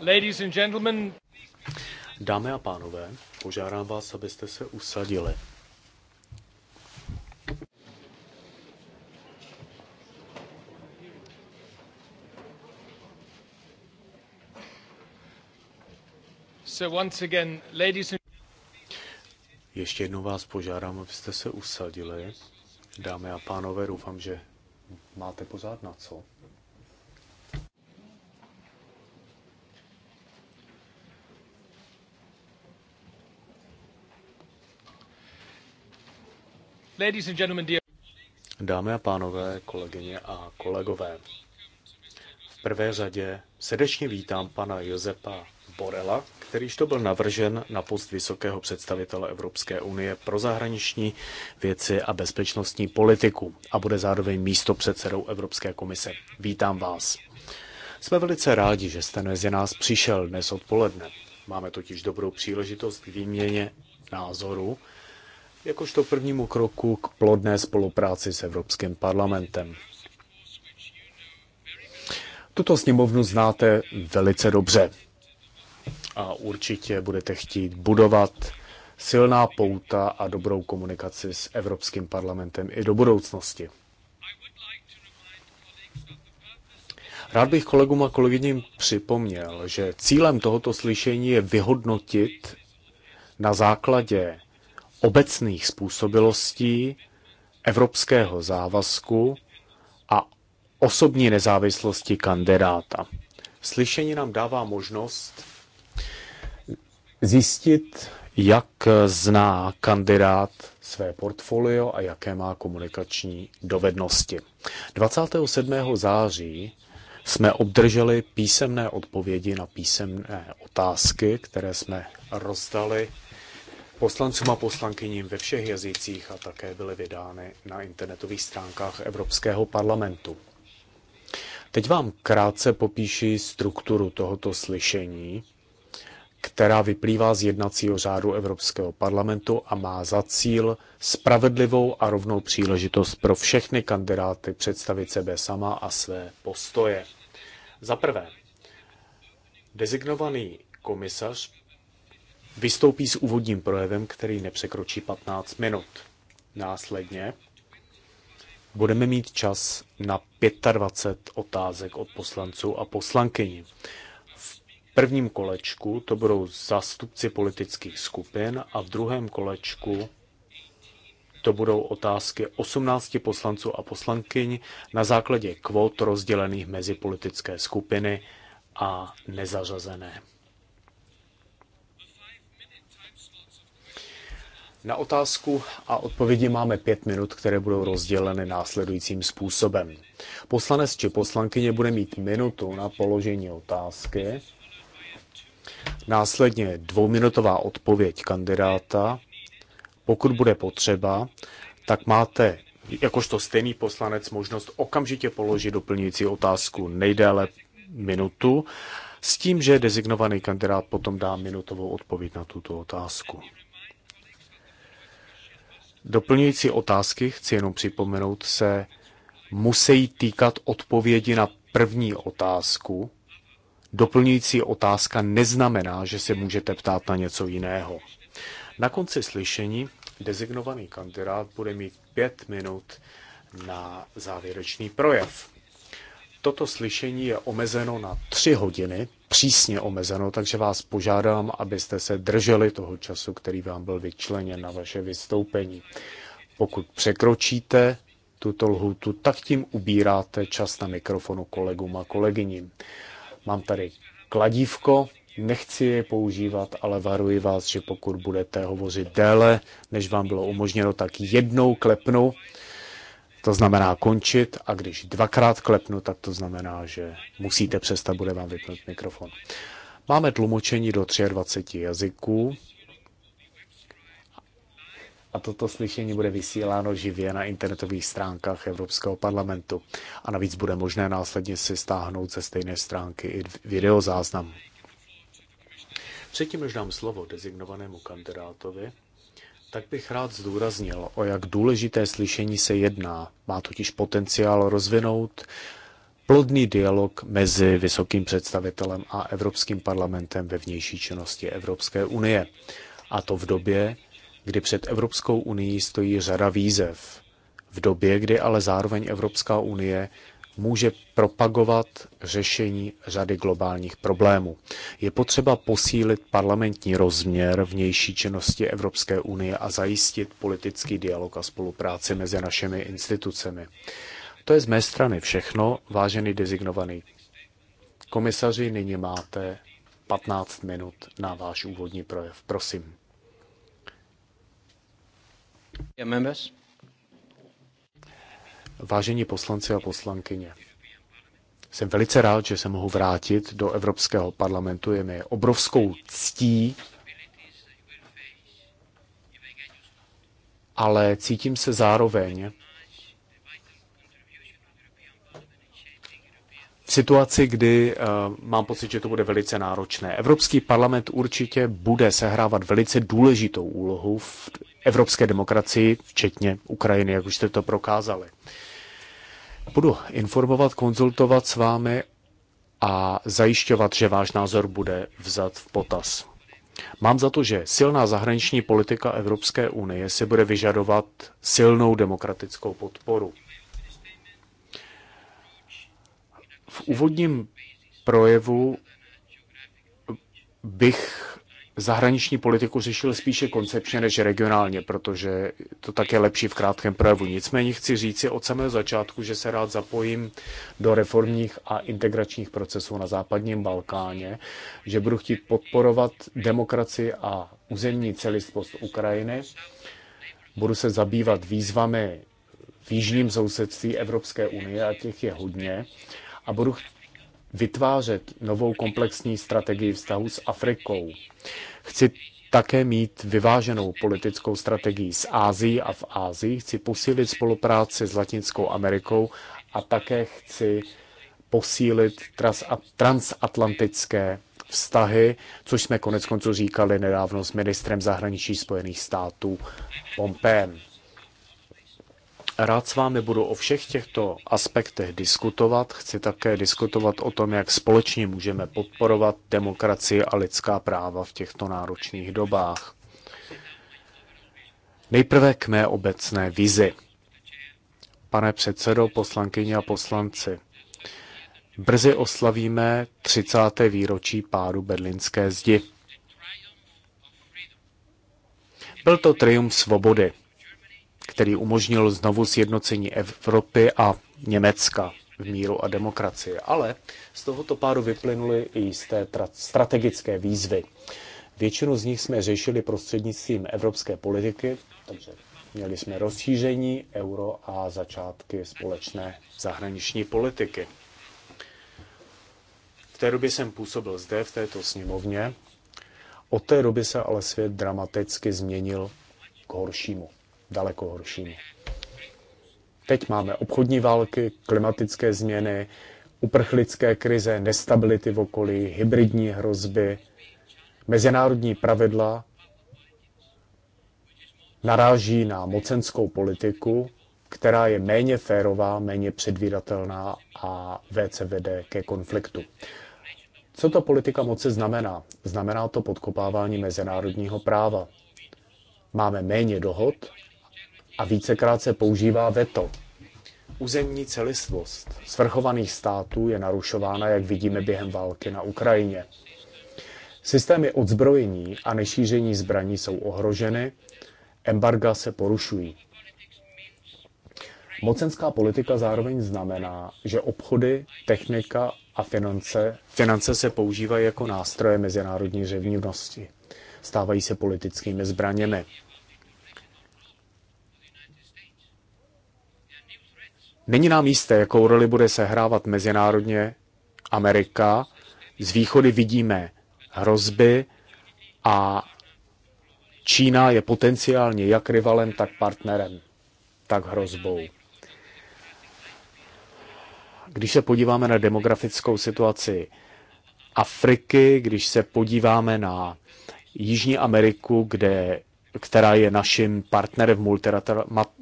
Ladies and gentlemen. Dámy a pánové, požádám vás, abyste se usadili. So once again, ladies and... Ještě jednou vás požádám, abyste se usadili. Dámy a pánové, doufám, že máte pořád na co. Dámy a pánové, kolegyně a kolegové, v prvé řadě srdečně vítám pana Josepa Borela, kterýž to byl navržen na post vysokého představitele Evropské unie pro zahraniční věci a bezpečnostní politiku a bude zároveň místo předsedou Evropské komise. Vítám vás. Jsme velice rádi, že jste mezi nás přišel dnes odpoledne. Máme totiž dobrou příležitost k výměně názoru jakožto prvnímu kroku k plodné spolupráci s Evropským parlamentem. Tuto sněmovnu znáte velice dobře a určitě budete chtít budovat silná pouta a dobrou komunikaci s Evropským parlamentem i do budoucnosti. Rád bych kolegům a kolegyním připomněl, že cílem tohoto slyšení je vyhodnotit na základě obecných způsobilostí, evropského závazku a osobní nezávislosti kandidáta. Slyšení nám dává možnost zjistit, jak zná kandidát své portfolio a jaké má komunikační dovednosti. 27. září jsme obdrželi písemné odpovědi na písemné otázky, které jsme rozdali poslancům a poslankyním ve všech jazycích a také byly vydány na internetových stránkách Evropského parlamentu. Teď vám krátce popíši strukturu tohoto slyšení, která vyplývá z jednacího řádu Evropského parlamentu a má za cíl spravedlivou a rovnou příležitost pro všechny kandidáty představit sebe sama a své postoje. Za prvé, designovaný komisař vystoupí s úvodním projevem, který nepřekročí 15 minut. Následně budeme mít čas na 25 otázek od poslanců a poslankyní. V prvním kolečku to budou zastupci politických skupin a v druhém kolečku to budou otázky 18 poslanců a poslankyň na základě kvót rozdělených mezi politické skupiny a nezařazené. Na otázku a odpovědi máme pět minut, které budou rozděleny následujícím způsobem. Poslanec či poslankyně bude mít minutu na položení otázky, následně dvouminutová odpověď kandidáta. Pokud bude potřeba, tak máte jakožto stejný poslanec možnost okamžitě položit doplňující otázku nejdéle minutu, s tím, že designovaný kandidát potom dá minutovou odpověď na tuto otázku. Doplňující otázky, chci jenom připomenout, se musí týkat odpovědi na první otázku. Doplňující otázka neznamená, že se můžete ptát na něco jiného. Na konci slyšení dezignovaný kandidát bude mít pět minut na závěrečný projev. Toto slyšení je omezeno na tři hodiny, přísně omezeno, takže vás požádám, abyste se drželi toho času, který vám byl vyčleněn na vaše vystoupení. Pokud překročíte tuto lhůtu, tak tím ubíráte čas na mikrofonu kolegům a kolegyním. Mám tady kladívko, nechci je používat, ale varuji vás, že pokud budete hovořit déle, než vám bylo umožněno, tak jednou klepnu to znamená končit a když dvakrát klepnu, tak to znamená, že musíte přestat, bude vám vypnout mikrofon. Máme tlumočení do 23 jazyků a toto slyšení bude vysíláno živě na internetových stránkách Evropského parlamentu. A navíc bude možné následně si stáhnout ze stejné stránky i videozáznam. Předtím, než dám slovo dezignovanému kandidátovi, tak bych rád zdůraznil, o jak důležité slyšení se jedná. Má totiž potenciál rozvinout plodný dialog mezi vysokým představitelem a Evropským parlamentem ve vnější činnosti Evropské unie. A to v době, kdy před Evropskou unii stojí řada výzev. V době, kdy ale zároveň Evropská unie může propagovat řešení řady globálních problémů. Je potřeba posílit parlamentní rozměr vnější činnosti Evropské unie a zajistit politický dialog a spolupráci mezi našimi institucemi. To je z mé strany všechno, vážený dezignovaný komisaři, nyní máte 15 minut na váš úvodní projev. Prosím. Yeah, Vážení poslanci a poslankyně, jsem velice rád, že se mohu vrátit do Evropského parlamentu. Je mi obrovskou ctí, ale cítím se zároveň v situaci, kdy uh, mám pocit, že to bude velice náročné. Evropský parlament určitě bude sehrávat velice důležitou úlohu v evropské demokracii, včetně Ukrajiny, jak už jste to prokázali. Uh, budu informovat, konzultovat s vámi a zajišťovat, že váš názor bude vzat v potaz. Mám za to, že silná zahraniční politika Evropské unie si bude vyžadovat silnou demokratickou podporu. V úvodním projevu bych zahraniční politiku řešil spíše koncepčně než regionálně, protože to tak je lepší v krátkém projevu. Nicméně chci říci od samého začátku, že se rád zapojím do reformních a integračních procesů na západním Balkáně, že budu chtít podporovat demokracii a územní celistvost Ukrajiny, budu se zabývat výzvami v jižním sousedství Evropské unie a těch je hodně a budu vytvářet novou komplexní strategii vztahu s Afrikou. Chci také mít vyváženou politickou strategii s Ázií a v Ázii. Chci posílit spolupráci s Latinskou Amerikou a také chci posílit transatlantické vztahy, což jsme konec konců říkali nedávno s ministrem zahraničí Spojených států Pompeem. Rád s vámi budu o všech těchto aspektech diskutovat. Chci také diskutovat o tom, jak společně můžeme podporovat demokracii a lidská práva v těchto náročných dobách. Nejprve k mé obecné vizi. Pane předsedo, poslankyně a poslanci, brzy oslavíme 30. výročí pádu berlínské zdi. Byl to triumf svobody, který umožnil znovu sjednocení Evropy a Německa v míru a demokracii. Ale z tohoto pádu vyplynuly i jisté strategické výzvy. Většinu z nich jsme řešili prostřednictvím evropské politiky, takže měli jsme rozšíření euro a začátky společné zahraniční politiky. V té době jsem působil zde, v této sněmovně. Od té doby se ale svět dramaticky změnil k horšímu daleko horší. Teď máme obchodní války, klimatické změny, uprchlické krize, nestability v okolí, hybridní hrozby, mezinárodní pravidla naráží na mocenskou politiku, která je méně férová, méně předvídatelná a více vede ke konfliktu. Co ta politika moci znamená? Znamená to podkopávání mezinárodního práva. Máme méně dohod a vícekrát se používá veto. Územní celistvost svrchovaných států je narušována, jak vidíme během války na Ukrajině. Systémy odzbrojení a nešíření zbraní jsou ohroženy, embarga se porušují. Mocenská politika zároveň znamená, že obchody, technika a finance, finance se používají jako nástroje mezinárodní řevnivnosti. Stávají se politickými zbraněmi. Není nám jisté, jakou roli bude sehrávat mezinárodně Amerika. Z východy vidíme hrozby a Čína je potenciálně jak rivalem, tak partnerem, tak hrozbou. Když se podíváme na demografickou situaci Afriky, když se podíváme na Jižní Ameriku, kde která je naším partnerem v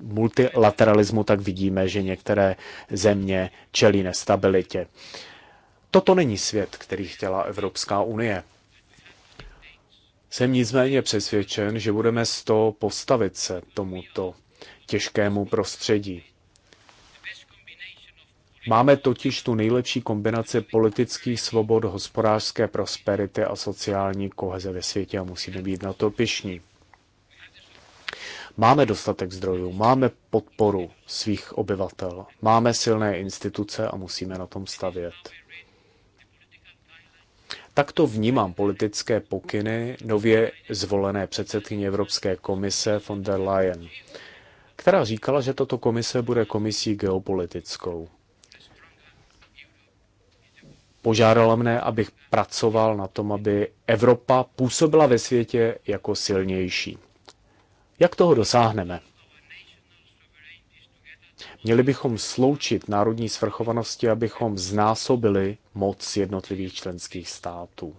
multilateralismu, tak vidíme, že některé země čelí nestabilitě. Toto není svět, který chtěla Evropská unie. Jsem nicméně přesvědčen, že budeme z toho postavit se tomuto těžkému prostředí. Máme totiž tu nejlepší kombinaci politických svobod, hospodářské prosperity a sociální koheze ve světě a musíme být na to pišní. Máme dostatek zdrojů, máme podporu svých obyvatel, máme silné instituce a musíme na tom stavět. Takto vnímám politické pokyny nově zvolené předsedkyně Evropské komise von der Leyen, která říkala, že tato komise bude komisí geopolitickou. Požádala mne, abych pracoval na tom, aby Evropa působila ve světě jako silnější. Jak toho dosáhneme? Měli bychom sloučit národní svrchovanosti, abychom znásobili moc jednotlivých členských států.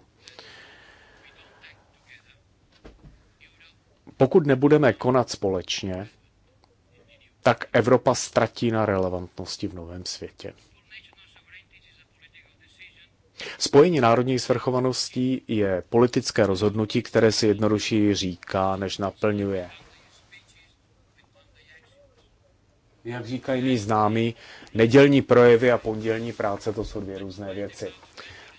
Pokud nebudeme konat společně, tak Evropa ztratí na relevantnosti v novém světě. Spojení národních svrchovaností je politické rozhodnutí, které si jednodušší říká, než naplňuje. jak říkají mý známí, nedělní projevy a pondělní práce, to jsou dvě různé věci.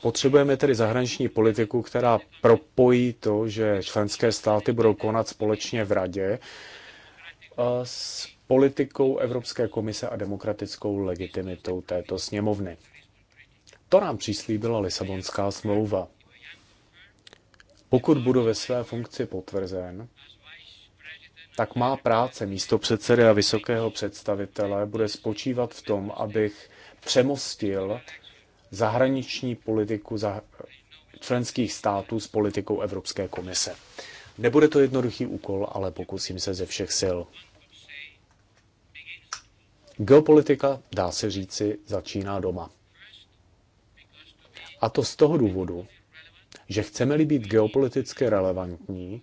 Potřebujeme tedy zahraniční politiku, která propojí to, že členské státy budou konat společně v radě eh, s politikou Evropské komise a demokratickou legitimitou této sněmovny. To nám přislíbila Lisabonská smlouva. Pokud budu ve své funkci potvrzen, tak má práce místo předsedy a vysokého představitele bude spočívat v tom, abych přemostil zahraniční politiku za členských států s politikou Evropské komise. Nebude to jednoduchý úkol, ale pokusím se ze všech sil. Geopolitika, dá se říci, začíná doma. A to z toho důvodu, že chceme-li být geopoliticky relevantní,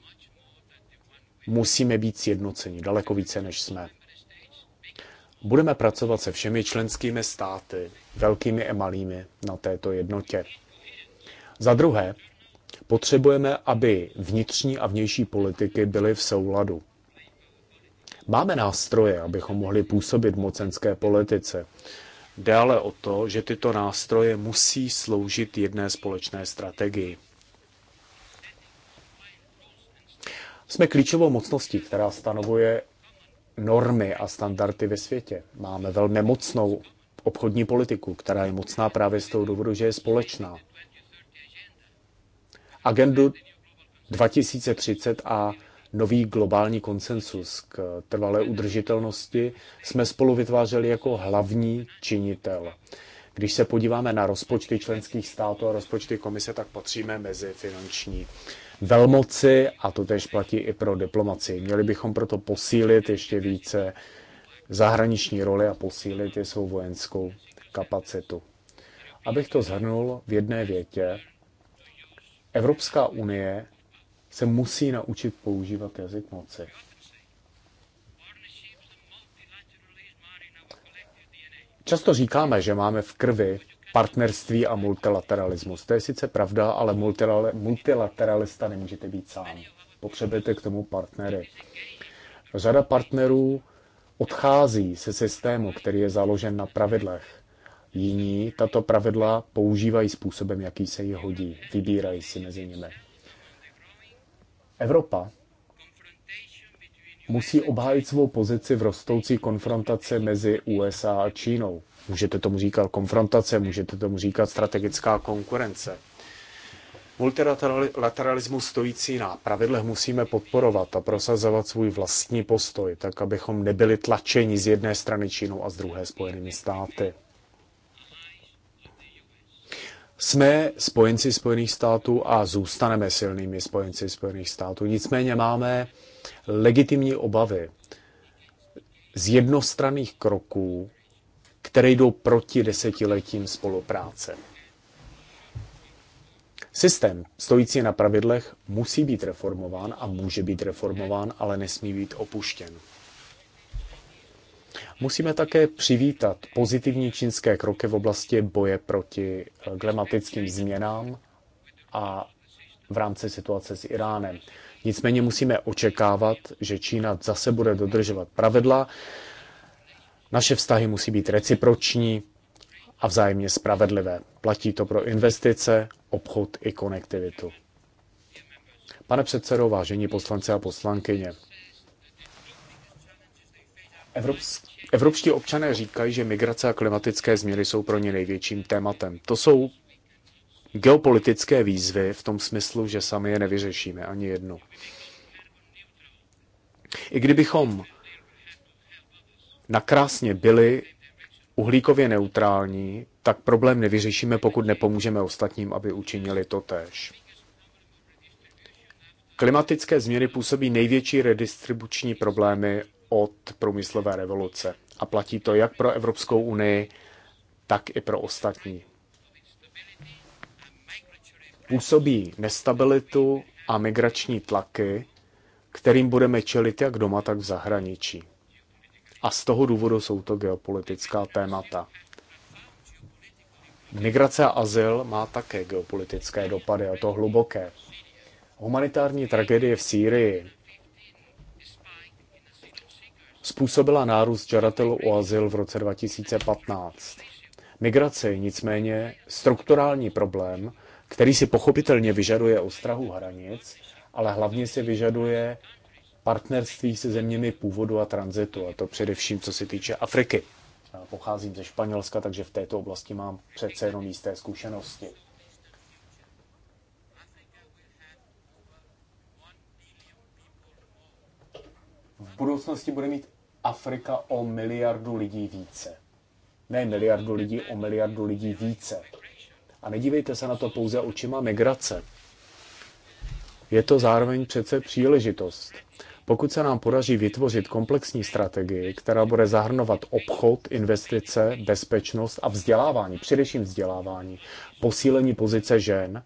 musíme být sjednoceni, daleko více než jsme. Budeme pracovat se všemi členskými státy, velkými a malými, na této jednotě. Za druhé, potřebujeme, aby vnitřní a vnější politiky byly v souladu. Máme nástroje, abychom mohli působit v mocenské politice. Dále o to, že tyto nástroje musí sloužit jedné společné strategii. Jsme klíčovou mocností, která stanovuje normy a standardy ve světě. Máme velmi mocnou obchodní politiku, která je mocná právě z toho důvodu, že je společná. Agendu 2030 a nový globální konsensus k trvalé udržitelnosti jsme spolu vytvářeli jako hlavní činitel. Když se podíváme na rozpočty členských států a rozpočty komise, tak patříme mezi finanční velmoci a to tež platí i pro diplomaci. Měli bychom proto posílit ještě více zahraniční roli a posílit i svou vojenskou kapacitu. Abych to zhrnul v jedné větě, Evropská unie se musí naučit používat jazyk moci. Často říkáme, že máme v krvi partnerství a multilateralismus. To je sice pravda, ale multilateralista nemůžete být sám. Potřebujete k tomu partnery. Řada partnerů odchází se systému, který je založen na pravidlech. Jiní tato pravidla používají způsobem, jaký se jí hodí. Vybírají si mezi nimi. Evropa musí obhájit svou pozici v rostoucí konfrontaci mezi USA a Čínou. Můžete tomu říkat konfrontace, můžete tomu říkat strategická konkurence. Multilateralismus stojící na pravidlech musíme podporovat a prosazovat svůj vlastní postoj, tak abychom nebyli tlačeni z jedné strany Čínou a z druhé Spojenými státy. Jsme spojenci Spojených států a zůstaneme silnými spojenci Spojených států. Nicméně máme legitimní obavy z jednostranných kroků, které jdou proti desetiletím spolupráce. Systém stojící na pravidlech musí být reformován a může být reformován, ale nesmí být opuštěn. Musíme také přivítat pozitivní čínské kroky v oblasti boje proti eh, klimatickým změnám a v rámci situace s Iránem. Nicméně musíme očekávat, že Čína zase bude dodržovat pravidla, naše vztahy musí být reciproční a vzájemně spravedlivé. Platí to pro investice, obchod i konektivitu. Pane předsedo, vážení poslanci a poslankyně, Evropský Evropští občané říkají, že migrace a klimatické změny jsou pro ně největším tématem. To jsou geopolitické výzvy v tom smyslu, že sami je nevyřešíme ani jednu. I kdybychom nakrásně byli uhlíkově neutrální, tak problém nevyřešíme, pokud nepomůžeme ostatním, aby učinili to též. Klimatické změny působí největší redistribuční problémy od průmyslové revoluce. A platí to jak pro Evropskou unii, tak i pro ostatní. Působí nestabilitu a migrační tlaky, kterým budeme čelit jak doma, tak v zahraničí. A z toho důvodu jsou to geopolitická témata. Migrace a azyl má také geopolitické dopady, a to hluboké. Humanitární tragédie v Sýrii způsobila nárůst žadatelů o azyl v roce 2015. Migrace je nicméně strukturální problém, který si pochopitelně vyžaduje ostrahu hranic, ale hlavně si vyžaduje partnerství se zeměmi původu a tranzitu, a to především co se týče Afriky. Pocházím ze Španělska, takže v této oblasti mám přece jenom jisté zkušenosti. V budoucnosti bude mít Afrika o miliardu lidí více. Ne miliardu lidí, o miliardu lidí více. A nedívejte se na to pouze očima migrace. Je to zároveň přece příležitost. Pokud se nám podaří vytvořit komplexní strategii, která bude zahrnovat obchod, investice, bezpečnost a vzdělávání, především vzdělávání, posílení pozice žen,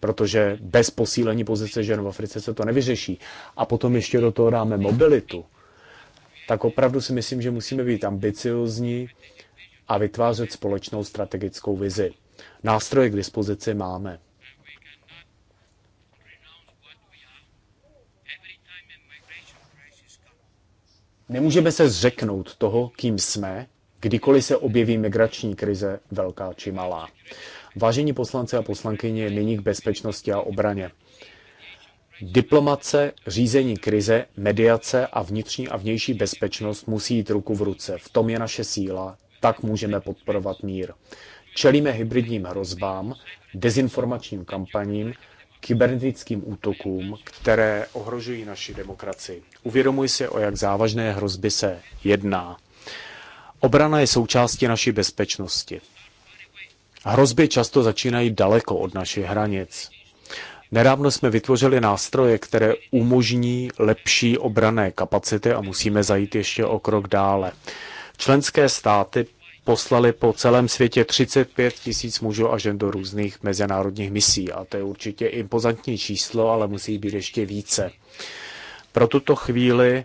protože bez posílení pozice žen v Africe se to nevyřeší, a potom ještě do toho dáme mobilitu, tak opravdu si myslím, že musíme být ambiciozní a vytvářet společnou strategickou vizi. Nástroje k dispozici máme. Nemůžeme se zřeknout toho, kým jsme, kdykoliv se objeví migrační krize, velká či malá. Vážení poslanci a poslankyně, nyní k bezpečnosti a obraně. Diplomace, řízení krize, mediace a vnitřní a vnější bezpečnost musí jít ruku v ruce. V tom je naše síla, tak můžeme podporovat mír. Čelíme hybridním hrozbám, dezinformačním kampaním, kybernetickým útokům, které ohrožují naši demokracii. Uvědomuji si, o jak závažné hrozby se jedná. Obrana je součástí naší bezpečnosti. Hrozby často začínají daleko od našich hranic. Nedávno jsme vytvořili nástroje, které umožní lepší obrané kapacity a musíme zajít ještě o krok dále. Členské státy poslali po celém světě 35 tisíc mužů a žen do různých mezinárodních misí. A to je určitě impozantní číslo, ale musí být ještě více. Pro tuto chvíli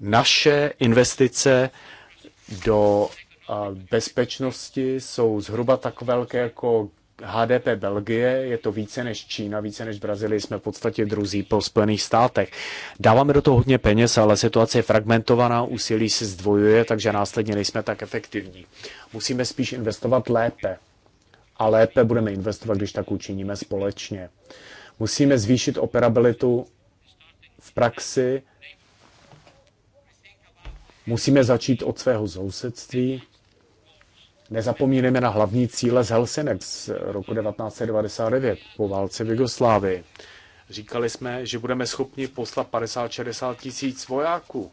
naše investice do bezpečnosti jsou zhruba tak velké jako HDP Belgie je to více než Čína, více než Brazílie, jsme v podstatě druzí po Spojených státech. Dáváme do toho hodně peněz, ale situace je fragmentovaná, úsilí se zdvojuje, takže následně nejsme tak efektivní. Musíme spíš investovat lépe. A lépe budeme investovat, když tak učiníme společně. Musíme zvýšit operabilitu v praxi, musíme začít od svého sousedství, Nezapomínejme na hlavní cíle z Helsinek z roku 1999 po válce v Jugoslávii. Říkali jsme, že budeme schopni poslat 50-60 tisíc vojáků.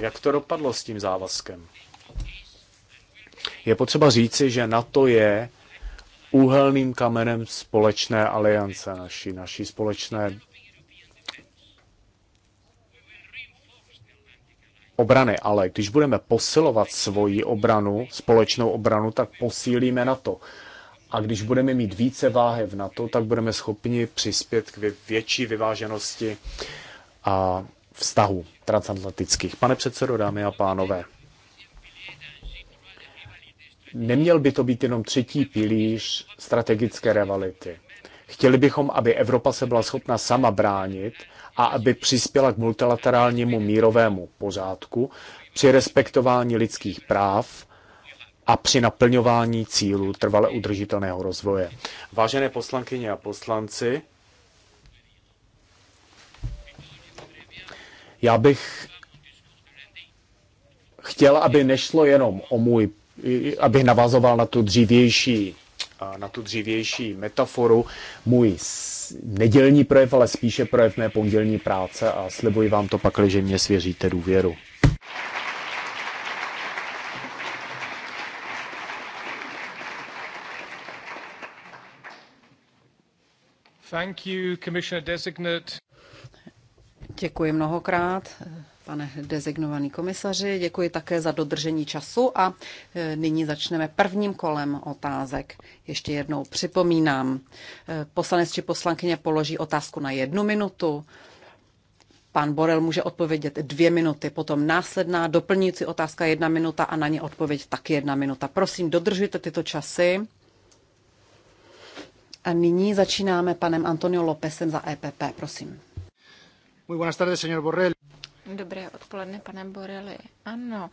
Jak to dopadlo s tím závazkem? Je potřeba říci, že NATO je úhelným kamenem společné aliance naší, naší společné obrany, ale když budeme posilovat svoji obranu, společnou obranu, tak posílíme NATO. A když budeme mít více váhy v NATO, tak budeme schopni přispět k větší vyváženosti a vztahu transatlantických. Pane předsedo, dámy a pánové, neměl by to být jenom třetí pilíř strategické revality. Chtěli bychom, aby Evropa se byla schopna sama bránit, a aby přispěla k multilaterálnímu mírovému pořádku při respektování lidských práv a při naplňování cílů trvale udržitelného rozvoje. Vážené poslankyně a poslanci, já bych chtěl, aby nešlo jenom o můj, abych navazoval na tu dřívější, na tu dřívější metaforu, můj nedělní projev, ale spíše projev mé pondělní práce a slibuji vám to pakli, že mě svěříte důvěru. Thank you, Commissioner Designate. Děkuji mnohokrát, Pane dezignovaný komisaři, děkuji také za dodržení času a e, nyní začneme prvním kolem otázek. Ještě jednou připomínám, e, poslanec či poslankyně položí otázku na jednu minutu, Pan Borel může odpovědět dvě minuty, potom následná doplňující otázka jedna minuta a na ně odpověď taky jedna minuta. Prosím, dodržujte tyto časy. A nyní začínáme panem Antonio Lópezem za EPP, prosím. Muy buenas tardes, señor Borrell. Dobré odpoledne, pane Borely. Ano,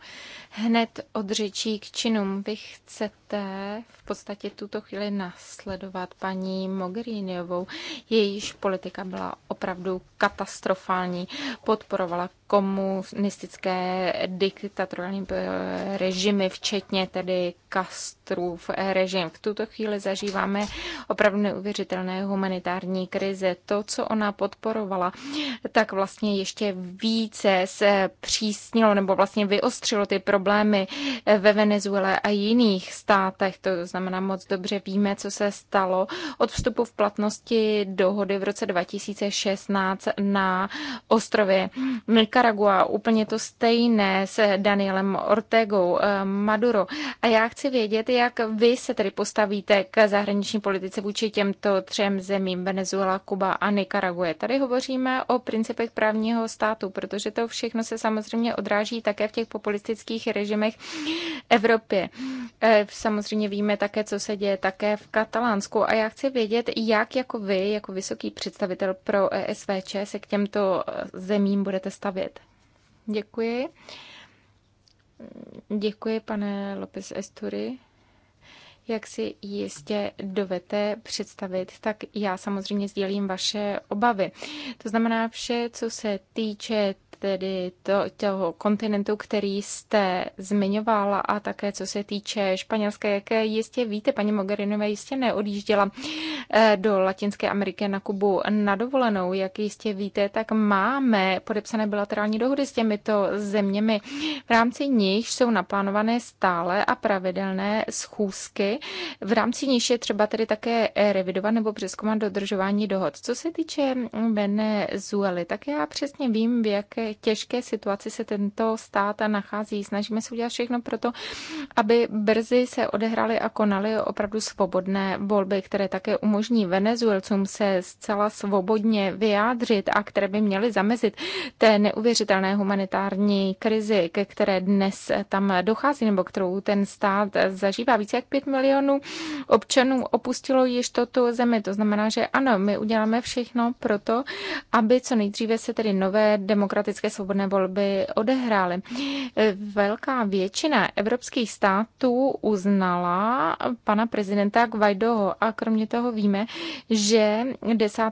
hned od řečí k činům. Vy chcete v podstatě tuto chvíli nasledovat paní Mogheriniovou. Jejíž politika byla opravdu katastrofální. Podporovala komunistické diktatorální eh, režimy, včetně tedy Castrův režim. V tuto chvíli zažíváme opravdu neuvěřitelné humanitární krize. To, co ona podporovala, tak vlastně ještě více se přísnilo nebo vlastně vyostřilo ty problémy eh, ve Venezuele a jiných státech. To znamená, moc dobře víme, co se stalo od vstupu v platnosti dohody v roce 2016 na ostrově Nikaragua, úplně to stejné s Danielem Ortegou, eh, Maduro. A já chci vědět, jak vy se tedy postavíte k zahraniční politice vůči těmto třem zemím, Venezuela, Kuba a Nikaragua. Tady hovoříme o principech právního státu, protože to všechno se samozřejmě odráží také v těch populistických režimech Evropy. Eh, samozřejmě víme také, co se děje také v Katalánsku. A já chci vědět, jak jako vy, jako vysoký představitel pro ESVČ, se k těmto eh, zemím budete stavět Děkuji. Děkuji, pane Lopez Estury. Jak si jistě dovete představit, tak já samozřejmě sdělím vaše obavy. To znamená vše, co se týče tedy to, toho kontinentu, který jste zmiňovala a také co se týče Španělské, jak jistě víte, paní Mogherinové jistě neodjížděla eh, do Latinské Ameriky na Kubu na dovolenou, jak jistě víte, tak máme podepsané bilaterální dohody s těmito zeměmi. V rámci nich jsou naplánované stále a pravidelné schůzky v rámci níž je třeba tedy také eh, revidovat nebo přeskoumat dodržování dohod. Co se týče mm, Venezuely, tak já přesně vím, v jaké těžké situaci se tento stát nachází. Snažíme se udělat všechno pro to, aby brzy se odehrály a konaly opravdu svobodné volby, které také umožní Venezuelcům se zcela svobodně vyjádřit a které by měly zamezit té neuvěřitelné humanitární krizi, ke které dnes tam dochází nebo kterou ten stát zažívá. Více jak 5 milionů milionů občanů opustilo již toto zemi. To znamená, že ano, my uděláme všechno pro to, aby co nejdříve se tedy nové demokratické svobodné volby odehrály. Velká většina evropských států uznala pana prezidenta Guaidoho a kromě toho víme, že 10.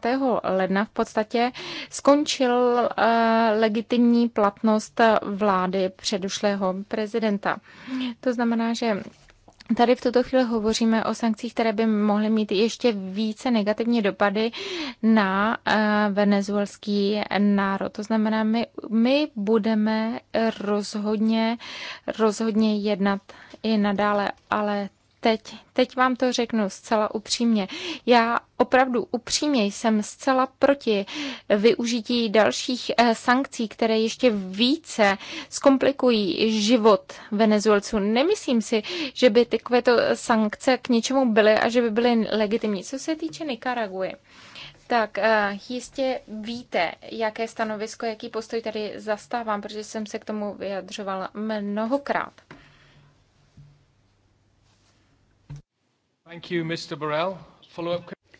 ledna v podstatě skončil eh, legitimní platnost vlády předušlého prezidenta. To znamená, že Tady v tuto chvíli hovoříme o sankcích, které by mohly mít ještě více negativní dopady na eh, venezuelský národ. To znamená, my, my budeme rozhodně, rozhodně jednat i nadále, ale teď, teď vám to řeknu zcela upřímně. Já opravdu upřímně jsem zcela proti využití dalších eh, sankcí, které ještě více zkomplikují život Venezuelců. Nemyslím si, že by takovéto sankce k něčemu byly a že by byly legitimní. Co se týče Nikaraguji, tak eh, jistě víte, jaké stanovisko, jaký postoj tady zastávám, protože jsem se k tomu vyjadřovala mnohokrát.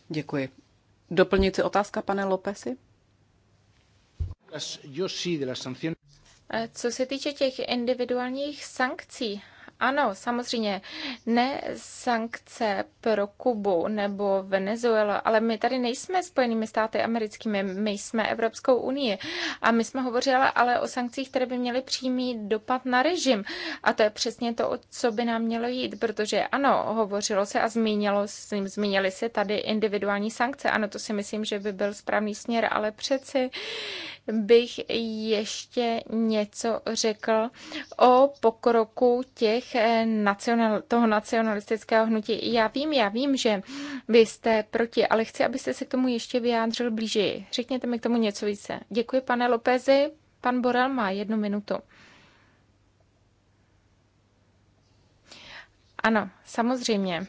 Děkuji. Doplňující otázka, pane Lopesi? Eh, co se týče těch individuálních sankcí, ano, samozřejmě, ne sankce pro Kubu nebo Venezuela, ale my tady nejsme spojenými státy americkými, my jsme Evropskou unii. A my jsme hovořili ale o sankcích, které by měly přímý dopad na režim. A to je přesně to, o co by nám mělo jít, protože ano, hovořilo se a zmínilo, zmínili se tady individuální sankce. Ano, to si myslím, že by byl správný směr, ale přeci bych ještě něco řekl o pokroku těch eh, nacional, toho nacionalistického hnutí. Já vím, já vím, že vy jste proti, ale chci, abyste se k tomu ještě vyjádřil blíže. Řekněte mi k tomu něco více. Děkuji, pane Lopezi. Pan Borel má jednu minutu. Ano, samozřejmě.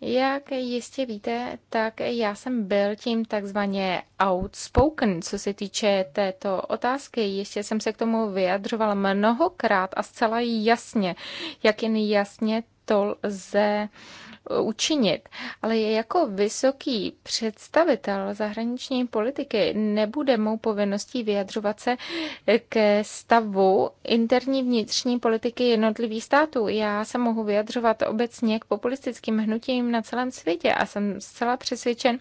Jak jistě víte, tak já jsem byl tím takzvaně outspoken, co se týče této otázky. Ještě jsem se k tomu vyjadřoval mnohokrát a zcela jasně, jak jen jasně to lze uh, Eh, učinit. Ale jako vysoký představitel zahraniční politiky nebude mou povinností vyjadřovat se eh, ke stavu interní vnitřní politiky jednotlivých států. Já se mohu vyjadřovat obecně k populistickým hnutím na celém světě a jsem zcela přesvědčen,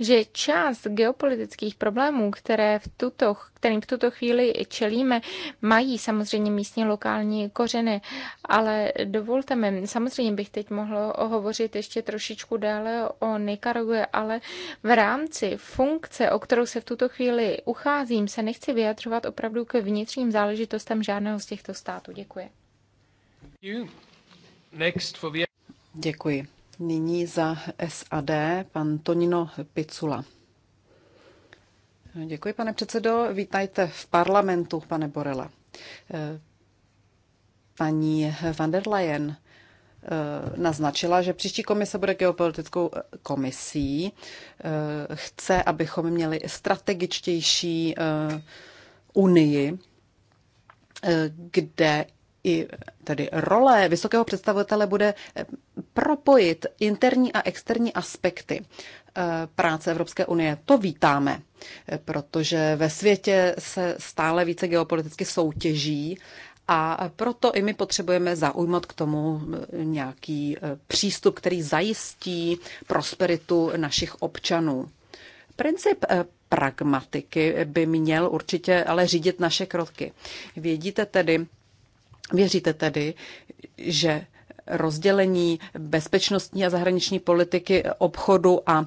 že část geopolitických problémů, které v tuto, kterým v tuto chvíli čelíme, mají samozřejmě místně lokální kořeny, ale dovolte mi, samozřejmě bych teď mohla hovořit ještě trošičku dále o Nikarague, ale v rámci funkce, o kterou se v tuto chvíli ucházím, se nechci vyjadřovat opravdu k vnitřním záležitostem žádného z těchto států. Děkuji. Děkuji. Nyní za SAD pan Tonino Picula. Děkuji, pane předsedo. Vítajte v parlamentu, pane Borela. Paní van der Leyen eh, naznačila, že příští komise bude geopolitickou eh, komisí. Eh, chce, abychom měli strategičtější unii, kde i tedy role vysokého představitele bude propojit interní a externí aspekty eh, práce Evropské unie. To vítáme, eh, protože ve světě se stále více geopoliticky soutěží a proto i my potřebujeme zaujmout k tomu eh, nějaký přístup, který zajistí prosperitu našich občanů. Princip pragmatiky by měl určitě ale řídit naše kroky. Vědíte tedy, Věříte tedy, že rozdělení bezpečnostní a zahraniční politiky obchodu a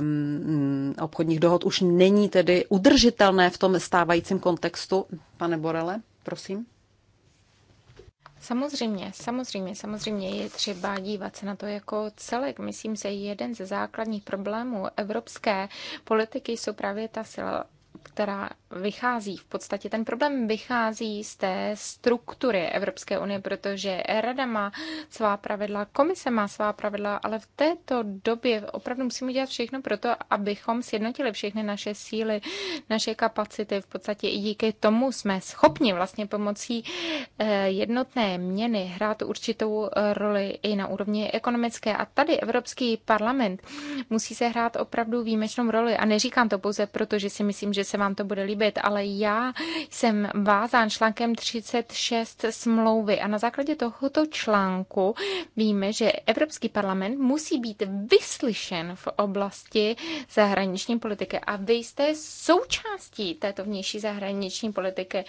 um, obchodních dohod už není tedy udržitelné v tom stávajícím kontextu? Pane Borele, prosím. Samozřejmě, samozřejmě, samozřejmě je třeba dívat se na to jako celek. Myslím se, jeden ze základních problémů evropské politiky jsou právě ta sila která vychází, v podstatě ten problém vychází z té struktury Evropské unie, protože Rada má svá pravidla, komise má svá pravidla, ale v této době opravdu musíme dělat všechno pro to, abychom sjednotili všechny naše síly, naše kapacity. V podstatě i díky tomu jsme schopni vlastně pomocí eh, jednotné měny hrát určitou roli i na úrovni ekonomické. A tady Evropský parlament musí se hrát opravdu výjimečnou roli. A neříkám to pouze proto, že si myslím, že že se vám to bude líbit, ale já jsem vázán článkem 36 smlouvy a na základě tohoto článku víme, že Evropský parlament musí být vyslyšen v oblasti zahraniční politiky a vy jste součástí této vnější zahraniční politiky.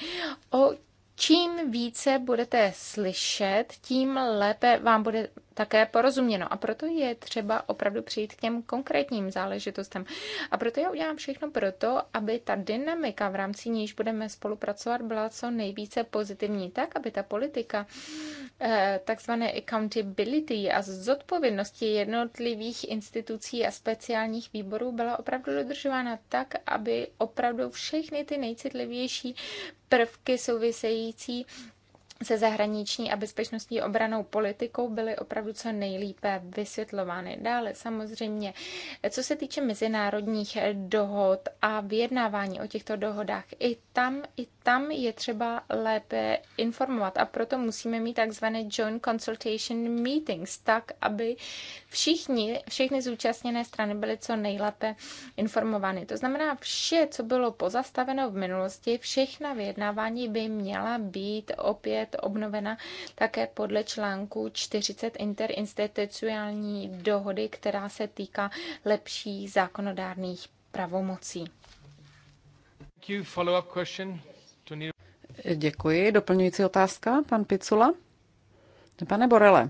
O čím více budete slyšet, tím lépe vám bude také porozuměno. A proto je třeba opravdu přijít k těm konkrétním záležitostem. A proto já udělám všechno proto, aby ta dynamika, v rámci níž budeme spolupracovat, byla co nejvíce pozitivní, tak aby ta politika eh, takzvané accountability a zodpovědnosti jednotlivých institucí a speciálních výborů byla opravdu dodržována tak, aby opravdu všechny ty nejcitlivější prvky související se zahraniční a bezpečnostní obranou politikou byly opravdu co nejlépe vysvětlovány. Dále samozřejmě, co se týče mezinárodních dohod a vyjednávání o těchto dohodách, i tam, i tam je třeba lépe informovat a proto musíme mít takzvané joint consultation meetings, tak, aby všichni, všechny zúčastněné strany byly co nejlépe informovány. To znamená, vše, co bylo pozastaveno v minulosti, všechna vyjednávání by měla být opět obnovena také podle článku 40 interinstitucionální dohody, která se týká lepších zákonodárných pravomocí. Thank you. Follow-up question? Děkuji. Doplňující otázka, pan Picula. Pane Borele,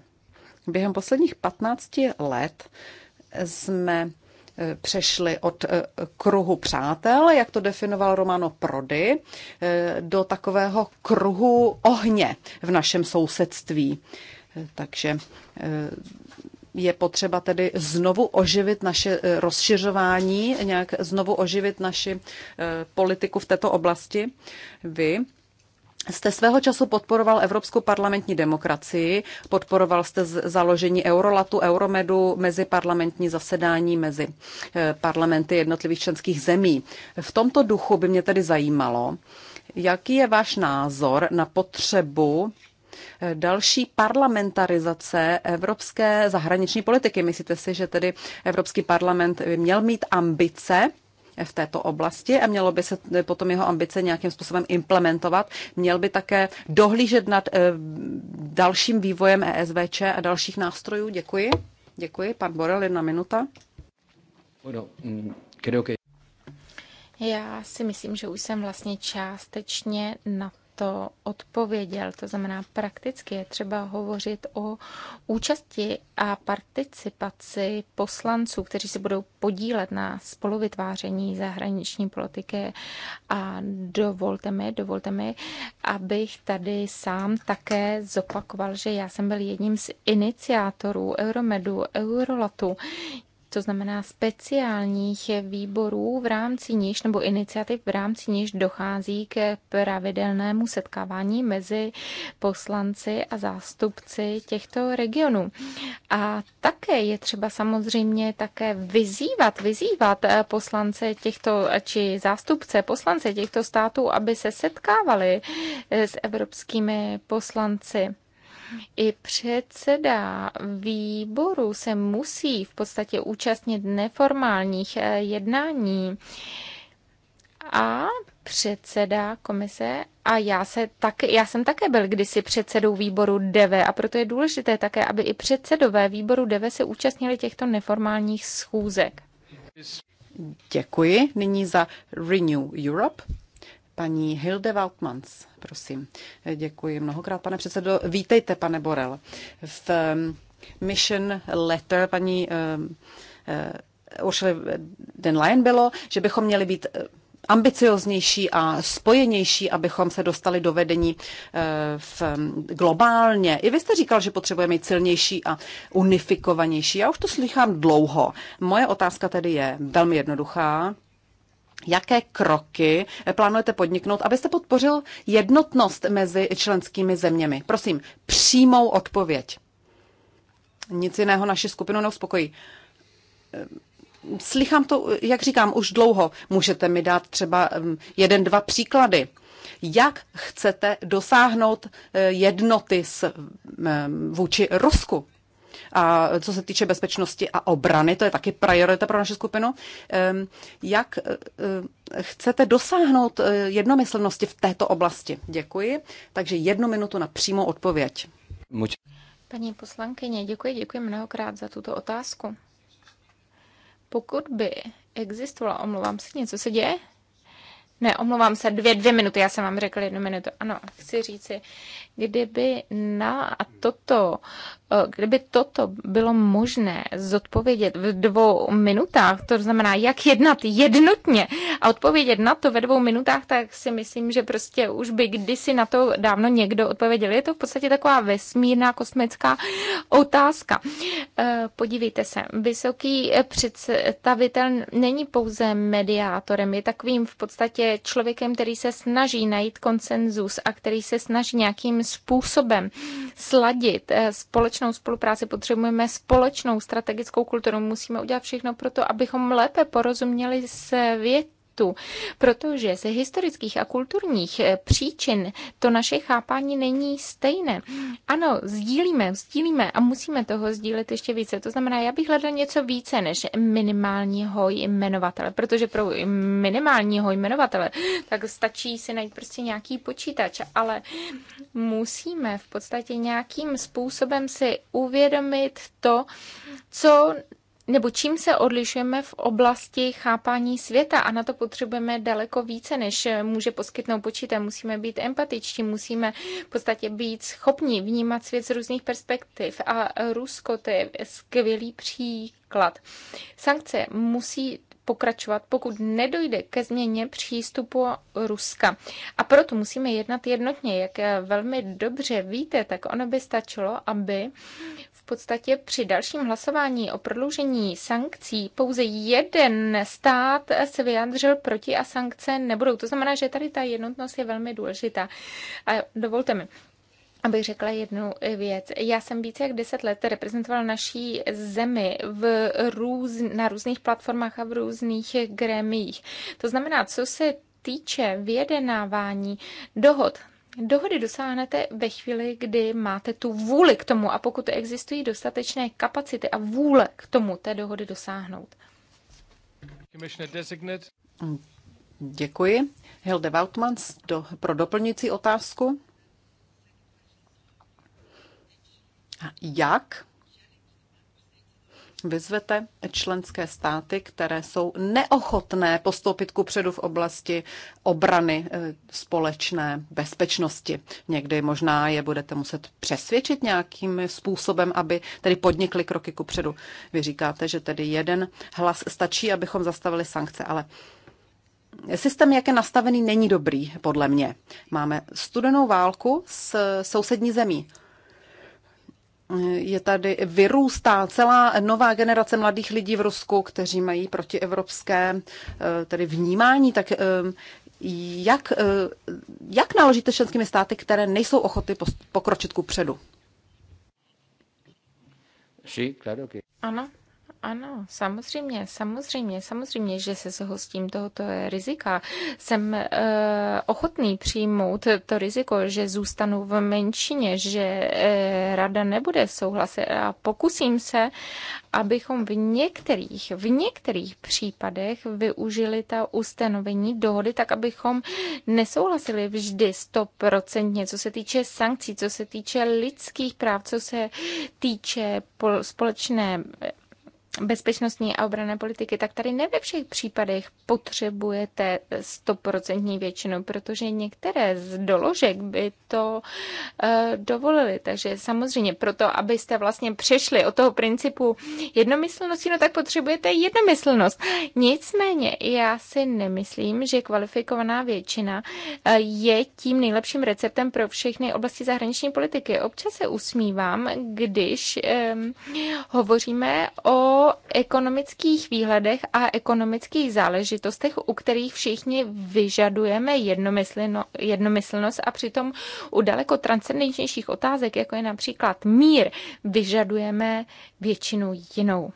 během posledních 15 let jsme eh, přešli od eh, kruhu přátel, jak to definoval Romano Prody, eh, do takového kruhu ohně v našem sousedství. Takže je potřeba tedy znovu oživit naše eh, rozšiřování, nějak znovu oživit naši eh, politiku v této oblasti. Vy jste svého času podporoval evropskou parlamentní demokracii, podporoval jste založení Eurolatu, Euromedu, mezi parlamentní zasedání mezi eh, parlamenty jednotlivých členských zemí. V tomto duchu by mě tedy zajímalo, jaký je váš názor na potřebu další parlamentarizace evropské zahraniční politiky. Myslíte si, že tedy Evropský parlament by měl mít ambice v této oblasti a mělo by se potom jeho ambice nějakým způsobem implementovat. Měl by také dohlížet nad eh, dalším vývojem ESVČ a dalších nástrojů. Děkuji. Děkuji. Pan Borel, jedna minuta. Mm, Já si myslím, že už jsem vlastně částečně na to odpověděl. To znamená, prakticky je třeba hovořit o účasti a participaci poslanců, kteří se budou podílet na spoluvytváření zahraniční politiky. A dovolte mi, dovolte mi, abych tady sám také zopakoval, že já jsem byl jedním z iniciátorů Euromedu, Eurolatu to znamená speciálních výborů v rámci níž, nebo iniciativ v rámci níž dochází k pravidelnému setkávání mezi poslanci a zástupci těchto regionů. A také je třeba samozřejmě také vyzývat, vyzývat poslance těchto, či zástupce poslance těchto států, aby se setkávali s evropskými poslanci i předseda výboru se musí v podstatě účastnit neformálních eh, jednání a předseda komise a já, se tak, já jsem také byl kdysi předsedou výboru DEVE a proto je důležité také, aby i předsedové výboru DEVE se účastnili těchto neformálních schůzek. Děkuji nyní za Renew Europe. Paní Hilde Waltmans, prosím. Děkuji mnohokrát, pane předsedo. Vítejte, pane Borel. V um, mission letter paní um, uh, Ursula den Leyen bylo, že bychom měli být uh, ambicioznější a spojenější, abychom se dostali do vedení uh, v, um, globálně. I vy jste říkal, že potřebujeme mít silnější a unifikovanější. Já už to slychám dlouho. Moje otázka tedy je velmi jednoduchá. Jaké kroky plánujete podniknout, abyste podpořil jednotnost mezi členskými zeměmi? Prosím, přímou odpověď. Nic jiného naši skupinu neuspokojí. Ehm, slychám to, jak říkám, už dlouho. Můžete mi dát třeba ehm, jeden, dva příklady. Jak chcete dosáhnout eh, jednoty s, ehm, vůči Rusku? A co se týče bezpečnosti a obrany, to je taky priorita pro naši skupinu. Jak eh, chcete dosáhnout eh, jednomyslnosti v této oblasti? Děkuji. Takže jednu minutu na přímou odpověď. Paní poslankyně, děkuji, děkuji mnohokrát za tuto otázku. Pokud by existovala, omlouvám se, něco se děje? Ne, omlouvám se, dvě, dvě minuty, já jsem vám řekla jednu minutu. Ano, chci říci, kdyby na toto Kdyby toto bylo možné zodpovědět v dvou minutách, to znamená, jak jednat jednotně a odpovědět na to ve dvou minutách, tak si myslím, že prostě už by kdysi na to dávno někdo odpověděl. Je to v podstatě taková vesmírná kosmická otázka. E, podívejte se, vysoký představitel není pouze mediátorem, je takovým v podstatě člověkem, který se snaží najít konsenzus a který se snaží nějakým způsobem sladit e, společnost společnou spolupráci, potřebujeme společnou strategickou kulturu. Musíme udělat všechno pro to, abychom lépe porozuměli se svět, konfliktů, protože ze historických a kulturních eh, příčin to naše chápání není stejné. Ano, sdílíme, sdílíme a musíme toho sdílet ještě více. To znamená, já bych hledal něco více než minimálního jmenovatele, protože pro minimálního jmenovatele tak stačí si najít prostě nějaký počítač, ale musíme v podstatě nějakým způsobem si uvědomit to, co nebo čím se odlišujeme v oblasti chápání světa a na to potřebujeme daleko více, než může poskytnout počítač. Musíme být empatičtí, musíme v podstatě být schopni vnímat svět z různých perspektiv a Rusko to je skvělý příklad. Sankce musí pokračovat, pokud nedojde ke změně přístupu Ruska. A proto musíme jednat jednotně. Jak velmi dobře víte, tak ono by stačilo, aby podstatě při dalším hlasování o prodloužení sankcí pouze jeden stát se vyjádřil proti a sankce nebudou. To znamená, že tady ta jednotnost je velmi důležitá. A dovolte mi, abych řekla jednu věc. Já jsem více jak deset let reprezentovala naší zemi v růz, na různých platformách a v různých gremích. To znamená, co se týče vyjednávání dohod Dohody dosáhnete ve chvíli, kdy máte tu vůli k tomu a pokud existují dostatečné kapacity a vůle k tomu té dohody dosáhnout. Děkuji. Hilde Wautmans do, pro doplňující otázku. Jak vyzvete členské státy, které jsou neochotné postoupit ku předu v oblasti obrany eh, společné bezpečnosti. Někdy možná je budete muset přesvědčit nějakým způsobem, aby tedy podnikli kroky ku předu. Vy říkáte, že tedy jeden hlas stačí, abychom zastavili sankce, ale Systém, jak je nastavený, není dobrý, podle mě. Máme studenou válku s sousední zemí je tady, vyrůstá celá nová generace mladých lidí v Rusku, kteří mají protievropské eh, tedy vnímání, tak eh, jak, eh, jak naložíte členskými státy, které nejsou ochoty pokročit ku předu? Ano, ano, samozřejmě, samozřejmě, samozřejmě, že se zhostím tohoto rizika. Jsem e, ochotný přijmout to riziko, že zůstanu v menšině, že e, rada nebude souhlasit a pokusím se, abychom v některých, v některých případech využili ta ustanovení dohody, tak abychom nesouhlasili vždy stoprocentně, co se týče sankcí, co se týče lidských práv, co se týče společné bezpečnostní a obrané politiky, tak tady ne ve všech případech potřebujete stoprocentní většinu, protože některé z doložek by to eh, dovolily. Takže samozřejmě proto, abyste vlastně přešli od toho principu jednomyslnosti, no tak potřebujete jednomyslnost. Nicméně já si nemyslím, že kvalifikovaná většina eh, je tím nejlepším receptem pro všechny oblasti zahraniční politiky. Občas se usmívám, když um, hovoříme o o ekonomických výhledech a ekonomických záležitostech, u kterých všichni vyžadujeme jednomyslnost a přitom u daleko transcendentnějších otázek, jako je například mír, vyžadujeme většinu jinou.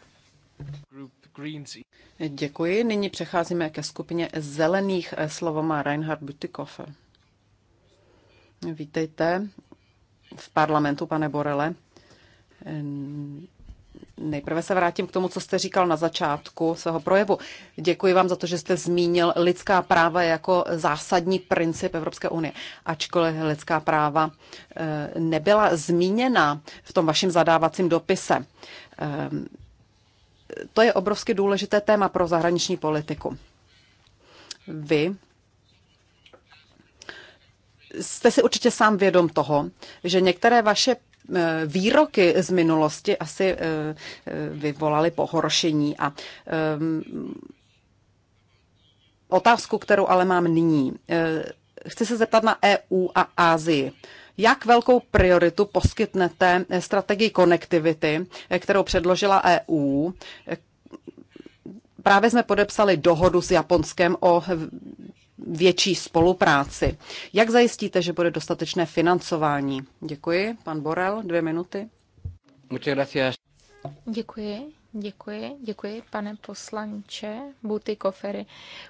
Děkuji. Nyní přecházíme ke skupině zelených. Slovo má Reinhard Bütikofer. Vítejte v parlamentu, pane Borele. Nejprve se vrátím k tomu, co jste říkal na začátku svého projevu. Děkuji vám za to, že jste zmínil lidská práva jako zásadní princip Evropské unie. Ačkoliv lidská práva eh, nebyla zmíněna v tom vašem zadávacím dopise. Eh, to je obrovsky důležité téma pro zahraniční politiku. Vy jste si určitě sám vědom toho, že některé vaše Eh, výroky z minulosti asi eh, eh, vyvolaly pohoršení. A otázku, kterou ale mám nyní, chci se zeptat na EU a Asii. Jak velkou prioritu poskytnete strategii konektivity, kterou předložila EU? Právě jsme podepsali dohodu s Japonskem o větší spolupráci. Jak zajistíte, že bude dostatečné financování? Děkuji. Pan Borel, dvě minuty. Muchas gracias. Děkuji, děkuji, děkuji, pane poslanče Buty Kofery.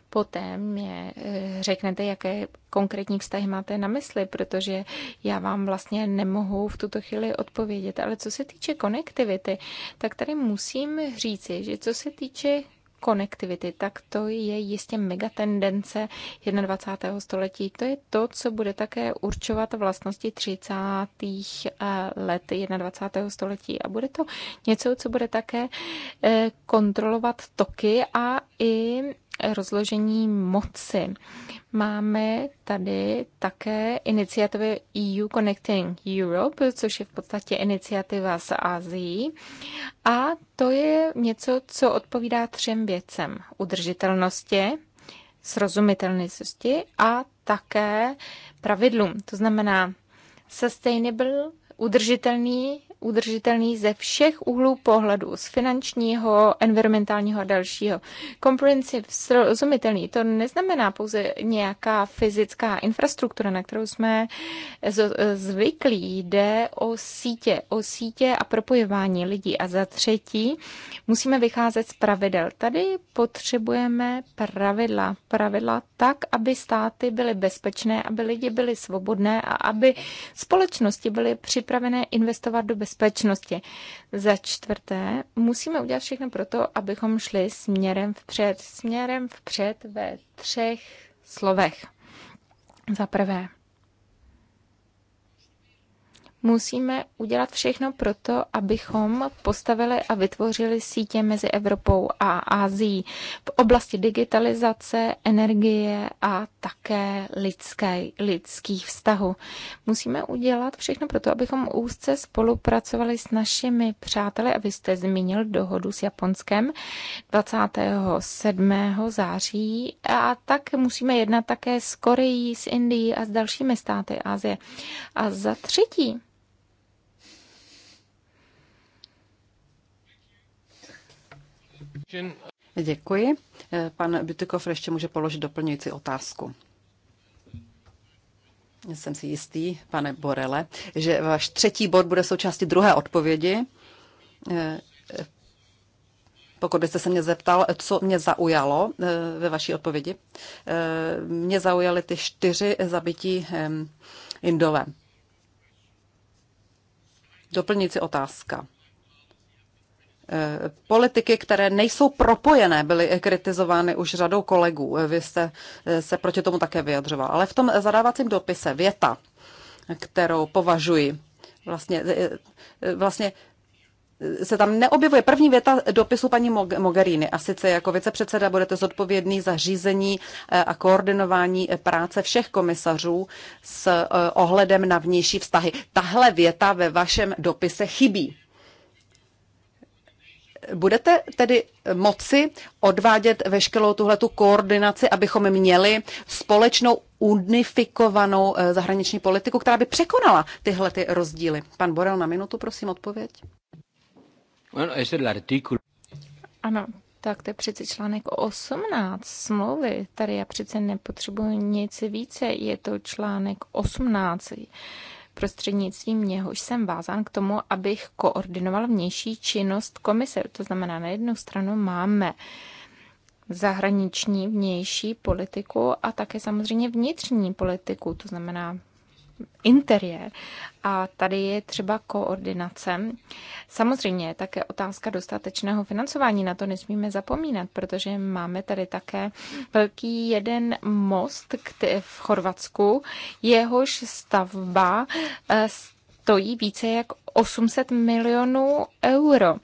Poté mě eh, řeknete, jaké konkrétní vztahy máte na mysli, protože já vám vlastně nemohu v tuto chvíli odpovědět. Ale co se týče konektivity, tak tady musím říci, že co se týče konektivity, tak to je jistě megatendence 21. století. To je to, co bude také určovat vlastnosti 30. Eh, let 21. století. A bude to něco, co bude také eh, kontrolovat toky a i rozložení moci. Máme tady také iniciativy EU Connecting Europe, což je v podstatě iniciativa z Azií. A to je něco, co odpovídá třem věcem. Udržitelnosti, srozumitelnosti a také pravidlům. To znamená sustainable, udržitelný udržitelný ze všech úhlů pohledu, z finančního, environmentálního a dalšího. Comprehensive, srozumitelný, to neznamená pouze nějaká fyzická infrastruktura, na kterou jsme zvyklí, jde o sítě, o sítě a propojování lidí. A za třetí, musíme vycházet z pravidel. Tady potřebujeme pravidla, pravidla tak, aby státy byly bezpečné, aby lidi byli svobodné a aby společnosti byly připravené investovat do bezpečnosti bezpečnosti. Za čtvrté, musíme udělat všechno pro to, abychom šli směrem vpřed. Směrem vpřed ve třech slovech. Za prvé, musíme udělat všechno proto, abychom postavili a vytvořili sítě mezi Evropou a Ázií v oblasti digitalizace, energie a také lidské, lidských vztahů. Musíme udělat všechno proto, abychom úzce spolupracovali s našimi přáteli, a vy jste zmínil dohodu s Japonskem 27. září a tak musíme jednat také s Koreí, s Indií a s dalšími státy Asie. A za třetí, Děkuji. Pan Bytykov ještě může položit doplňující otázku. Jsem si jistý, pane Borele, že váš třetí bod bude součástí druhé odpovědi. Pokud byste se mě zeptal, co mě zaujalo eh, ve vaší odpovědi, eh, mě zaujaly ty čtyři zabití eh, Indové. Doplňující otázka. Eh, politiky, které nejsou propojené, byly kritizovány už řadou kolegů. Eh, vy jste eh, se proti tomu také vyjadřoval. Ale v tom zadávacím dopise věta, kterou považuji, vlastně, vlastně se tam neobjevuje první věta dopisu paní Mogherini a sice jako vicepředseda budete zodpovědný za řízení a koordinování práce všech komisařů s ohledem na vnější vztahy. Tahle věta ve vašem dopise chybí budete tedy moci odvádět veškerou tuhletu koordinaci, abychom měli společnou unifikovanou eh, zahraniční politiku, která by překonala tyhle ty rozdíly. Pan Borel, na minutu, prosím, odpověď. Ano, tak to je přece článek 18 smlouvy. Tady já přece nepotřebuji nic více. Je to článek 18 prostřednictvím něhož jsem vázán k tomu, abych koordinoval vnější činnost komise. To znamená, na jednu stranu máme zahraniční vnější politiku a také samozřejmě vnitřní politiku, to znamená interiér. A tady je třeba koordinace. Samozřejmě je také otázka dostatečného financování, na to nesmíme zapomínat, protože máme tady také velký jeden most v Chorvatsku, jehož stavba eh, stojí více jak 800 milionů euro.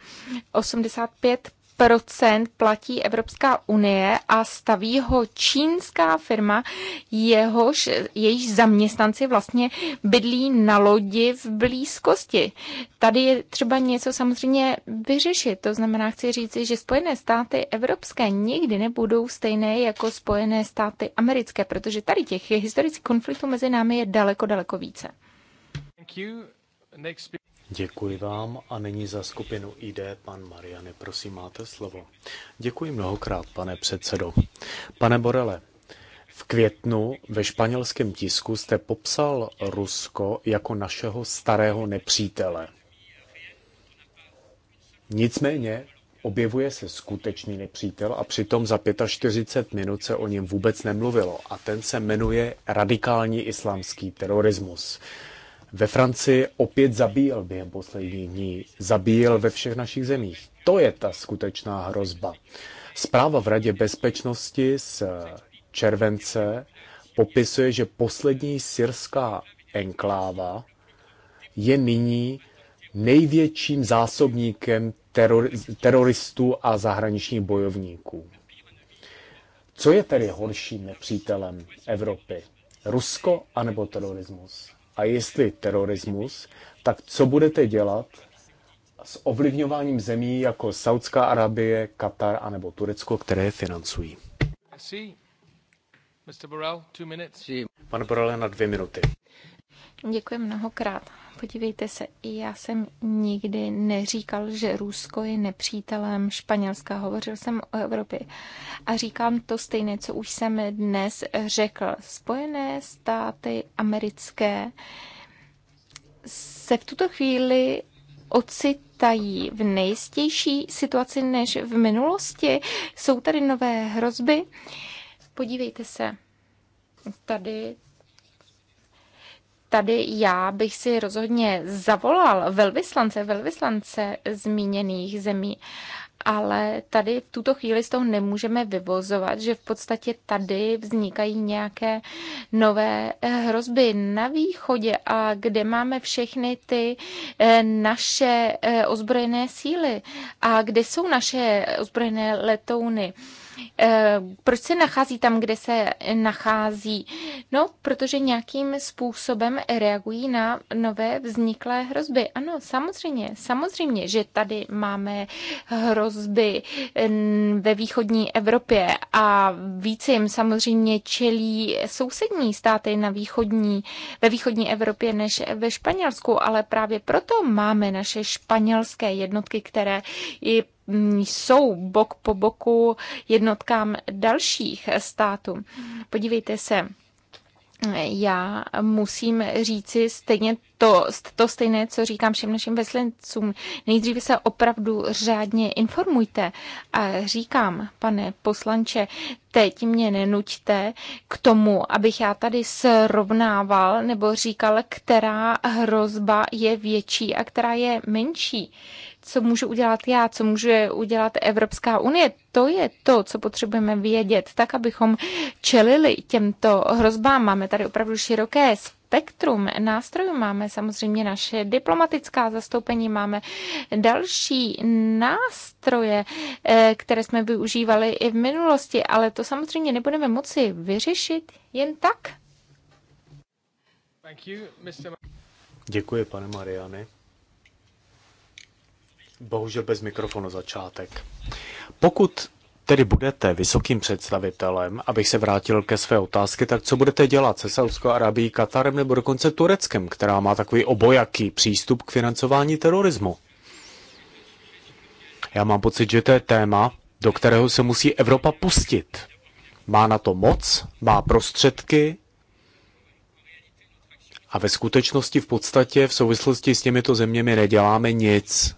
85 Procent platí Evropská unie a staví ho čínská firma, jehož, jejíž zaměstnanci vlastně bydlí na lodi v blízkosti. Tady je třeba něco samozřejmě vyřešit. To znamená, chci říci, že Spojené státy evropské nikdy nebudou stejné jako Spojené státy americké, protože tady těch historických konfliktů mezi námi je daleko, daleko více. Thank you. Next... Děkuji vám a nyní za skupinu ID pan Mariany, prosím, máte slovo. Děkuji mnohokrát, pane předsedo. Pane Borele, v květnu ve španělském tisku jste popsal Rusko jako našeho starého nepřítele. Nicméně objevuje se skutečný nepřítel a přitom za 45 minut se o něm vůbec nemluvilo a ten se jmenuje radikální islámský terorismus. Ve Francii opět zabíjel během posledních dní, zabíjel ve všech našich zemích. To je ta skutečná hrozba. Zpráva v Radě bezpečnosti z července popisuje, že poslední syrská enkláva je nyní největším zásobníkem teror, teroristů a zahraničních bojovníků. Co je tedy horším nepřítelem Evropy? Rusko anebo terorismus? a jestli terorismus, tak co budete dělat s ovlivňováním zemí jako Saudská Arabie, Katar a nebo Turecko, které je financují? Pane Borrell, na dvě minuty. Děkuji mnohokrát. Podívejte se, já jsem nikdy neříkal, že Rusko je nepřítelem Španělska. Hovořil jsem o Evropě. A říkám to stejné, co už jsem dnes řekl. Spojené státy americké se v tuto chvíli ocitají v nejistější situaci než v minulosti. Jsou tady nové hrozby. Podívejte se, tady tady já bych si rozhodně zavolal velvyslance, velvyslance zmíněných zemí, ale tady v tuto chvíli z toho nemůžeme vyvozovat, že v podstatě tady vznikají nějaké nové hrozby na východě a kde máme všechny ty eh, naše eh, ozbrojené síly a kde jsou naše ozbrojené letouny. Eh, proč se nachází tam, kde se nachází? No, protože nějakým způsobem reagují na nové vzniklé hrozby. Ano, samozřejmě, samozřejmě, že tady máme hrozby mm, ve východní Evropě a více jim samozřejmě čelí sousední státy na východní, ve východní Evropě než ve Španělsku, ale právě proto máme naše španělské jednotky, které i Mm, jsou bok po boku jednotkám dalších států. Podívejte se, já musím říci stejně to, to stejné, co říkám všem našim veslencům. Nejdříve se opravdu řádně informujte. A říkám, pane poslanče, teď mě nenuďte k tomu, abych já tady srovnával nebo říkal, která hrozba je větší a která je menší co můžu udělat já, co může udělat Evropská unie. To je to, co potřebujeme vědět, tak abychom čelili těmto hrozbám. Máme tady opravdu široké spektrum nástrojů. Máme samozřejmě naše diplomatická zastoupení, máme další nástroje, eh, které jsme využívali i v minulosti, ale to samozřejmě nebudeme moci vyřešit jen tak. Děkuji, pane Mariany. Bohužel bez mikrofonu začátek. Pokud tedy budete vysokým představitelem, abych se vrátil ke své otázky, tak co budete dělat se Saudskou Arabií, Katarem nebo dokonce Tureckem, která má takový obojaký přístup k financování terorismu? Já mám pocit, že to je téma, do kterého se musí Evropa pustit. Má na to moc, má prostředky a ve skutečnosti v podstatě v souvislosti s těmito zeměmi neděláme nic.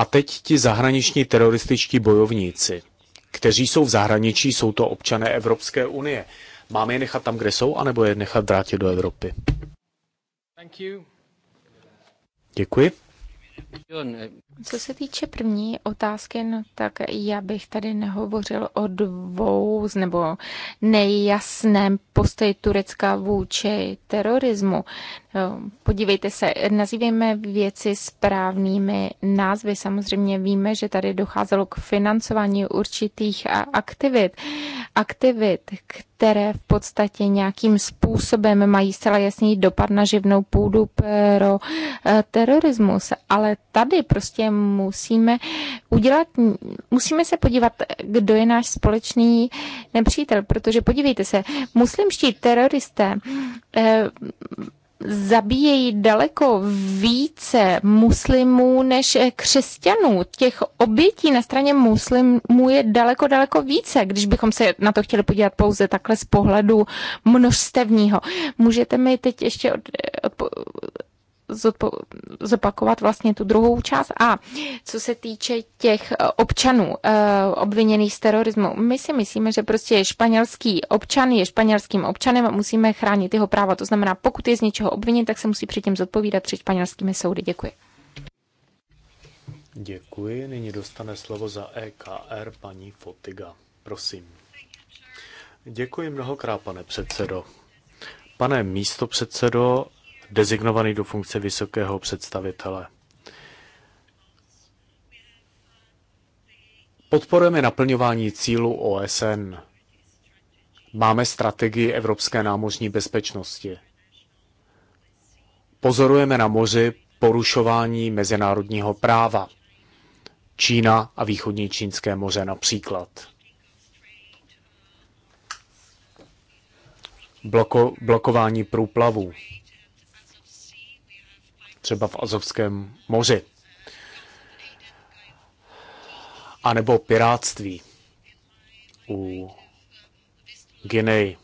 A teď ti zahraniční terorističtí bojovníci, kteří jsou v zahraničí, jsou to občané Evropské unie. Máme je nechat tam, kde jsou, anebo je nechat vrátit do Evropy? Děkuji. Co se týče první otázky, no tak já bych tady nehovořil o dvou nebo nejasném postoji Turecka vůči terorismu. Podívejte se, nazývejme věci správnými názvy. Samozřejmě víme, že tady docházelo k financování určitých aktivit aktivit, které v podstatě nějakým způsobem mají zcela jasný dopad na živnou půdu pro eh, terorismus. Ale tady prostě musíme udělat, musíme se podívat, kdo je náš společný nepřítel, protože podívejte se, muslimští teroristé eh, zabíjejí daleko více muslimů než eh, křesťanů. Těch obětí na straně muslimů je daleko, daleko více, když bychom se na to chtěli podívat pouze takhle z pohledu množstevního. Můžete mi teď ještě od, eh, od, zopakovat vlastně tu druhou část. A co se týče těch eh, občanů eh, obviněných z terorismu, my si myslíme, že prostě španělský občan je španělským občanem a musíme chránit jeho práva. To znamená, pokud je z něčeho obviněn, tak se musí předtím zodpovídat před španělskými soudy. Děkuji. Děkuji. Nyní dostane slovo za EKR paní Fotiga. Prosím. Děkuji mnohokrát, pane předsedo. Pane místo předsedo, dezignovaný do funkce vysokého představitele. Podporujeme naplňování cílu OSN. Máme strategii evropské námořní bezpečnosti. Pozorujeme na moři porušování mezinárodního práva. Čína a východní čínské moře například. Bloko, blokování průplavů třeba v Azovském moři. A nebo piráctví u Guinei.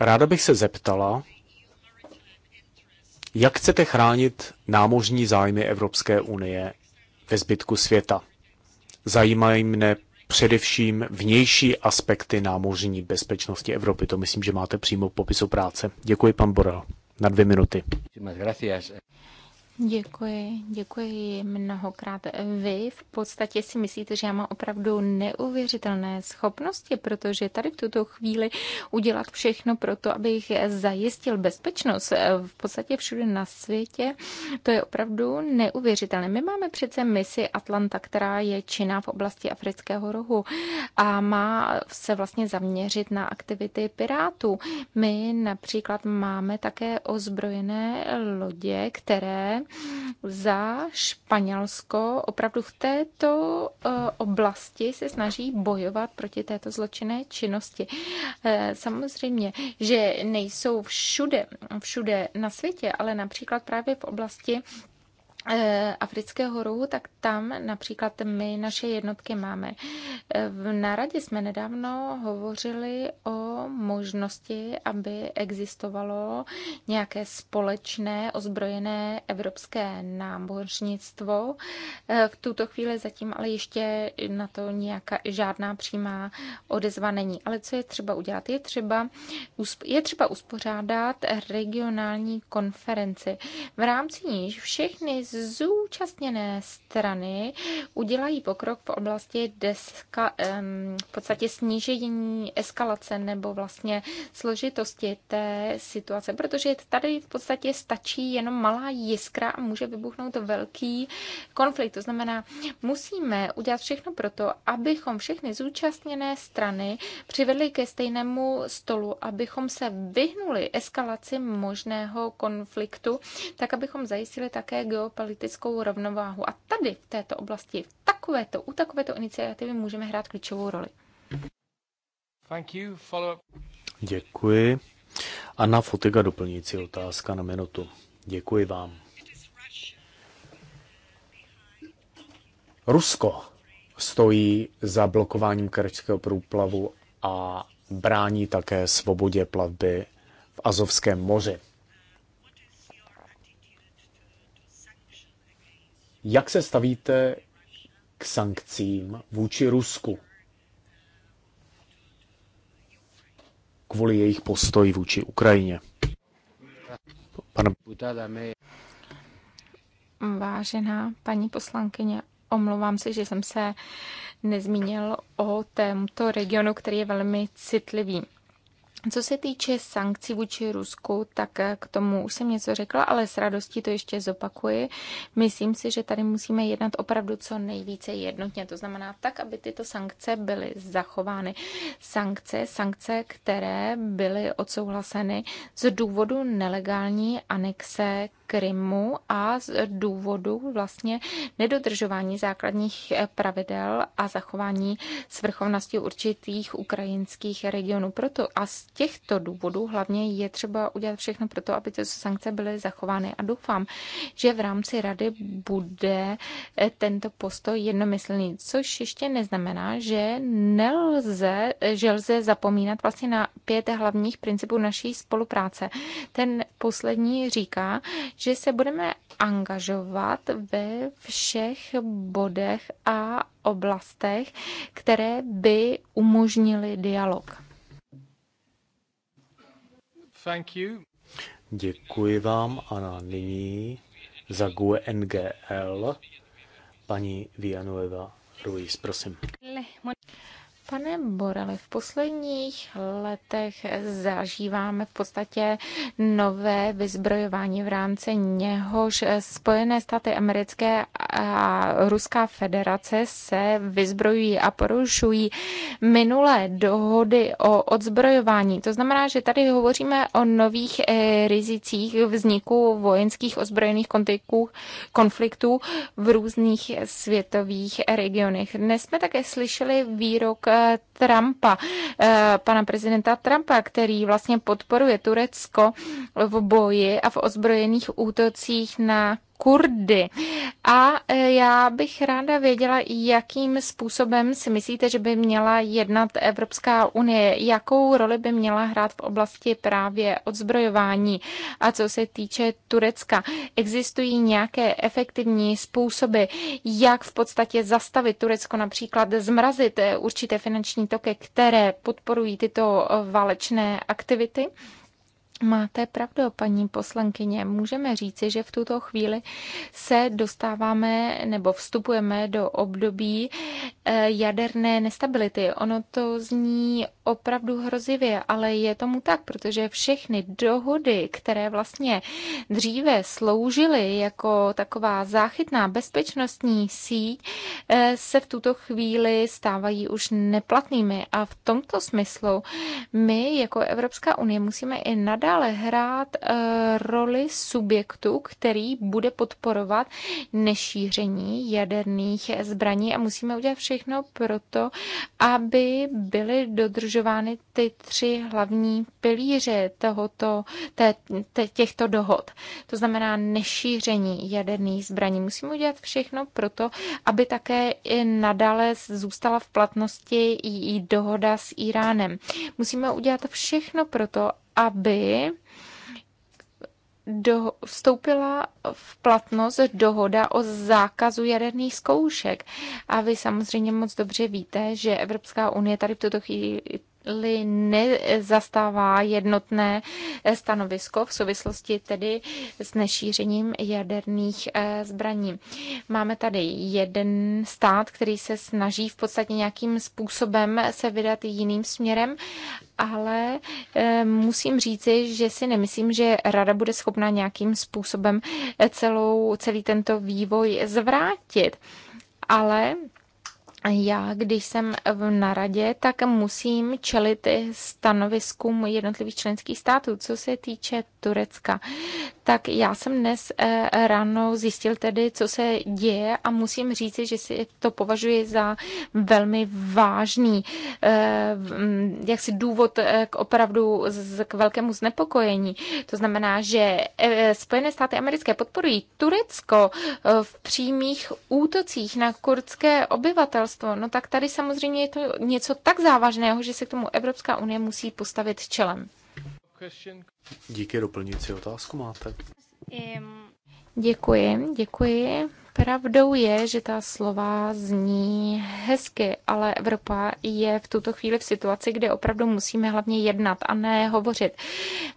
Ráda bych se zeptala, jak chcete chránit námořní zájmy Evropské unie ve zbytku světa? Zajímají mne především vnější aspekty námořní bezpečnosti Evropy. To myslím, že máte přímo v popisu práce. Děkuji, pan Borel, na dvě minuty. Děkuji, děkuji mnohokrát. Vy v podstatě si myslíte, že já mám opravdu neuvěřitelné schopnosti, protože tady v tuto chvíli udělat všechno pro to, abych zajistil bezpečnost v podstatě všude na světě, to je opravdu neuvěřitelné. My máme přece misi Atlanta, která je činná v oblasti Afrického rohu a má se vlastně zaměřit na aktivity pirátů. My například máme také ozbrojené lodě, které za Španělsko opravdu v této eh, oblasti se snaží bojovat proti této zločinné činnosti. Eh, samozřejmě, že nejsou všude, všude na světě, ale například právě v oblasti Eh, afrického rohu, tak tam například my naše jednotky máme. Eh, v náradě jsme nedávno hovořili o možnosti, aby existovalo nějaké společné ozbrojené evropské námořnictvo. Eh, v tuto chvíli zatím ale ještě na to nějaká, žádná přímá odezva není. Ale co je třeba udělat? Je třeba, je třeba uspořádat regionální konferenci, v rámci níž všechny zúčastněné strany udělají pokrok v oblasti deska, v podstatě snížení eskalace nebo vlastně složitosti té situace, protože tady v podstatě stačí jenom malá jiskra a může vybuchnout velký konflikt. To znamená, musíme udělat všechno pro to, abychom všechny zúčastněné strany přivedli ke stejnému stolu, abychom se vyhnuli eskalaci možného konfliktu, tak abychom zajistili také geopolitické politickou rovnováhu. A tady v této oblasti, v takovéto, u takovéto iniciativy můžeme hrát klíčovou roli. Thank you. Follow up. Děkuji. Anna Fotiga, doplňující otázka na minutu. Děkuji vám. Rusko stojí za blokováním kerčského průplavu a brání také svobodě plavby v Azovském moři. Jak se stavíte k sankcím vůči Rusku? Kvůli jejich postoji vůči Ukrajině. Pane... Vážená paní poslankyně, omlouvám se, že jsem se nezmínil o tomto regionu, který je velmi citlivý. Co se týče sankcí vůči Rusku, tak eh, k tomu už jsem něco řekla, ale s radostí to ještě zopakuji. Myslím si, že tady musíme jednat opravdu co nejvíce jednotně, to znamená tak, aby tyto sankce byly zachovány. Sankce, sankce, které byly odsouhlaseny z důvodu nelegální anexe Krymu a z důvodu vlastně nedodržování základních eh, pravidel a zachování svrchovnosti určitých ukrajinských regionů. Proto a z těchto důvodů hlavně je třeba udělat všechno pro to, aby ty sankce byly zachovány. A doufám, že v rámci rady bude eh, tento postoj jednomyslný, což ještě neznamená, že nelze, eh, že lze zapomínat vlastně na pět hlavních principů naší spolupráce. Ten poslední říká, že se budeme angažovat ve všech bodech a oblastech, které by umožnily dialog. Thank you. Děkuji vám a nyní za GUE NGL paní Vianueva Ruiz, prosím. Pane Borele, v posledních letech zažíváme v podstatě nové vyzbrojování v rámci něhož Spojené státy americké a Ruská federace se vyzbrojují a porušují minulé dohody o odzbrojování. To znamená, že tady hovoříme o nových eh, rizicích vzniku vojenských ozbrojených konfliktů v různých světových regionech. Dnes jsme také slyšeli výrok eh, Trumpa, eh, pana prezidenta Trumpa, který vlastně podporuje Turecko v boji a v ozbrojených útocích na Kurdy. A e, já bych ráda věděla, jakým způsobem si myslíte, že by měla jednat Evropská unie, jakou roli by měla hrát v oblasti právě odzbrojování. A co se týče Turecka, existují nějaké efektivní způsoby, jak v podstatě zastavit Turecko, například zmrazit e, určité finanční toky, které podporují tyto e, válečné aktivity? Máte pravdu, paní poslankyně. Můžeme říci, že v tuto chvíli se dostáváme nebo vstupujeme do období eh, jaderné nestability. Ono to zní opravdu hrozivě, ale je tomu tak, protože všechny dohody, které vlastně dříve sloužily jako taková záchytná bezpečnostní síť, eh, se v tuto chvíli stávají už neplatnými. A v tomto smyslu my jako Evropská unie musíme i nadále nadále hrát eh, roli subjektu, který bude podporovat nešíření jaderných zbraní a musíme udělat všechno pro to, aby byly dodržovány ty tři hlavní pilíře tohoto, té, těchto dohod. To znamená nešíření jaderných zbraní. Musíme udělat všechno pro to, aby také i nadále zůstala v platnosti i dohoda s Iránem. Musíme udělat všechno pro to aby do, vstoupila v platnost dohoda o zákazu jaderných zkoušek. A vy samozřejmě moc dobře víte, že Evropská unie tady v tuto chvíli li nezastává jednotné eh, stanovisko v souvislosti tedy s nešířením jaderných eh, zbraní. Máme tady jeden stát, který se snaží v podstatě nějakým způsobem se vydat jiným směrem, ale eh, musím říci, že si nemyslím, že rada bude schopna nějakým způsobem celou, celý tento vývoj zvrátit. Ale já, když jsem na radě, tak musím čelit stanoviskům jednotlivých členských států, co se týče Turecka tak já jsem dnes eh, ráno zjistil tedy, co se děje a musím říci, že si to považuji za velmi vážný eh, mm, jaksi důvod eh, k opravdu k velkému znepokojení. To znamená, že Spojené státy americké podporují Turecko v přímých útocích na kurdské obyvatelstvo. No tak tady samozřejmě je to něco tak závažného, že se k tomu Evropská unie musí postavit čelem. Díky, doplňující otázku máte. Děkuji, děkuji. Pravdou je, že ta slova zní hezky, ale Evropa je v tuto chvíli v situaci, kde opravdu musíme hlavně jednat a ne hovořit.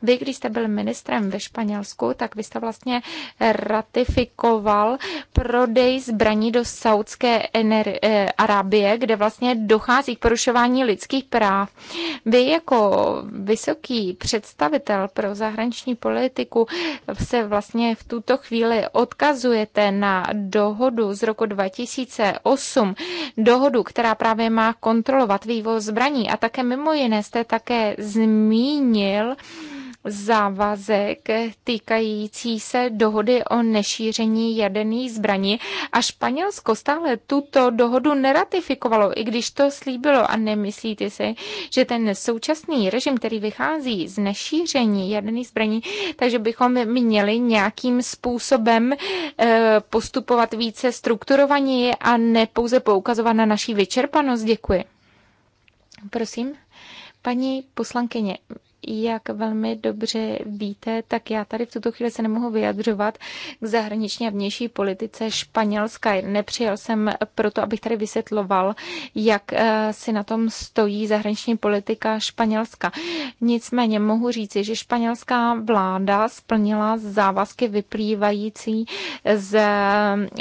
Vy, když jste byl ministrem ve Španělsku, tak vy jste vlastně ratifikoval prodej zbraní do Saudské ener- eh, Arábie, kde vlastně dochází k porušování lidských práv. Vy jako vysoký představitel pro zahraniční politiku se vlastně v tuto chvíli odkazujete na dohodu z roku 2008, dohodu, která právě má kontrolovat vývoz zbraní a také mimo jiné jste také zmínil, závazek týkající se dohody o nešíření jaderných zbraní a Španělsko stále tuto dohodu neratifikovalo, i když to slíbilo a nemyslíte si, že ten současný režim, který vychází z nešíření jaderných zbraní, takže bychom měli nějakým způsobem eh, postupovat více strukturovaně a ne pouze poukazovat na naší vyčerpanost. Děkuji. Prosím. Paní poslankyně jak velmi dobře víte, tak já tady v tuto chvíli se nemohu vyjadřovat k zahraniční a vnější politice Španělska. Nepřijel jsem proto, abych tady vysvětloval, jak eh, si na tom stojí zahraniční politika Španělska. Nicméně mohu říci, že španělská vláda splnila závazky vyplývající z eh,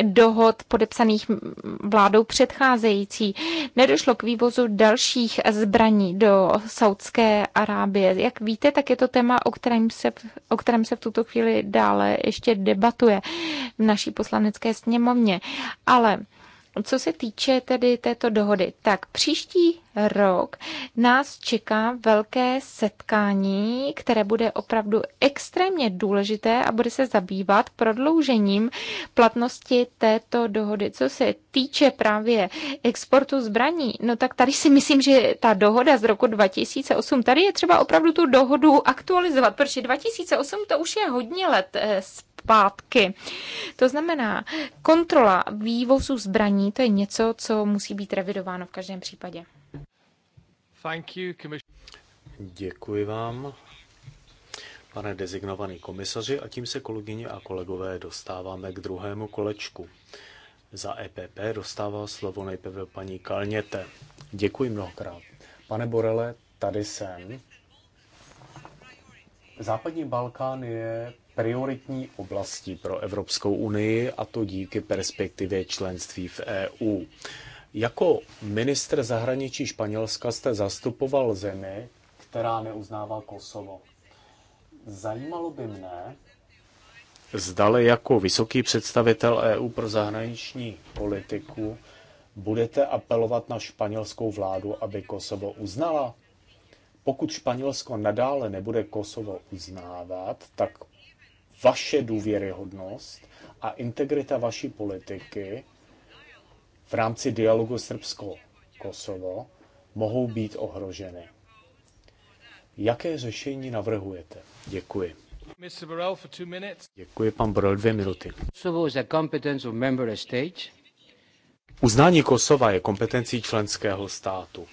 dohod podepsaných vládou předcházející. Nedošlo k vývozu dalších zbraní do Saudské Arábie. Jak jak víte, tak je to téma, o kterém se, o kterém se v tuto chvíli dále ještě debatuje v naší poslanecké sněmovně. Ale co se týče tedy této dohody, tak příští rok nás čeká velké setkání, které bude opravdu extrémně důležité a bude se zabývat prodloužením platnosti této dohody. Co se týče právě exportu zbraní, no tak tady si myslím, že ta dohoda z roku 2008, tady je třeba opravdu tu dohodu aktualizovat, protože 2008 to už je hodně let eh, zpátky. To znamená, kontrola vývozu zbraní, to je něco, co musí být revidováno v každém případě. Thank you, Děkuji vám, pane dezignovaný komisaři, a tím se kolegyně a kolegové dostáváme k druhému kolečku. Za EPP dostává slovo nejprve paní Kalněte. Děkuji mnohokrát. Pane Borele, tady jsem. Západní Balkán je prioritní oblastí pro Evropskou unii a to díky perspektivě členství v EU. Jako ministr zahraničí Španělska jste zastupoval zemi, která neuznává Kosovo. Zajímalo by mne, zdali jako vysoký představitel EU pro zahraniční politiku budete apelovat na španělskou vládu, aby Kosovo uznala? Pokud Španělsko nadále nebude Kosovo uznávat, tak vaše důvěryhodnost a integrita vaší politiky v rámci dialogu Srbsko-Kosovo mohou být ohroženy. Jaké řešení navrhujete? Děkuji. Děkuji, pan Borel, dvě minuty. Uznání Kosova je kompetencí členského státu.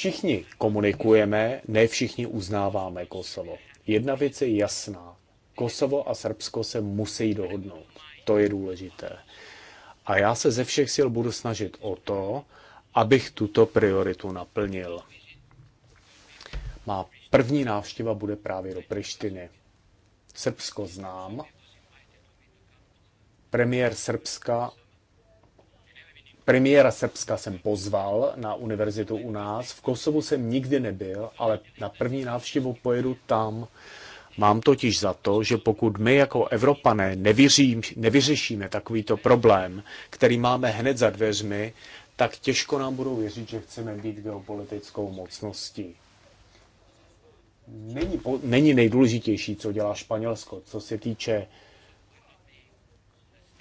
Všichni komunikujeme, ne všichni uznáváme Kosovo. Jedna věc je jasná. Kosovo a Srbsko se musí dohodnout. To je důležité. A já se ze všech sil budu snažit o to, abych tuto prioritu naplnil. Má první návštěva bude právě do Prištiny. Srbsko znám. Premiér Srbska Premiéra Srbska jsem pozval na univerzitu u nás. V Kosovu jsem nikdy nebyl, ale na první návštěvu pojedu tam. Mám totiž za to, že pokud my jako Evropané nevyřím, nevyřešíme takovýto problém, který máme hned za dveřmi, tak těžko nám budou věřit, že chceme být geopolitickou mocností. Není, po, není nejdůležitější, co dělá Španělsko, co se týče,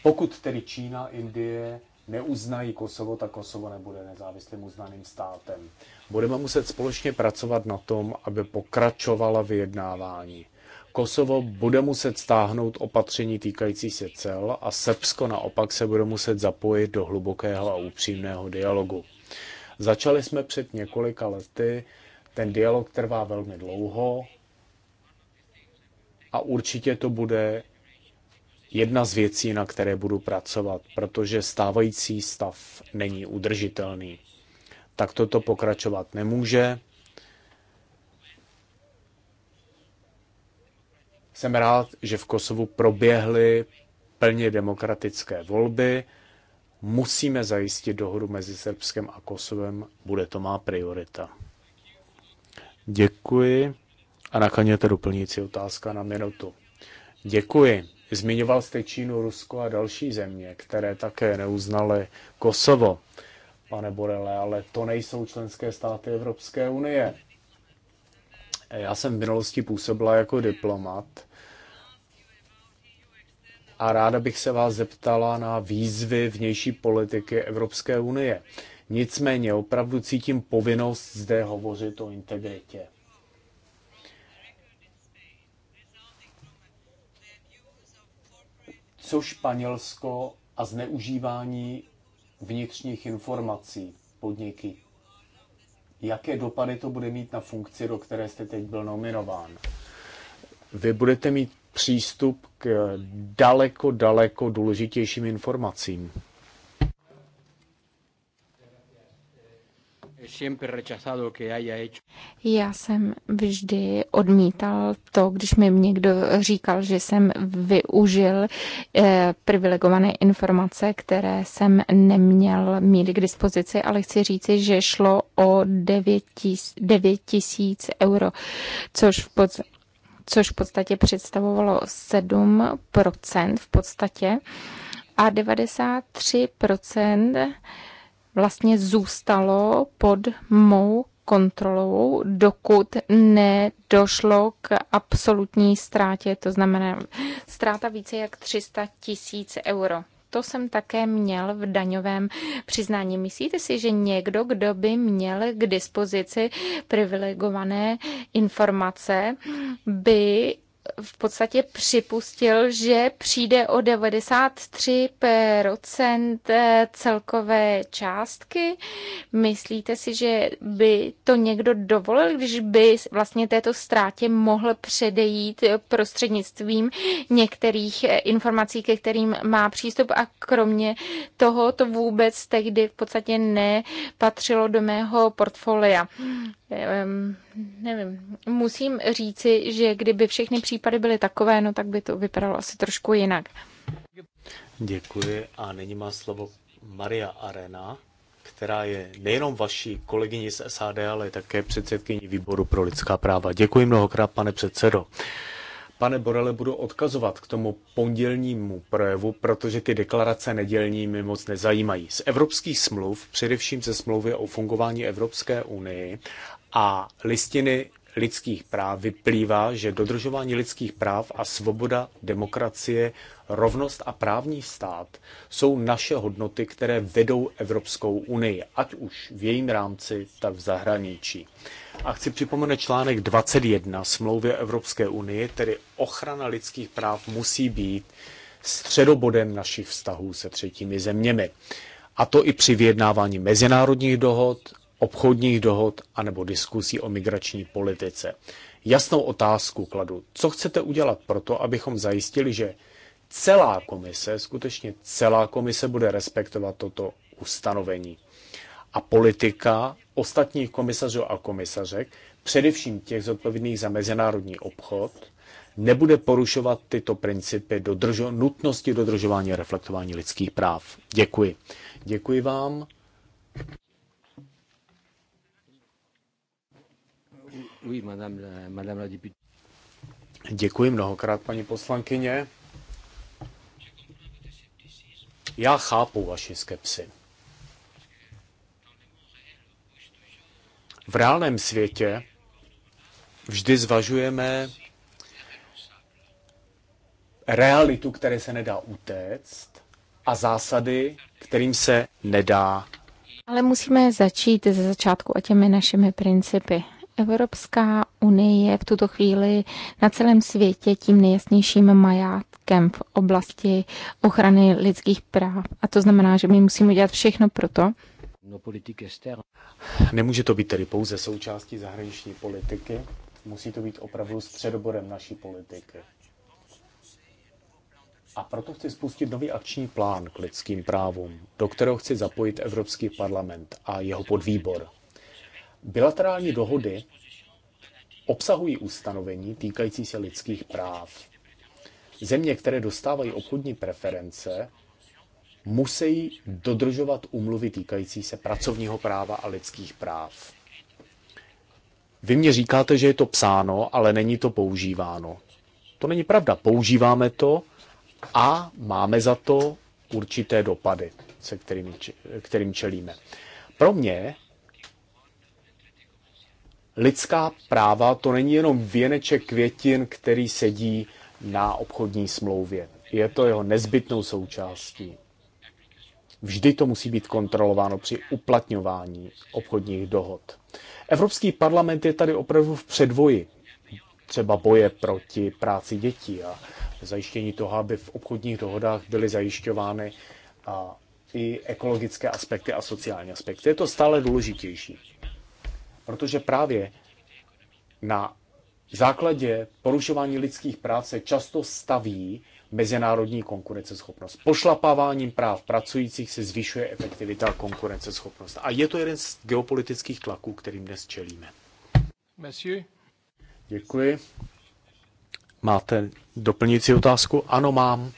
pokud tedy Čína, Indie, neuznají Kosovo, tak Kosovo nebude nezávislým uznaným státem. Budeme muset společně pracovat na tom, aby pokračovala vyjednávání. Kosovo bude muset stáhnout opatření týkající se cel a Srbsko naopak se bude muset zapojit do hlubokého a upřímného dialogu. Začali jsme před několika lety, ten dialog trvá velmi dlouho a určitě to bude jedna z věcí, na které budu pracovat, protože stávající stav není udržitelný. Tak toto pokračovat nemůže. Jsem rád, že v Kosovu proběhly plně demokratické volby. Musíme zajistit dohodu mezi Srbskem a Kosovem, bude to má priorita. Děkuji. A nakonec doplňující otázka na minutu. Děkuji. Zmiňoval jste Čínu, Rusko a další země, které také neuznaly Kosovo, pane Borele, ale to nejsou členské státy Evropské unie. Já jsem v minulosti působila jako diplomat a ráda bych se vás zeptala na výzvy vnější politiky Evropské unie. Nicméně opravdu cítím povinnost zde hovořit o integritě. co Španělsko a zneužívání vnitřních informací podniky. Jaké dopady to bude mít na funkci, do které jste teď byl nominován? Vy budete mít přístup k daleko, daleko důležitějším informacím. Já jsem vždy odmítal to, když mi někdo říkal, že jsem využil eh, privilegované informace, které jsem neměl mít k dispozici, ale chci říci, že šlo o 9 tisíc euro, což v podstatě což v podstatě představovalo 7% v podstatě a 93% vlastně zůstalo pod mou kontrolou, dokud nedošlo k absolutní ztrátě, to znamená ztráta více jak 300 tisíc euro to jsem také měl v daňovém přiznání. Myslíte si, že někdo, kdo by měl k dispozici privilegované informace, by v podstatě připustil, že přijde o 93% eh, celkové částky. Myslíte si, že by to někdo dovolil, když by vlastně této ztrátě mohl předejít prostřednictvím některých eh, informací, ke kterým má přístup a kromě toho to vůbec tehdy v podstatě nepatřilo do mého portfolia. Ehm, nevím, musím říci, že kdyby všechny případy byly takové, no tak by to vypadalo asi trošku jinak. Děkuji a nyní má slovo Maria Arena, která je nejenom vaší kolegyní z SAD, ale také předsedkyní výboru pro lidská práva. Děkuji mnohokrát, pane předsedo. Pane Borele, budu odkazovat k tomu pondělnímu projevu, protože ty deklarace nedělní mi moc nezajímají. Z evropských smluv, především ze smlouvy o fungování Evropské unii a listiny lidských práv vyplývá, že dodržování lidských práv a svoboda, demokracie, rovnost a právní stát jsou naše hodnoty, které vedou Evropskou unii, ať už v jejím rámci, tak v zahraničí. A chci připomenout článek 21 smlouvy Evropské unie, tedy ochrana lidských práv musí být středobodem našich vztahů se třetími zeměmi. A to i při vyjednávání mezinárodních dohod, obchodních dohod anebo diskusí o migrační politice. Jasnou otázku kladu. Co chcete udělat pro to, abychom zajistili, že celá komise, skutečně celá komise bude respektovat toto ustanovení? A politika ostatních komisařů a komisařek, především těch zodpovědných za mezinárodní obchod, nebude porušovat tyto principy dodržo- nutnosti dodržování a reflektování lidských práv. Děkuji. Děkuji vám. Děkuji mnohokrát, paní poslankyně. Já chápu vaši skepsy. V reálném světě vždy zvažujeme realitu, které se nedá utéct, a zásady, kterým se nedá. Ale musíme začít ze začátku a těmi našimi principy. Evropská unie je v tuto chvíli na celém světě tím nejjasnějším majátkem v oblasti ochrany lidských práv. A to znamená, že my musíme dělat všechno pro to. Nemůže to být tedy pouze součástí zahraniční politiky, musí to být opravdu středoborem naší politiky. A proto chci spustit nový akční plán k lidským právům, do kterého chci zapojit Evropský parlament a jeho podvýbor. Bilaterální dohody obsahují ustanovení týkající se lidských práv. Země, které dostávají obchodní preference, musí dodržovat umluvy týkající se pracovního práva a lidských práv. Vy mě říkáte, že je to psáno, ale není to používáno. To není pravda. Používáme to a máme za to určité dopady, se kterými, kterým čelíme. Pro mě lidská práva to není jenom věneček květin, který sedí na obchodní smlouvě. Je to jeho nezbytnou součástí. Vždy to musí být kontrolováno při uplatňování obchodních dohod. Evropský parlament je tady opravdu v předvoji třeba boje proti práci dětí a zajištění toho, aby v obchodních dohodách byly zajišťovány a i ekologické aspekty a sociální aspekty. Je to stále důležitější protože právě na základě porušování lidských práv se často staví mezinárodní konkurenceschopnost. Pošlapáváním práv pracujících se zvyšuje efektivita a konkurenceschopnost. A je to jeden z geopolitických tlaků, kterým dnes čelíme. Monsieur. Děkuji. Máte doplňující otázku? Ano, mám.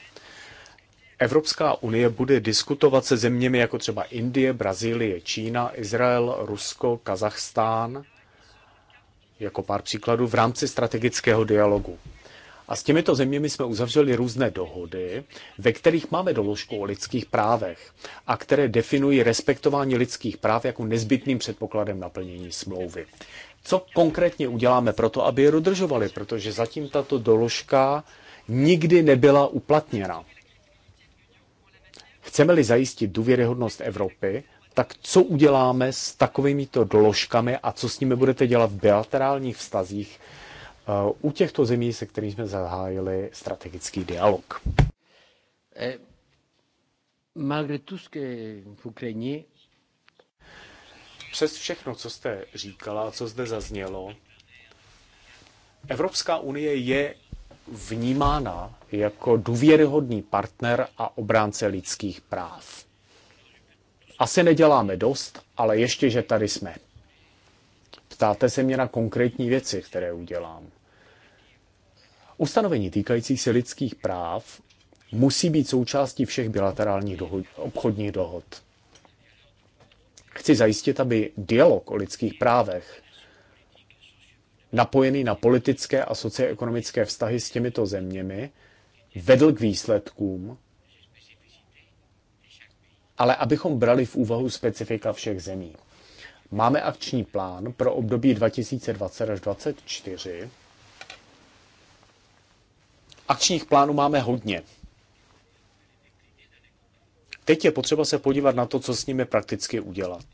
Evropská unie bude diskutovat se zeměmi jako třeba Indie, Brazílie, Čína, Izrael, Rusko, Kazachstán, jako pár příkladů, v rámci strategického dialogu. A s těmito zeměmi jsme uzavřeli různé dohody, ve kterých máme doložku o lidských právech a které definují respektování lidských práv jako nezbytným předpokladem naplnění smlouvy. Co konkrétně uděláme pro to, aby je dodržovali, protože zatím tato doložka nikdy nebyla uplatněna. Chceme-li zajistit důvěryhodnost Evropy, tak co uděláme s takovýmito doložkami a co s nimi budete dělat v bilaterálních vztazích eh, u těchto zemí, se kterými jsme zahájili strategický dialog? Eh, přes všechno, co jste říkala a co zde zaznělo, Evropská unie je vnímána jako důvěryhodný partner a obránce lidských práv. Asi neděláme dost, ale ještě, že tady jsme. Ptáte se mě na konkrétní věci, které udělám. Ustanovení týkající se lidských práv musí být součástí všech bilaterálních dohod, obchodních dohod. Chci zajistit, aby dialog o lidských právech napojený na politické a socioekonomické vztahy s těmito zeměmi, vedl k výsledkům, ale abychom brali v úvahu specifika všech zemí. Máme akční plán pro období 2020 až 2024. Akčních plánů máme hodně. Teď je potřeba se podívat na to, co s nimi prakticky udělat.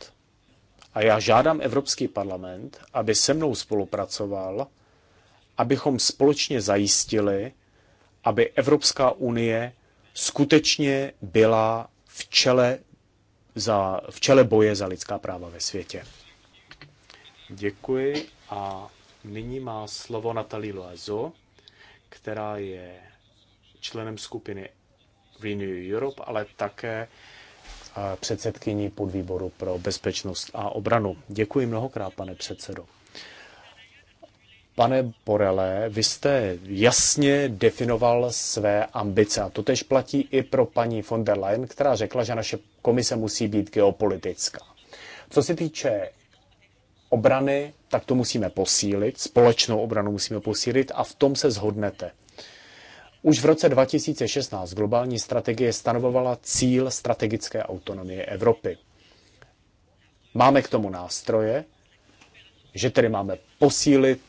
A já žádám Evropský parlament, aby se mnou spolupracoval, abychom společně zajistili, aby Evropská unie skutečně byla v čele, za, v čele boje za lidská práva ve světě. Děkuji a nyní má slovo Natalie Loazo, která je členem skupiny Renew Europe, ale také předsedkyní podvýboru pro bezpečnost a obranu. Děkuji mnohokrát, pane předsedo. Pane Borele, vy jste jasně definoval své ambice a to tež platí i pro paní von der Leyen, která řekla, že naše komise musí být geopolitická. Co se týče obrany, tak to musíme posílit, společnou obranu musíme posílit a v tom se zhodnete. Už v roce 2016 globální strategie stanovovala cíl strategické autonomie Evropy. Máme k tomu nástroje, že tedy máme posílit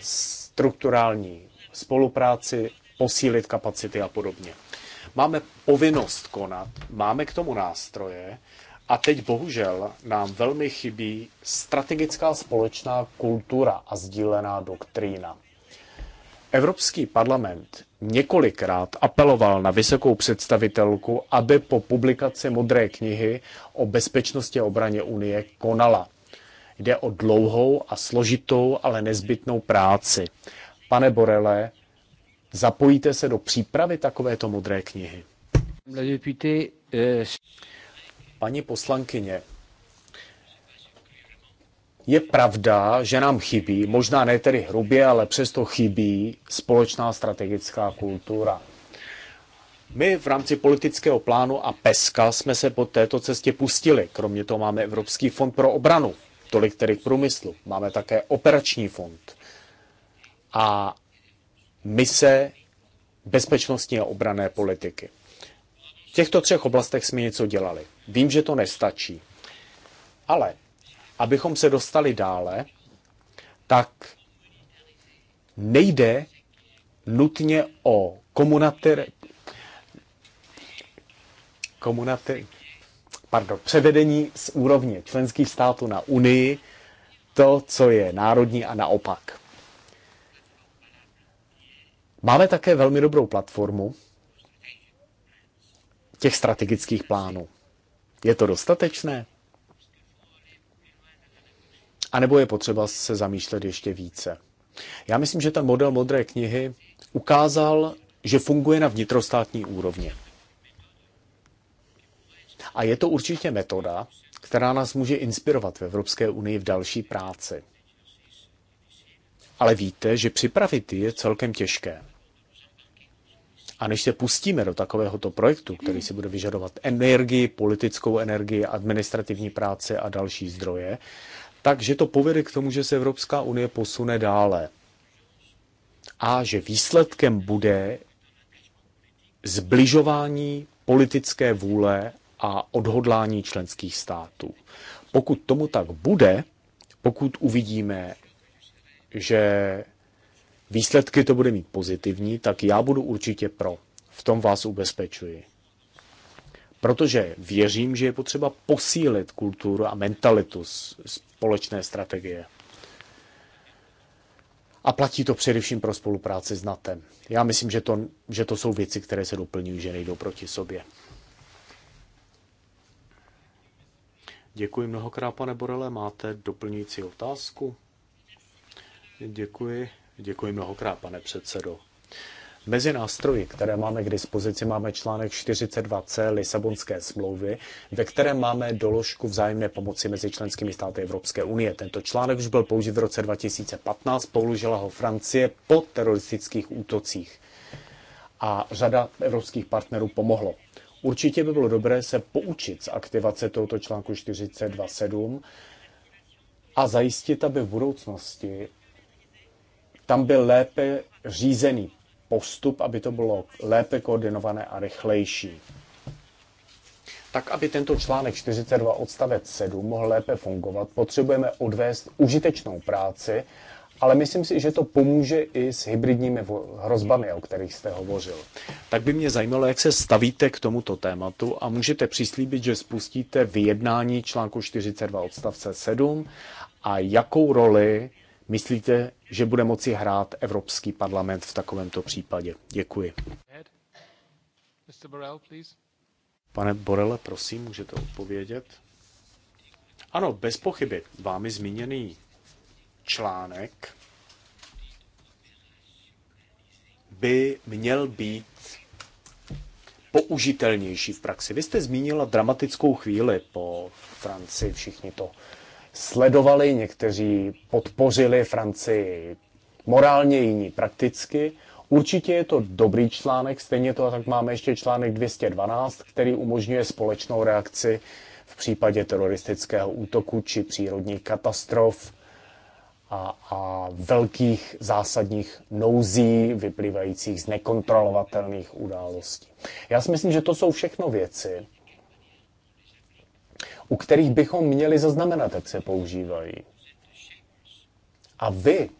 strukturální spolupráci, posílit kapacity a podobně. Máme povinnost konat, máme k tomu nástroje a teď bohužel nám velmi chybí strategická společná kultura a sdílená doktrína. Evropský parlament několikrát apeloval na vysokou představitelku, aby po publikaci Modré knihy o bezpečnosti a obraně Unie konala. Jde o dlouhou a složitou, ale nezbytnou práci. Pane Borele, zapojíte se do přípravy takovéto Modré knihy? Eh, Paní poslankyně, je pravda, že nám chybí, možná ne tedy hrubě, ale přesto chybí společná strategická kultura. My v rámci politického plánu a PESKA jsme se po této cestě pustili. Kromě toho máme Evropský fond pro obranu, tolik tedy k průmyslu. Máme také operační fond a se bezpečnostní a obrané politiky. V těchto třech oblastech jsme něco dělali. Vím, že to nestačí, ale abychom se dostali dále, tak nejde nutně o komunater... komunater pardon, převedení z úrovně členských států na Unii to, co je národní a naopak. Máme také velmi dobrou platformu těch strategických plánů. Je to dostatečné? A nebo je potřeba se zamýšlet ještě více. Já myslím, že ten model modré knihy ukázal, že funguje na vnitrostátní úrovni. A je to určitě metoda, která nás může inspirovat v Evropské unii v další práci. Ale víte, že připravit je celkem těžké. A než se pustíme do takovéhoto projektu, který si bude vyžadovat energii, politickou energii, administrativní práce a další zdroje, takže to povede k tomu, že se Evropská unie posune dále. A že výsledkem bude zbližování politické vůle a odhodlání členských států. Pokud tomu tak bude, pokud uvidíme, že výsledky to bude mít pozitivní, tak já budu určitě pro. V tom vás ubezpečuji. Protože věřím, že je potřeba posílit kulturu a mentalitu společné strategie. A platí to především pro spolupráci s NATO. Já myslím, že to, že to jsou věci, které se doplňují, že nejdou proti sobě. Děkuji mnohokrát, pane Borele. Máte doplňující otázku? Děkuji. Děkuji mnohokrát, pane předsedo. Mezi nástroji, které máme k dispozici, máme článek 42c Lisabonské smlouvy, ve kterém máme doložku vzájemné pomoci mezi členskými státy Evropské unie. Tento článek už byl použit v roce 2015, použila ho Francie po teroristických útocích a řada evropských partnerů pomohlo. Určitě by bylo dobré se poučit z aktivace tohoto článku 42.7 a zajistit, aby v budoucnosti tam byl lépe řízený postup, aby to bylo lépe koordinované a rychlejší. Tak, aby tento článek 42 odstavec 7 mohl lépe fungovat, potřebujeme odvést užitečnou práci, ale myslím si, že to pomůže i s hybridními hrozbami, o kterých jste hovořil. Tak by mě zajímalo, jak se stavíte k tomuto tématu a můžete přislíbit, že spustíte vyjednání článku 42 odstavce 7 a jakou roli myslíte, že bude moci hrát Evropský parlament v takovémto případě. Děkuji. Pane Borele, prosím, můžete odpovědět? Ano, bez pochyby. Vámi zmíněný článek by měl být použitelnější v praxi. Vy jste zmínila dramatickou chvíli po Francii, všichni to sledovali, někteří podpořili Francii morálně, jiní prakticky. Určitě je to dobrý článek, stejně to tak máme ještě článek 212, který umožňuje společnou reakci v případě teroristického útoku či přírodních katastrof a, a velkých zásadních nouzí vyplývajících z nekontrolovatelných událostí. Já si myslím, že to jsou všechno věci, u kterých bychom měli zaznamenat, jak se používají. A vy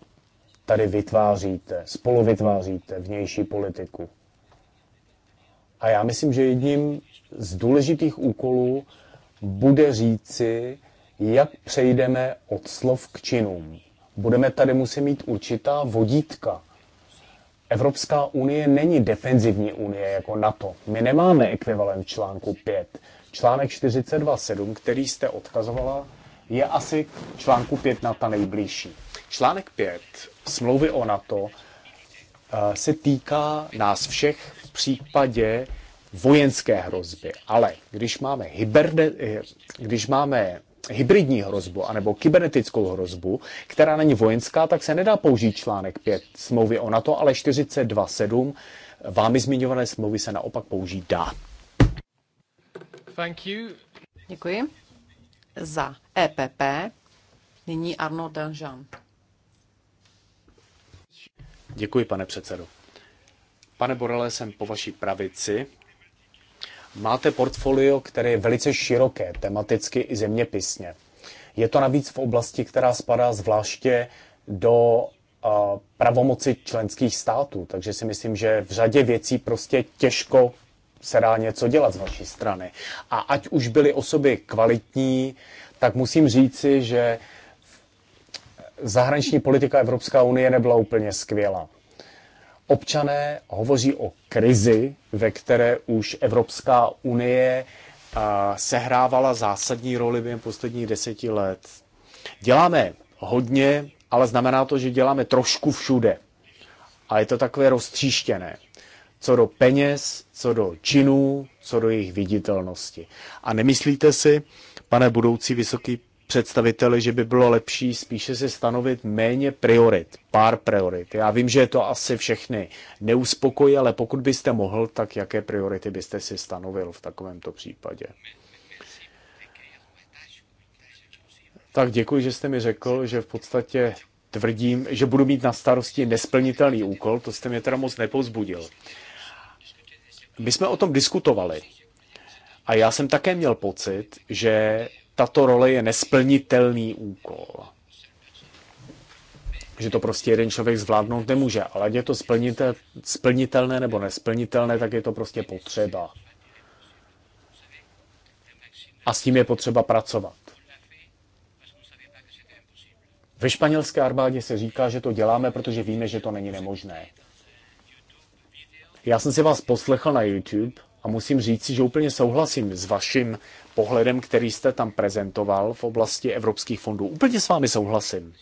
tady vytváříte, spolu vytváříte vnější politiku. A já myslím, že jedním z důležitých úkolů bude říci, jak přejdeme od slov k činům. Budeme tady muset mít určitá vodítka. Evropská unie není defenzivní unie jako NATO. My nemáme ekvivalent článku 5 článek 42.7, který jste odkazovala, je asi k článku 5 na ta nejbližší. Článek 5 smlouvy o NATO eh, se týká nás všech v případě vojenské hrozby. Ale když máme, hyberne, eh, když máme hybridní hrozbu anebo kybernetickou hrozbu, která není vojenská, tak se nedá použít článek 5 smlouvy o NATO, ale 42.7 vámi zmiňované smlouvy se naopak použít dá. Děkuji. Za EPP nyní Arno Danžan. Děkuji, pane předsedo. Pane Borele, jsem po vaší pravici. Máte portfolio, které je velice široké, tematicky i zeměpisně. Je to navíc v oblasti, která spadá zvláště do pravomoci členských států, takže si myslím, že v řadě věcí prostě těžko se dá něco dělat z vaší strany. A ať už byly osoby kvalitní, tak musím říci, že zahraniční politika Evropská unie nebyla úplně skvělá. Občané hovoří o krizi, ve které už Evropská unie sehrávala zásadní roli během posledních deseti let. Děláme hodně, ale znamená to, že děláme trošku všude. A je to takové roztříštěné co do peněz, co do činů, co do jejich viditelnosti. A nemyslíte si, pane budoucí vysoký představiteli, že by bylo lepší spíše si stanovit méně priorit, pár priorit. Já vím, že je to asi všechny neuspokojí, ale pokud byste mohl, tak jaké priority byste si stanovil v takovémto případě? Tak děkuji, že jste mi řekl, že v podstatě tvrdím, že budu mít na starosti nesplnitelný úkol, to jste mě teda moc nepozbudil. My jsme o tom diskutovali. A já jsem také měl pocit, že tato role je nesplnitelný úkol. Že to prostě jeden člověk zvládnout nemůže, ale ať je to splnitelné nebo nesplnitelné, tak je to prostě potřeba. A s tím je potřeba pracovat. Ve španělské armádě se říká, že to děláme, protože víme, že to není nemožné. Já jsem si vás poslechl na YouTube a musím říci, že úplně souhlasím s vaším pohledem, který jste tam prezentoval v oblasti evropských fondů. Úplně s vámi souhlasím.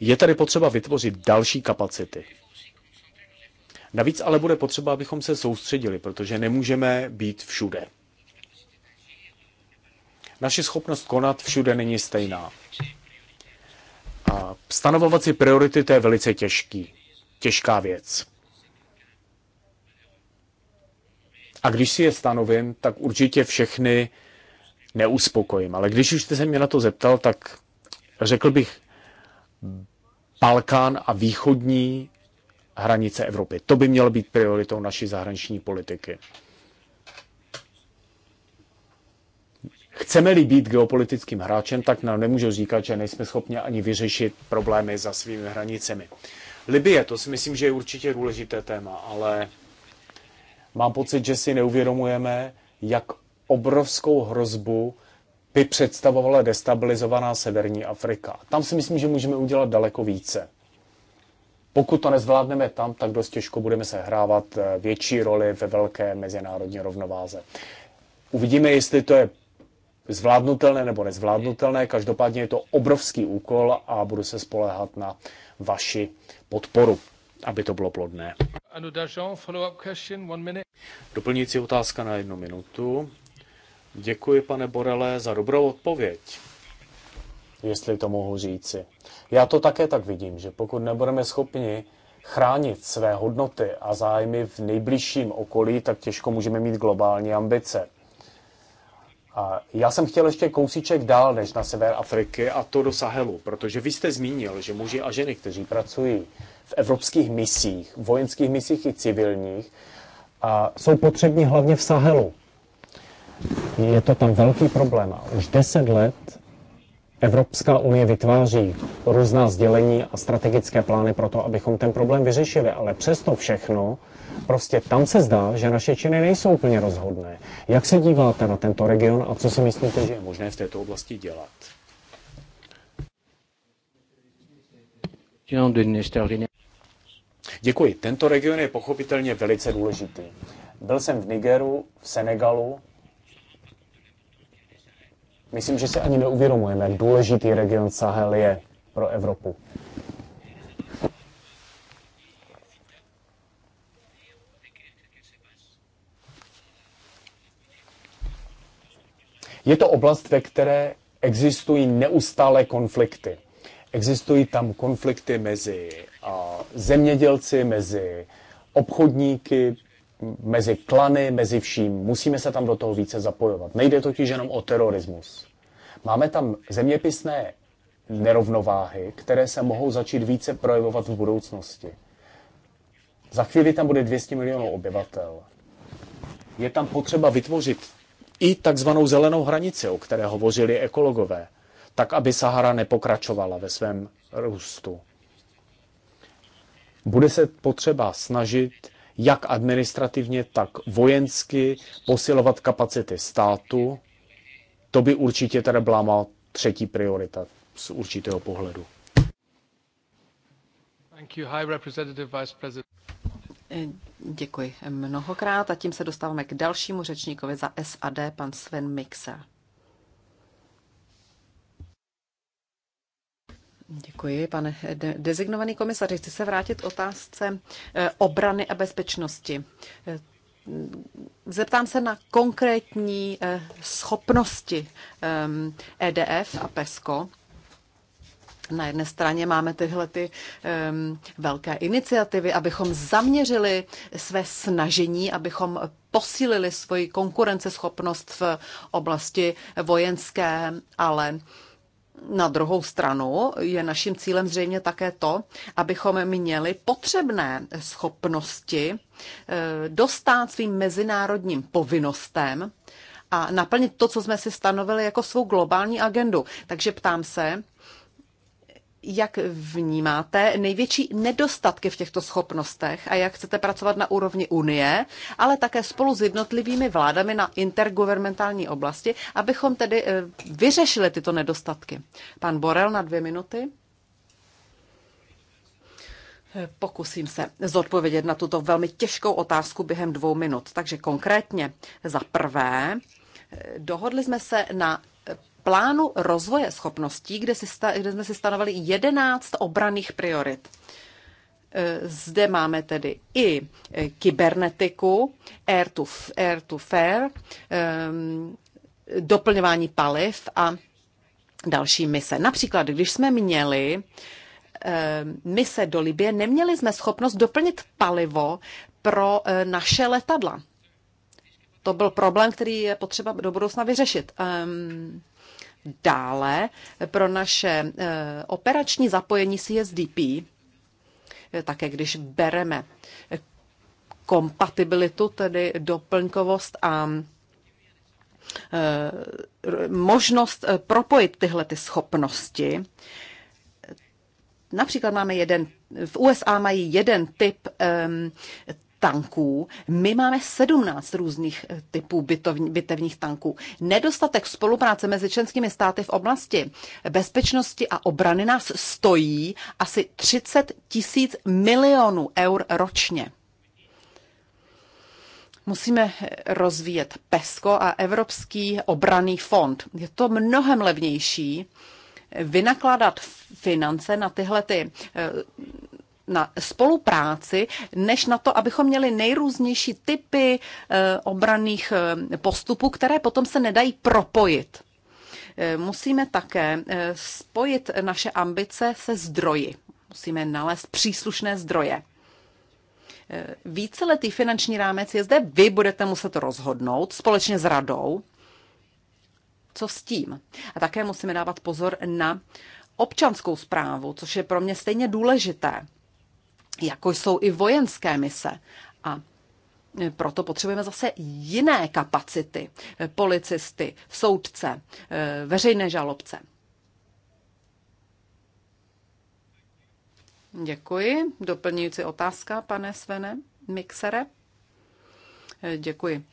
Je tady potřeba vytvořit další kapacity. Navíc ale bude potřeba, abychom se soustředili, protože nemůžeme být všude. Naše schopnost konat všude není stejná. A stanovovat si priority, to je velice těžký, těžká věc. A když si je stanovím, tak určitě všechny neuspokojím. Ale když už jste se mě na to zeptal, tak řekl bych Balkán a východní hranice Evropy. To by mělo být prioritou naší zahraniční politiky. Chceme-li být geopolitickým hráčem, tak nám nemůžu říkat, že nejsme schopni ani vyřešit problémy za svými hranicemi. Libie, to si myslím, že je určitě důležité téma, ale Mám pocit, že si neuvědomujeme, jak obrovskou hrozbu by představovala destabilizovaná severní Afrika. Tam si myslím, že můžeme udělat daleko více. Pokud to nezvládneme tam, tak dost těžko budeme se hrávat eh, větší roli ve velké mezinárodní rovnováze. Uvidíme, jestli to je zvládnutelné nebo nezvládnutelné. Každopádně je to obrovský úkol a budu se spolehat na vaši podporu aby to bylo plodné. Doplňující otázka na jednu minutu. Děkuji, pane Borele, za dobrou odpověď. Jestli to mohu říci. Já to také tak vidím, že pokud nebudeme schopni chránit své hodnoty a zájmy v nejbližším okolí, tak těžko můžeme mít globální ambice. A já jsem chtěl ještě kousíček dál než na sever Afriky a to do Sahelu, protože vy jste zmínil, že muži a ženy, kteří pracují v evropských misích, vojenských misích i civilních, a jsou potřební hlavně v Sahelu. Je to tam velký problém. A už deset let Evropská unie vytváří různá sdělení a strategické plány pro to, abychom ten problém vyřešili, ale přesto všechno, prostě tam se zdá, že naše činy nejsou úplně rozhodné. Jak se díváte na tento region a co si myslíte, že je možné v této oblasti dělat? Děkuji. Tento region je pochopitelně velice důležitý. Byl jsem v Nigeru, v Senegalu. Myslím, že se ani neuvědomujeme, jak důležitý region Sahel je pro Evropu. Je to oblast, ve které existují neustále konflikty. Existují tam konflikty mezi zemědělci, mezi obchodníky, mezi klany, mezi vším. Musíme se tam do toho více zapojovat. Nejde totiž jenom o terorismus. Máme tam zeměpisné nerovnováhy, které se mohou začít více projevovat v budoucnosti. Za chvíli tam bude 200 milionů obyvatel. Je tam potřeba vytvořit i takzvanou zelenou hranici, o které hovořili ekologové tak aby Sahara nepokračovala ve svém růstu. Bude se potřeba snažit jak administrativně, tak vojensky posilovat kapacity státu. To by určitě teda byla má třetí priorita z určitého pohledu. Děkuji mnohokrát a tím se dostáváme k dalšímu řečníkovi za SAD, pan Sven Mixer. Děkuji, pane de- dezignovaný komisaři. Chci se vrátit k otázce eh, obrany a bezpečnosti. Eh, zeptám se na konkrétní eh, schopnosti EDF e a PESCO. Na jedné straně máme tyhle ty um, velké iniciativy, abychom zaměřili své snažení, abychom posílili svoji konkurenceschopnost v oblasti vojenské, ale uh, na druhou stranu je naším cílem zřejmě také to, abychom měli potřebné schopnosti eh, dostat svým mezinárodním povinnostem a naplnit to, co jsme si stanovili jako svou globální agendu. Takže ptám se, jak vnímáte největší nedostatky v těchto schopnostech a jak chcete pracovat na úrovni Unie, ale také spolu s jednotlivými vládami na intergovernmentální oblasti, abychom tedy eh, vyřešili tyto nedostatky. Pan Borel na dvě minuty. Eh, pokusím se zodpovědět na tuto velmi těžkou otázku během dvou minut. Takže konkrétně za prvé, eh, dohodli jsme se na plánu rozvoje schopností, kde, si sta, kde jsme si stanovali 11 obraných priorit. Eh, zde máme tedy i eh, kybernetiku, air to, air to fair, ehm, doplňování paliv a další mise. Například, když jsme měli ehm, mise do Libie, neměli jsme schopnost doplnit palivo pro eh, naše letadla. To byl problém, který je potřeba do budoucna vyřešit. Ehm, Dále pro naše eh, operační zapojení CSDP, eh, také když bereme eh, kompatibilitu, tedy doplňkovost a možnost propojit tyhle ty schopnosti. Například máme jeden, v USA mají jeden typ um, tanků. My máme 17 různých eh, typů bytovní, bitevních tanků. Nedostatek spolupráce mezi členskými státy v oblasti bezpečnosti a obrany nás stojí asi 30 tisíc milionů eur ročně. Musíme eh, rozvíjet PESCO a Evropský obraný fond. Je to mnohem levnější eh, vynakládat finance na tyhle ty na spolupráci, než na to, abychom měli nejrůznější typy eh, obraných eh, postupů, které potom se nedají propojit. Eh, musíme také spojit naše ambice se zdroji. Musíme nalézt příslušné zdroje. Víceletý finanční rámec je zde, vy budete muset rozhodnout společně s radou, co s tím. A také musíme dávat pozor na občanskou zprávu, což je pro mě stejně důležité jako jsou i vojenské mise. A proto potřebujeme zase jiné kapacity. Policisty, soudce, eh, veřejné žalobce. Děkuji. Doplňující otázka, pane Svene Mixere? Eh, děkuji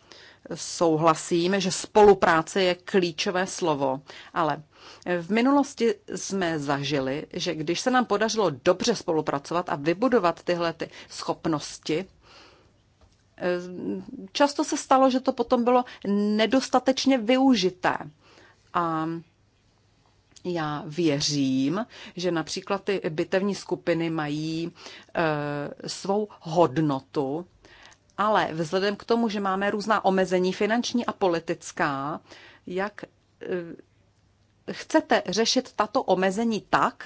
souhlasím, že spolupráce je klíčové slovo, ale v minulosti jsme zažili, že když se nám podařilo dobře spolupracovat a vybudovat tyhle ty schopnosti, eh, často se stalo, že to potom bylo nedostatečně využité. A já věřím, že například ty bitevní skupiny mají e, svou hodnotu ale vzhledem k tomu, že máme různá omezení finanční a politická, jak eh, chcete řešit tato omezení tak,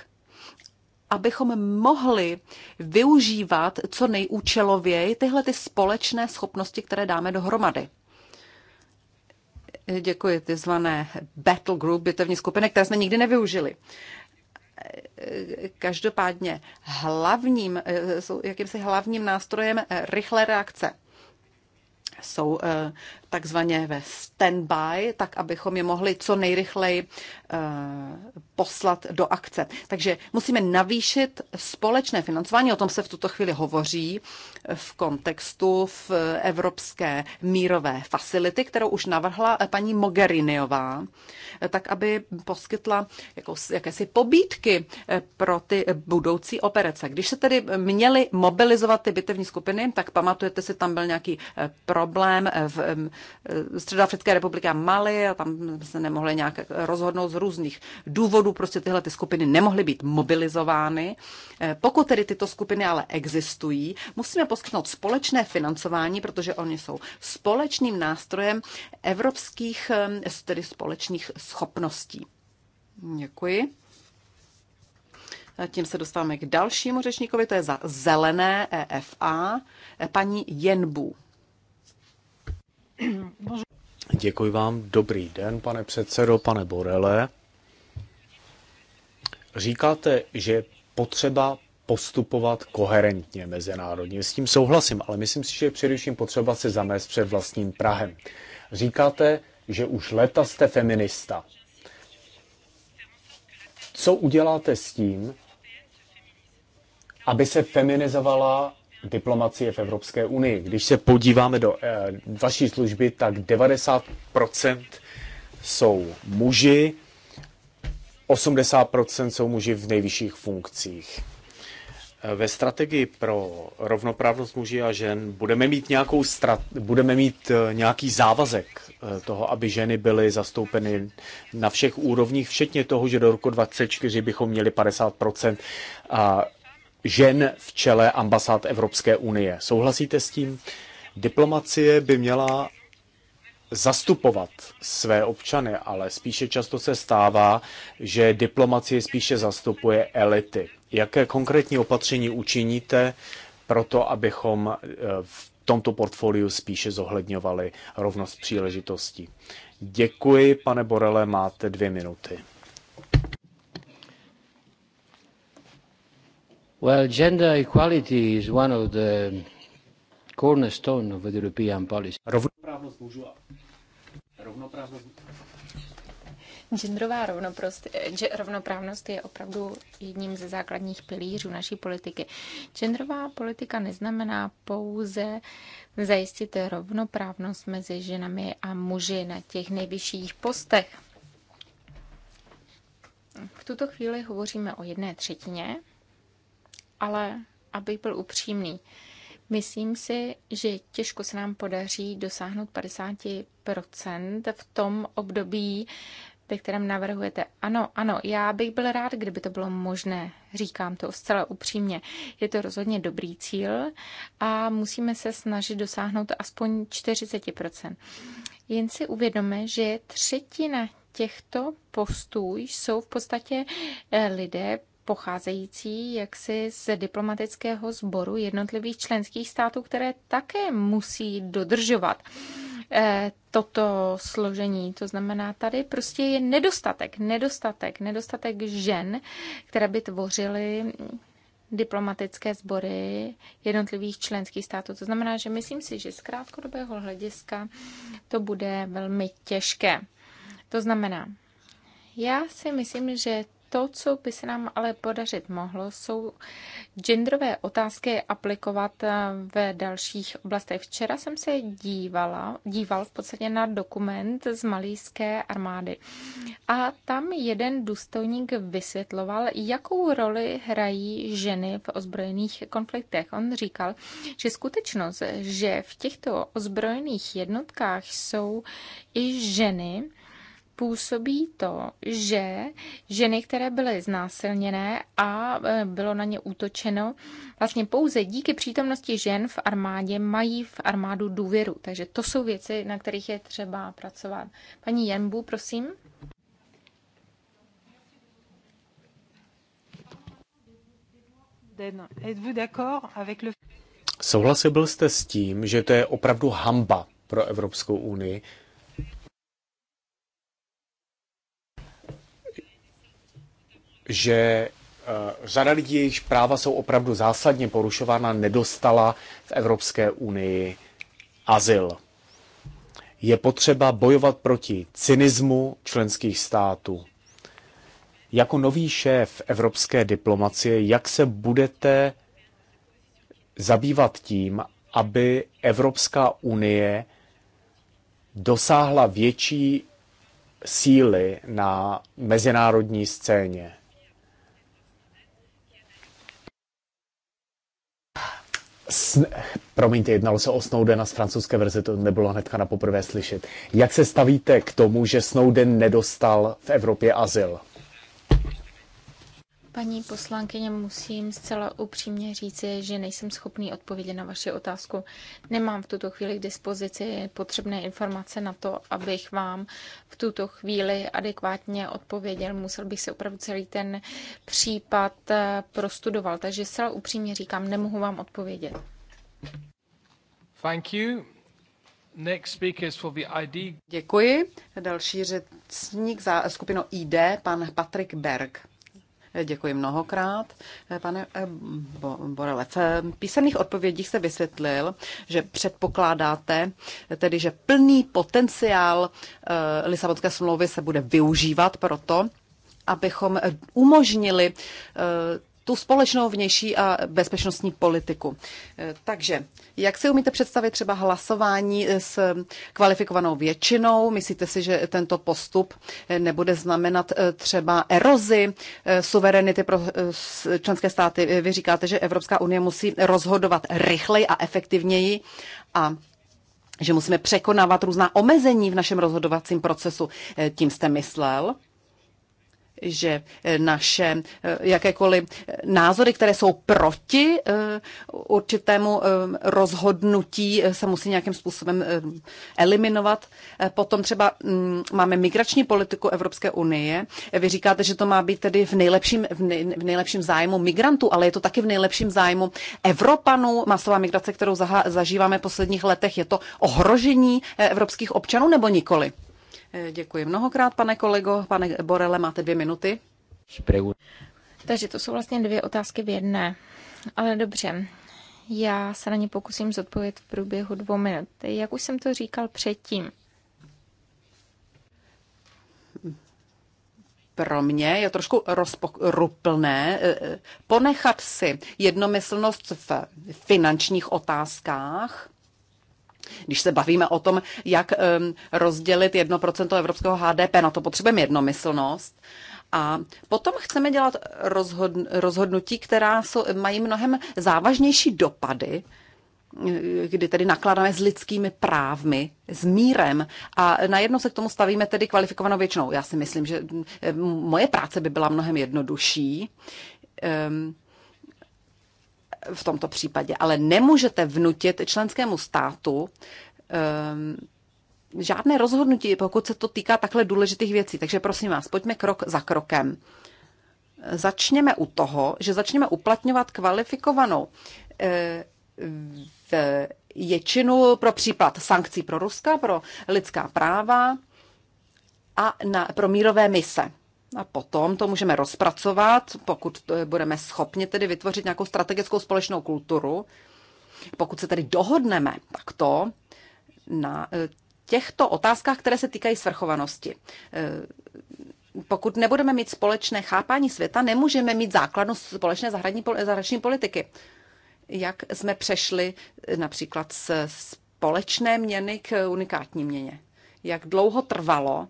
abychom mohli využívat co nejúčelověji tyhle ty společné schopnosti, které dáme dohromady. Eh, děkuji, ty zvané battle group, bitevní skupiny, které jsme nikdy nevyužili. Eh, každopádně hlavním, jakýmsi hlavním nástrojem rychlé reakce jsou eh, takzvaně ve standby, tak abychom je mohli co nejrychleji eh, poslat do akce. Takže musíme navýšit společné financování, o tom se v tuto chvíli hovoří eh, v kontextu v eh, Evropské mírové facility, kterou už navrhla paní Mogheriniová, tak aby poskytla jako jakési pobídky pro ty budoucí operace. Když se tedy měly mobilizovat ty bitevní skupiny, tak pamatujete si, tam byl nějaký problém v Eh, Středoafrické republiky a Mali a tam se nemohli nějak rozhodnout z různých důvodů, prostě tyhle ty skupiny nemohly být mobilizovány. Eh, Pokud tedy tyto skupiny ale existují, musíme poskytnout společné financování, protože oni jsou společným nástrojem evropských, eh, tedy společných schopností. Děkuji. Tím se dostáváme k dalšímu řečníkovi, to je za zelené EFA, paní Jenbu. Děkuji vám. Dobrý den, pane předsedo, pane Borele. Říkáte, že potřeba postupovat koherentně mezinárodně. S tím souhlasím, ale myslím si, že je především potřeba se zamést před vlastním Prahem. Říkáte, že už leta jste feminista. Co uděláte s tím, aby se feminizovala diplomacie v Evropské unii. Když se podíváme do eh, vaší služby, tak 90% jsou muži, 80% jsou muži v nejvyšších funkcích. Eh, ve strategii pro rovnoprávnost muži a žen budeme mít, nějakou strat, budeme mít eh, nějaký závazek toho, aby ženy byly zastoupeny na všech úrovních, včetně toho, že do roku 2024 bychom měli 50 a žen v čele ambasád Evropské unie. Souhlasíte s tím? Diplomacie by měla zastupovat své občany, ale spíše často se stává, že diplomacie spíše zastupuje elity. Jaké konkrétní opatření učiníte pro to, abychom e, v tomto portfoliu spíše zohledňovali rovnost příležitostí? Děkuji, pane Borele, máte dvě minuty. Well, gender equality is one of the cornerstone of the European policy. Rovnoprávnost mužů a rovnoprávnost Genderová rovnoprost, že rovnoprávnost je opravdu jedním ze základních pilířů naší politiky. Genderová politika neznamená pouze zajistit rovnoprávnost mezi ženami a muži na těch nejvyšších postech. V tuto chvíli hovoříme o jedné třetině ale abych byl upřímný, myslím si, že těžko se nám podaří dosáhnout 50% v tom období, ve kterém navrhujete. Ano, ano, já bych byl rád, kdyby to bylo možné. Říkám to zcela upřímně. Je to rozhodně dobrý cíl a musíme se snažit dosáhnout aspoň 40%. Jen si uvědome, že třetina těchto postů jsou v podstatě eh, lidé pocházející jaksi z diplomatického sboru jednotlivých členských států, které také musí dodržovat eh, toto složení. To znamená, tady prostě je nedostatek, nedostatek, nedostatek žen, které by tvořily diplomatické sbory jednotlivých členských států. To znamená, že myslím si, že z krátkodobého hlediska to bude velmi těžké. To znamená, já si myslím, že to, co by se nám ale podařit mohlo, jsou genderové otázky aplikovat eh, ve dalších oblastech. Včera jsem se dívala, díval v podstatě na dokument z malijské armády a tam jeden důstojník vysvětloval, jakou roli hrají ženy v ozbrojených konfliktech. On říkal, že skutečnost, že v těchto ozbrojených jednotkách jsou i ženy, působí to, že ženy, které byly znásilněné a e, bylo na ně útočeno, vlastně pouze díky přítomnosti žen v armádě mají v armádu důvěru. Takže to jsou věci, na kterých je třeba pracovat. Paní Jenbu, prosím. Souhlasil jste s tím, že to je opravdu hamba pro Evropskou unii, že eh, řada lidí, jejichž práva jsou opravdu zásadně porušována, nedostala v Evropské unii azyl. Je potřeba bojovat proti cynismu členských států. Jako nový šéf evropské diplomacie, jak se budete zabývat tím, aby Evropská unie dosáhla větší síly na mezinárodní scéně? Sn- Promiňte, jednalo se o Snowdena z francouzské verze, to nebylo hnedka na poprvé slyšet. Jak se stavíte k tomu, že Snowden nedostal v Evropě azyl? Paní poslankyně, musím zcela upřímně říci, že nejsem schopný odpovědět na vaši otázku. Nemám v tuto chvíli k dispozici potřebné informace na to, abych vám v tuto chvíli adekvátně odpověděl. Musel bych se opravdu celý ten případ eh, prostudoval, takže zcela upřímně říkám, nemohu vám odpovědět. Thank you. Next speaker is for the ID. Děkuji. Další řečník za skupinu ID, pan Patrik Berg. Děkuji mnohokrát. Pane eh, Borele, eh, v písemných odpovědích se vysvětlil, že předpokládáte, tedy, že plný potenciál eh, Lisabonské smlouvy se bude využívat proto, abychom umožnili tu společnou vnější a bezpečnostní politiku. E, takže, jak si umíte představit třeba hlasování s kvalifikovanou většinou? Myslíte si, že tento postup e, nebude znamenat e, třeba erozi suverenity pro členské státy? Vy říkáte, že Evropská unie musí rozhodovat rychleji a efektivněji a že musíme překonávat různá omezení v našem rozhodovacím procesu. Tím jste myslel? že eh, naše eh, jakékoliv eh, názory, které jsou proti určitému rozhodnutí, se musí nějakým způsobem eliminovat. Potom třeba mm, máme migrační politiku Evropské unie. Vy říkáte, že to má být tedy v nejlepším, v nej, v nejlepším zájmu migrantů, ale je to taky v nejlepším zájmu Evropanů. Masová migrace, kterou zažíváme v posledních letech, je to ohrožení evropských občanů nebo nikoli? Děkuji mnohokrát, pane kolego. Pane Borele, máte dvě minuty. Takže to jsou vlastně dvě otázky v jedné. Ale dobře, já se na ně pokusím zodpovědět v průběhu dvou minut. Jak už jsem to říkal předtím, pro mě je trošku rozporuplné e, e, ponechat si jednomyslnost v finančních otázkách když se bavíme o tom, jak rozdělit 1% evropského HDP, na no to potřebujeme jednomyslnost. A potom chceme dělat rozhodn- rozhodnutí, která jsou, mají mnohem závažnější dopady, eh, kdy tedy nakládáme s lidskými právy, s mírem a najednou se k tomu stavíme tedy kvalifikovanou většinou. Já si myslím, že eh, moje práce by byla mnohem jednodušší. Um, v tomto případě, ale nemůžete vnutit členskému státu um, žádné rozhodnutí, pokud se to týká takhle důležitých věcí. Takže prosím vás, pojďme krok za krokem. Začněme u toho, že začneme uplatňovat kvalifikovanou eh, v ječinu pro případ sankcí pro Ruska, pro lidská práva a na, pro mírové mise. A potom to můžeme rozpracovat, pokud eh, budeme schopni tedy vytvořit nějakou strategickou společnou kulturu. Pokud se tedy dohodneme takto na eh, těchto otázkách, které se týkají svrchovanosti. Eh, pokud nebudeme mít společné chápání světa, nemůžeme mít základnu společné zahraniční, zahraniční politiky. Jak jsme přešli například z společné měny k unikátní měně. Jak dlouho trvalo,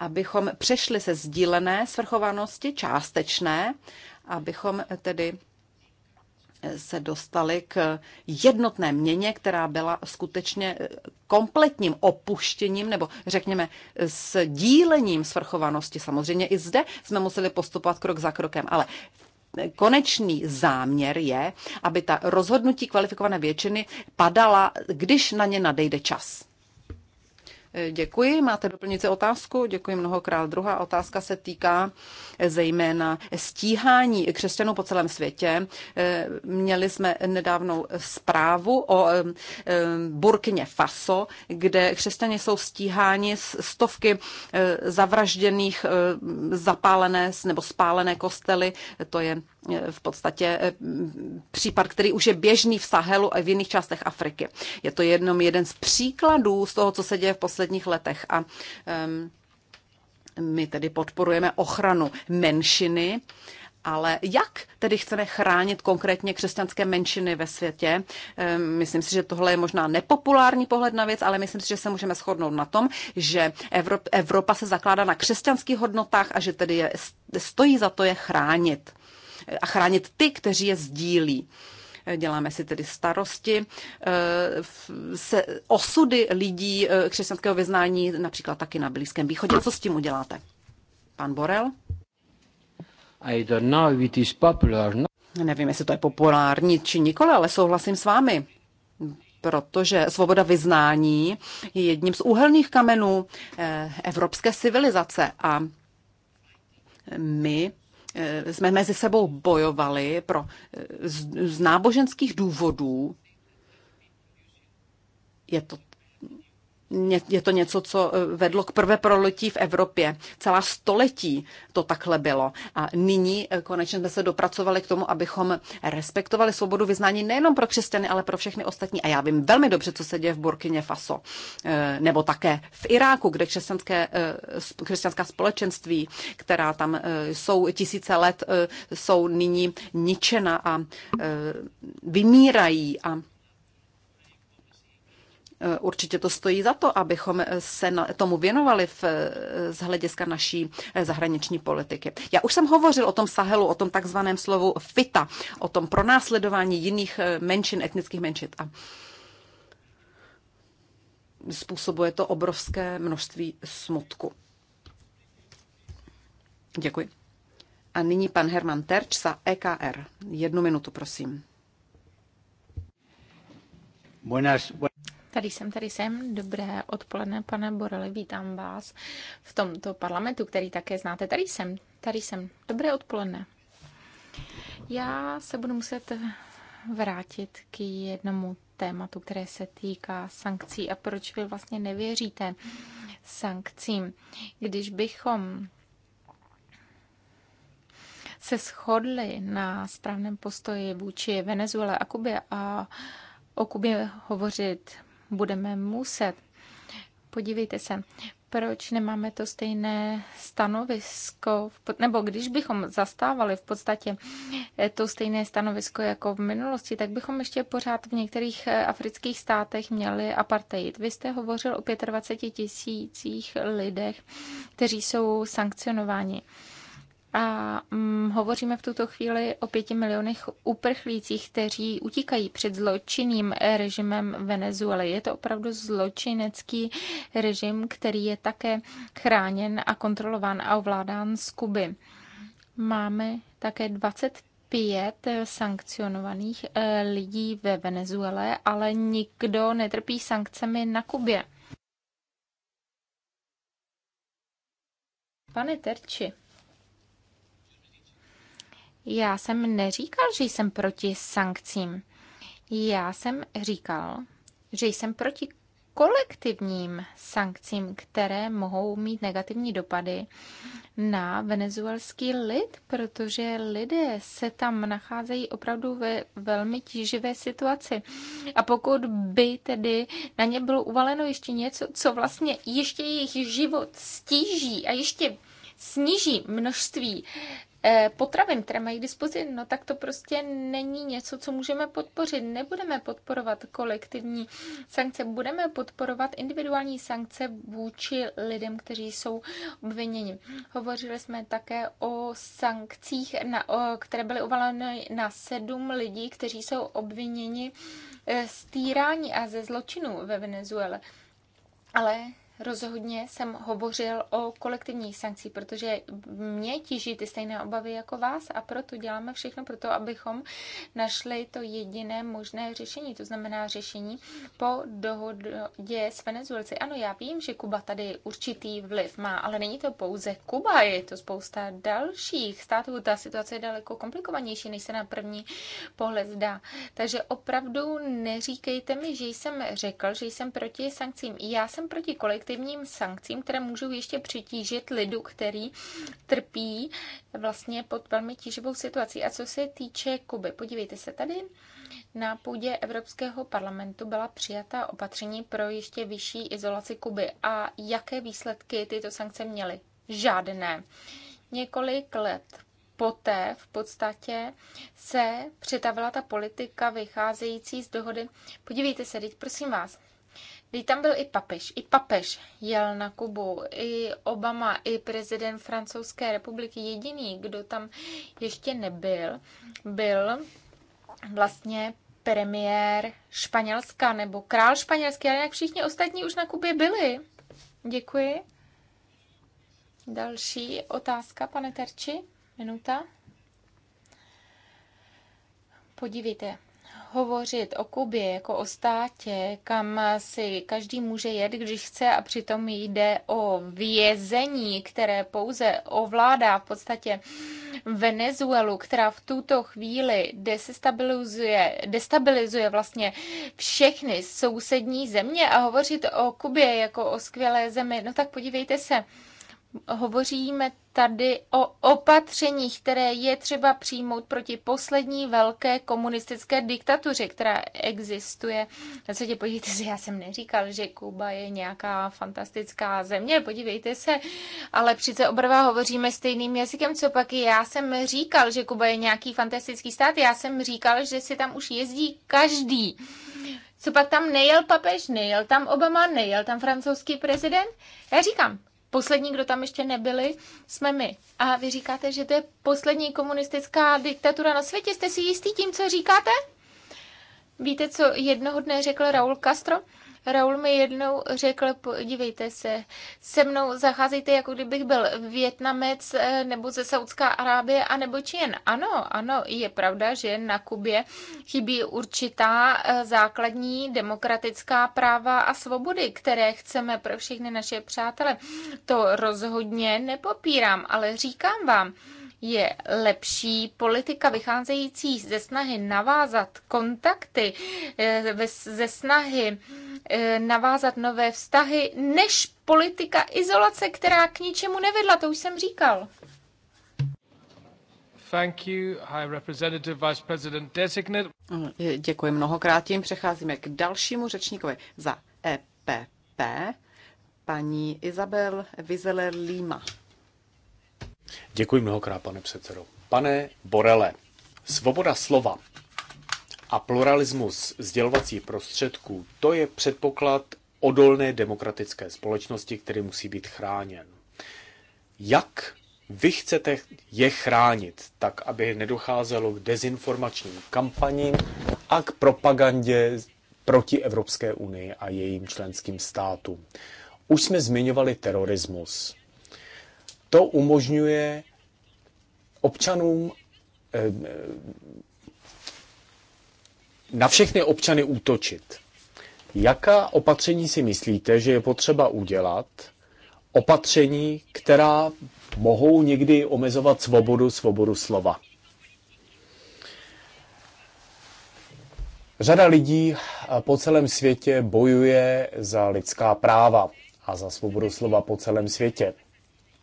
abychom přešli se sdílené svrchovanosti, částečné, abychom tedy se dostali k jednotné měně, která byla skutečně eh, kompletním opuštěním nebo řekněme s dílením svrchovanosti. Samozřejmě i zde jsme museli postupovat krok za krokem, ale konečný záměr je, aby ta rozhodnutí kvalifikované většiny padala, když na ně nadejde čas. Děkuji, máte doplnice otázku? Děkuji mnohokrát. Druhá otázka se týká eh, zejména stíhání křesťanů po celém světě. Eh, měli jsme nedávnou zprávu o eh, Burkině Faso, kde křesťané jsou stíháni stovky zavražděných, zapálené nebo spálené kostely. To je v podstatě eh, případ, který už je běžný v Sahelu a v jiných částech Afriky. Je to jenom jeden z příkladů z toho, co se děje v posledních letech. A ehm, my tedy podporujeme ochranu menšiny, ale jak tedy chceme chránit konkrétně křesťanské menšiny ve světě? Ehm, myslím si, že tohle je možná nepopulární pohled na věc, ale myslím si, že se můžeme shodnout na tom, že Evropa se zakládá na křesťanských hodnotách a že tedy je, stojí za to je chránit a chránit ty, kteří je sdílí. Eh, děláme si tedy starosti. Eh, se osudy lidí eh, křesťanského vyznání, například taky na Blízkém východě. Co s tím uděláte? Pan Borel? I don't know if it is popular. No? Nevím, jestli to je populární či nikoli, ale souhlasím s vámi protože svoboda vyznání je jedním z úhelných kamenů evropské civilizace a my Eh, jsme mezi sebou bojovali pro, eh, z, z náboženských důvodů. Je to je to něco, co eh, vedlo k prvé prolití v Evropě. Celá století to takhle bylo. A nyní eh, konečně jsme se dopracovali k tomu, abychom respektovali svobodu vyznání nejenom pro křesťany, ale pro všechny ostatní. A já vím velmi dobře, co se děje v Burkině Faso. Eh, nebo také v Iráku, kde křesťanské, křesťanská společenství, která tam jsou tisíce let, jsou nyní ničena a vymírají a Určitě to stojí za to, abychom se tomu věnovali v, z hlediska naší eh, zahraniční politiky. Já už jsem hovořil o tom Sahelu, o tom takzvaném slovu fita, o tom pronásledování jiných eh, menšin, etnických menšin. A způsobuje to obrovské množství smutku. Děkuji. A nyní pan Herman Terč za EKR. Jednu minutu, prosím. Buenas, Tady jsem, tady jsem. Dobré odpoledne, pane Borele, vítám vás v tomto parlamentu, který také znáte. Tady jsem, tady jsem. Dobré odpoledne. Já se budu muset vrátit k jednomu tématu, které se týká sankcí a proč vy vlastně nevěříte sankcím. Když bychom se shodli na správném postoji vůči Venezuele a Kubě a o Kubě hovořit budeme muset. Podívejte se, proč nemáme to stejné stanovisko, nebo když bychom zastávali v podstatě eh, to stejné stanovisko jako v minulosti, tak bychom ještě pořád v některých eh, afrických státech měli apartheid. Vy jste hovořil o 25 tisících lidech, kteří jsou sankcionováni a mm, hovoříme v tuto chvíli o pěti milionech uprchlících, kteří utíkají před zločinným režimem Venezuely. Je to opravdu zločinecký režim, který je také chráněn a kontrolován a ovládán z Kuby. Máme také 20 pět sankcionovaných eh, lidí ve Venezuele, ale nikdo netrpí sankcemi na Kubě. Pane Terči, já jsem neříkal, že jsem proti sankcím. Já jsem říkal, že jsem proti kolektivním sankcím, které mohou mít negativní dopady na venezuelský lid, protože lidé se tam nacházejí opravdu ve velmi tíživé situaci. A pokud by tedy na ně bylo uvaleno ještě něco, co vlastně ještě jejich život stíží a ještě sníží množství Eh, potravin, které mají k dispozici, no tak to prostě není něco, co můžeme podpořit. Nebudeme podporovat kolektivní sankce, budeme podporovat individuální sankce vůči lidem, kteří jsou obviněni. Hovořili jsme také o sankcích, na, o, které byly uvaleny na sedm lidí, kteří jsou obviněni eh, z týrání a ze zločinu ve Venezuele. Ale rozhodně jsem hovořil o kolektivních sankcích, protože mě těží ty stejné obavy jako vás a proto děláme všechno pro to, abychom našli to jediné možné řešení, to znamená řešení po dohodě s Venezuelci. Ano, já vím, že Kuba tady určitý vliv má, ale není to pouze Kuba, je to spousta dalších států. Ta situace je daleko komplikovanější, než se na první pohled zdá. Takže opravdu neříkejte mi, že jsem řekl, že jsem proti sankcím. Já jsem proti kolektivním kolektivním sankcím, které můžou ještě přitížit lidu, který trpí vlastně pod velmi tíživou situací. A co se týče Kuby, podívejte se tady. Na půdě Evropského parlamentu byla přijata opatření pro ještě vyšší izolaci Kuby. A jaké výsledky tyto sankce měly? Žádné. Několik let poté v podstatě se přetavila ta politika vycházející z dohody. Podívejte se, teď prosím vás, Teď tam byl i papež. I papež jel na Kubu, i Obama, i prezident Francouzské republiky. Jediný, kdo tam ještě nebyl, byl vlastně premiér Španělska nebo král španělský, ale jak všichni ostatní už na Kubě byli. Děkuji. Další otázka, pane Terči. Minuta. Podívejte, hovořit o Kubě jako o státě, kam si každý může jet, když chce a přitom jde o vězení, které pouze ovládá v podstatě Venezuelu, která v tuto chvíli destabilizuje, destabilizuje vlastně všechny sousední země a hovořit o Kubě jako o skvělé zemi, no tak podívejte se, Hovoříme tady o opatřeních, které je třeba přijmout proti poslední velké komunistické diktatuře, která existuje. Na co tě podívejte se, já jsem neříkal, že Kuba je nějaká fantastická země, podívejte se, ale přece obrva hovoříme stejným jazykem, co pak já jsem říkal, že Kuba je nějaký fantastický stát, já jsem říkal, že si tam už jezdí každý. Co pak tam nejel papež, nejel tam Obama, nejel tam francouzský prezident? Já říkám, poslední, kdo tam ještě nebyli, jsme my. A vy říkáte, že to je poslední komunistická diktatura na světě. Jste si jistý tím, co říkáte? Víte, co jednoho dne řekl Raul Castro? Raul mi jednou řekl, podívejte se, se mnou zacházíte, jako kdybych byl Větnamec eh, nebo ze Saudská Arábie a nebo Čín. Ano, ano, je pravda, že na Kubě chybí určitá eh, základní demokratická práva a svobody, které chceme pro všechny naše přátele. To rozhodně nepopírám, ale říkám vám, je lepší politika vycházející ze snahy navázat kontakty, eh, ze snahy eh, navázat nové vztahy, než politika izolace, která k ničemu nevedla, to už jsem říkal. Thank you, High Representative Vice President Designate. Děkuji mnohokrát. Tím přecházíme k dalšímu řečníkovi za EPP, paní Isabel Vizeler Lima. Děkuji mnohokrát, pane předsedo. Pane Borele, svoboda slova a pluralismus sdělovacích prostředků, to je předpoklad odolné demokratické společnosti, který musí být chráněn. Jak vy chcete je chránit, tak aby nedocházelo k dezinformačním kampaním a k propagandě proti Evropské unii a jejím členským státům. Už jsme zmiňovali terorismus. To umožňuje občanům eh, eh, na všechny občany útočit. Jaká opatření si myslíte, že je potřeba udělat? Opatření, která mohou někdy omezovat svobodu, svobodu slova. Řada lidí eh, po celém světě bojuje za lidská práva a za svobodu slova po celém světě.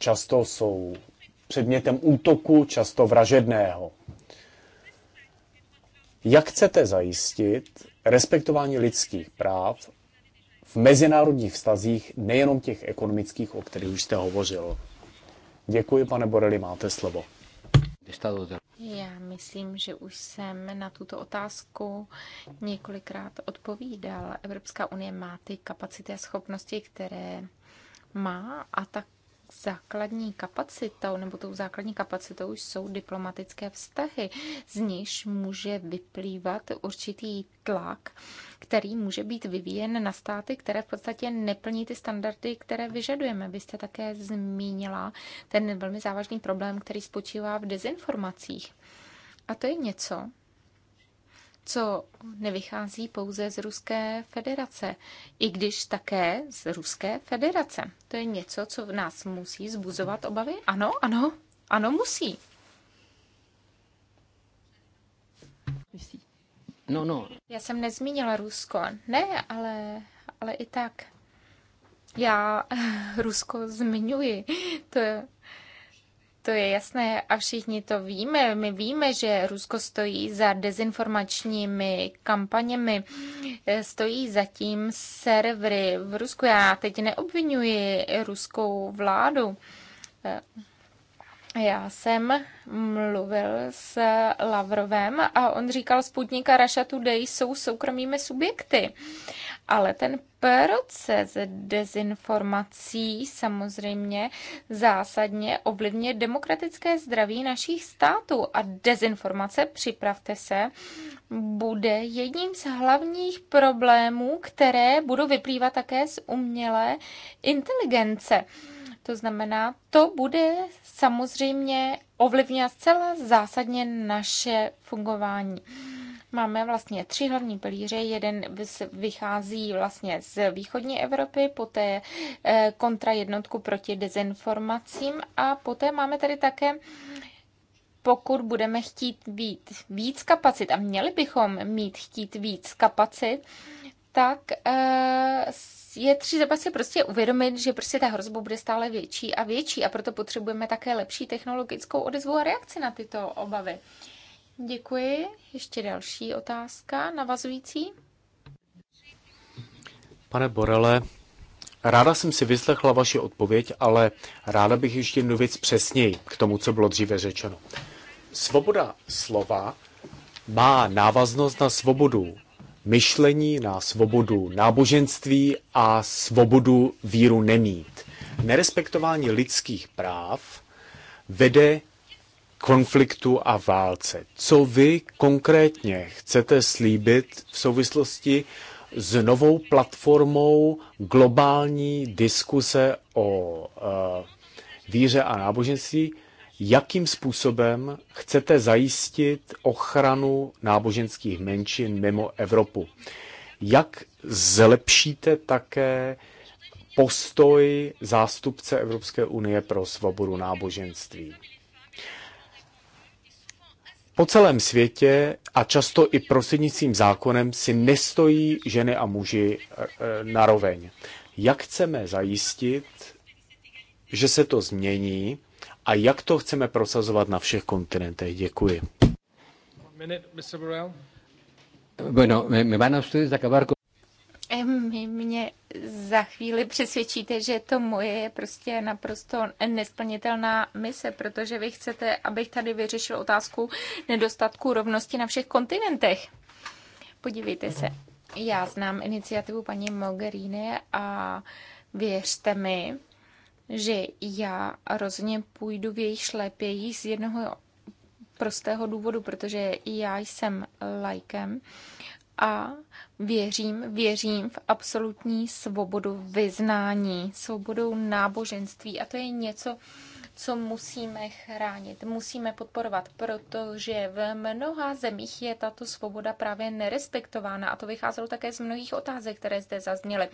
Často jsou předmětem útoku, často vražedného. Jak chcete zajistit respektování lidských práv v mezinárodních vztazích, nejenom těch ekonomických, o kterých už jste hovořil? Děkuji, pane Boreli, máte slovo. Já myslím, že už jsem na tuto otázku několikrát odpovídal. Evropská unie má ty kapacity a schopnosti, které má a tak základní kapacitou nebo tou základní kapacitou jsou diplomatické vztahy, z nichž může vyplývat určitý tlak, který může být vyvíjen na státy, které v podstatě neplní ty standardy, které vyžadujeme. Vy jste také zmínila ten velmi závažný problém, který spočívá v dezinformacích. A to je něco, co nevychází pouze z Ruské federace, i když také z Ruské federace. To je něco, co v nás musí zbuzovat obavy? Ano, ano, ano, musí. No, no. Já jsem nezmínila Rusko. Ne, ale, ale i tak. Já Rusko zmiňuji. To je, to je jasné a všichni to víme. My víme, že Rusko stojí za dezinformačními kampaněmi, eh, stojí zatím servery v Rusku. Já teď neobvinuji ruskou vládu. Eh, já jsem mluvil s Lavrovem a on říkal, Sputnik a Russia Today jsou soukromými subjekty ale ten proces dezinformací samozřejmě zásadně ovlivňuje demokratické zdraví našich států a dezinformace, připravte se, bude jedním z hlavních problémů, které budou vyplývat také z umělé inteligence. To znamená, to bude samozřejmě ovlivňovat zcela zásadně naše fungování máme vlastně tři hlavní pilíře. Jeden vychází vlastně z východní Evropy, poté eh, kontra jednotku proti dezinformacím a poté máme tady také pokud budeme chtít být víc kapacit a měli bychom mít chtít víc kapacit, tak eh, je třeba si prostě uvědomit, že prostě ta hrozba bude stále větší a větší a proto potřebujeme také lepší technologickou odezvu a reakci na tyto obavy. Děkuji. Ještě další otázka navazující. Pane Borele, ráda jsem si vyslechla vaši odpověď, ale ráda bych ještě jednu věc přesněji k tomu, co bylo dříve řečeno. Svoboda slova má návaznost na svobodu myšlení, na svobodu náboženství a svobodu víru nemít. Nerespektování lidských práv vede konfliktu a válce. Co vy konkrétně chcete slíbit v souvislosti s novou platformou globální diskuse o uh, víře a náboženství? Jakým způsobem chcete zajistit ochranu náboženských menšin mimo Evropu? Jak zlepšíte také postoj zástupce Evropské unie pro svobodu náboženství? Po celém světě a často i prostřednictvím zákonem si nestojí ženy a muži e, e, naroveň. Jak chceme zajistit, že se to změní a jak to chceme prosazovat na všech kontinentech? Děkuji. Bueno, me van a ustedes acabar con my mě za chvíli přesvědčíte, že to moje je prostě naprosto nesplnitelná mise, protože vy chcete, abych tady vyřešil otázku nedostatku rovnosti na všech kontinentech. Podívejte se, já znám iniciativu paní Mogherini a věřte mi, že já rozhodně půjdu v jejich šlepějí z jednoho prostého důvodu, protože já jsem lajkem a věřím, věřím v absolutní svobodu vyznání, svobodu náboženství a to je něco, co musíme chránit, musíme podporovat, protože v mnoha zemích je tato svoboda právě nerespektována a to vycházelo také z mnohých otázek, které zde zazněly.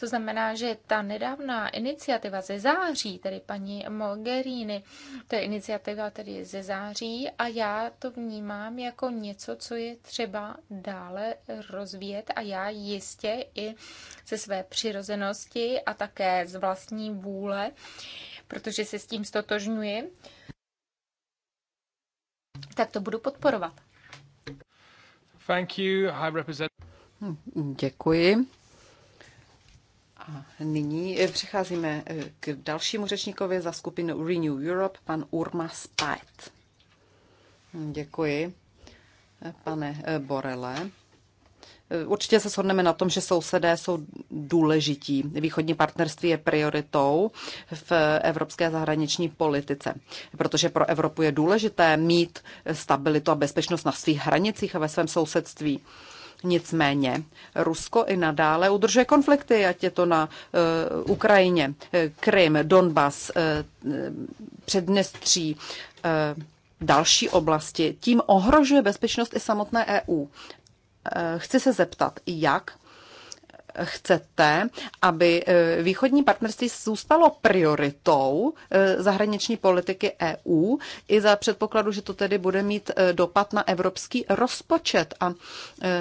To znamená, že ta nedávná iniciativa ze září, tedy paní Mogherini, to je iniciativa tedy ze září a já to vnímám jako něco, co je třeba dále rozvíjet a já jistě i ze své přirozenosti a také z vlastní vůle protože se s tím stotožňuji, tak to budu podporovat. Thank you, high representative. Děkuji. A nyní eh, přecházíme eh, k dalšímu řečníkovi za skupinu Renew Europe, pan Urma Spajt. Děkuji, eh, pane Borele. Určitě se shodneme na tom, že sousedé jsou důležití. Východní partnerství je prioritou v evropské zahraniční politice, protože pro Evropu je důležité mít stabilitu a bezpečnost na svých hranicích a ve svém sousedství. Nicméně Rusko i nadále udržuje konflikty, ať je to na uh, Ukrajině, eh, Krym, Donbas, uh, eh, Předměstří, uh, další oblasti. Tím ohrožuje bezpečnost i samotné EU. Eh, chci se zeptat, jak chcete, aby eh, východní partnerství zůstalo prioritou eh, zahraniční politiky EU i za předpokladu, že to tedy bude mít dopad na evropský rozpočet. A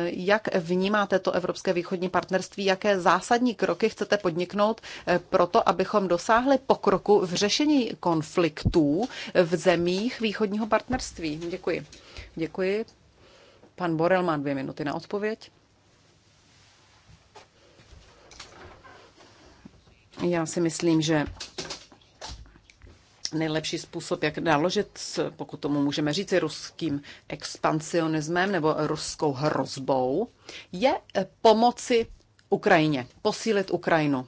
jak vnímáte to evropské východní partnerství, jaké zásadní kroky chcete podniknout pro to, abychom dosáhli pokroku v řešení konfliktů v zemích východního partnerství? Děkuji. Děkuji, Pan Borel má dvě minuty na odpověď. Já si myslím, že nejlepší způsob, jak naložit, pokud tomu můžeme říct, ruským expansionismem nebo ruskou hrozbou, je pomoci Ukrajině, posílit Ukrajinu,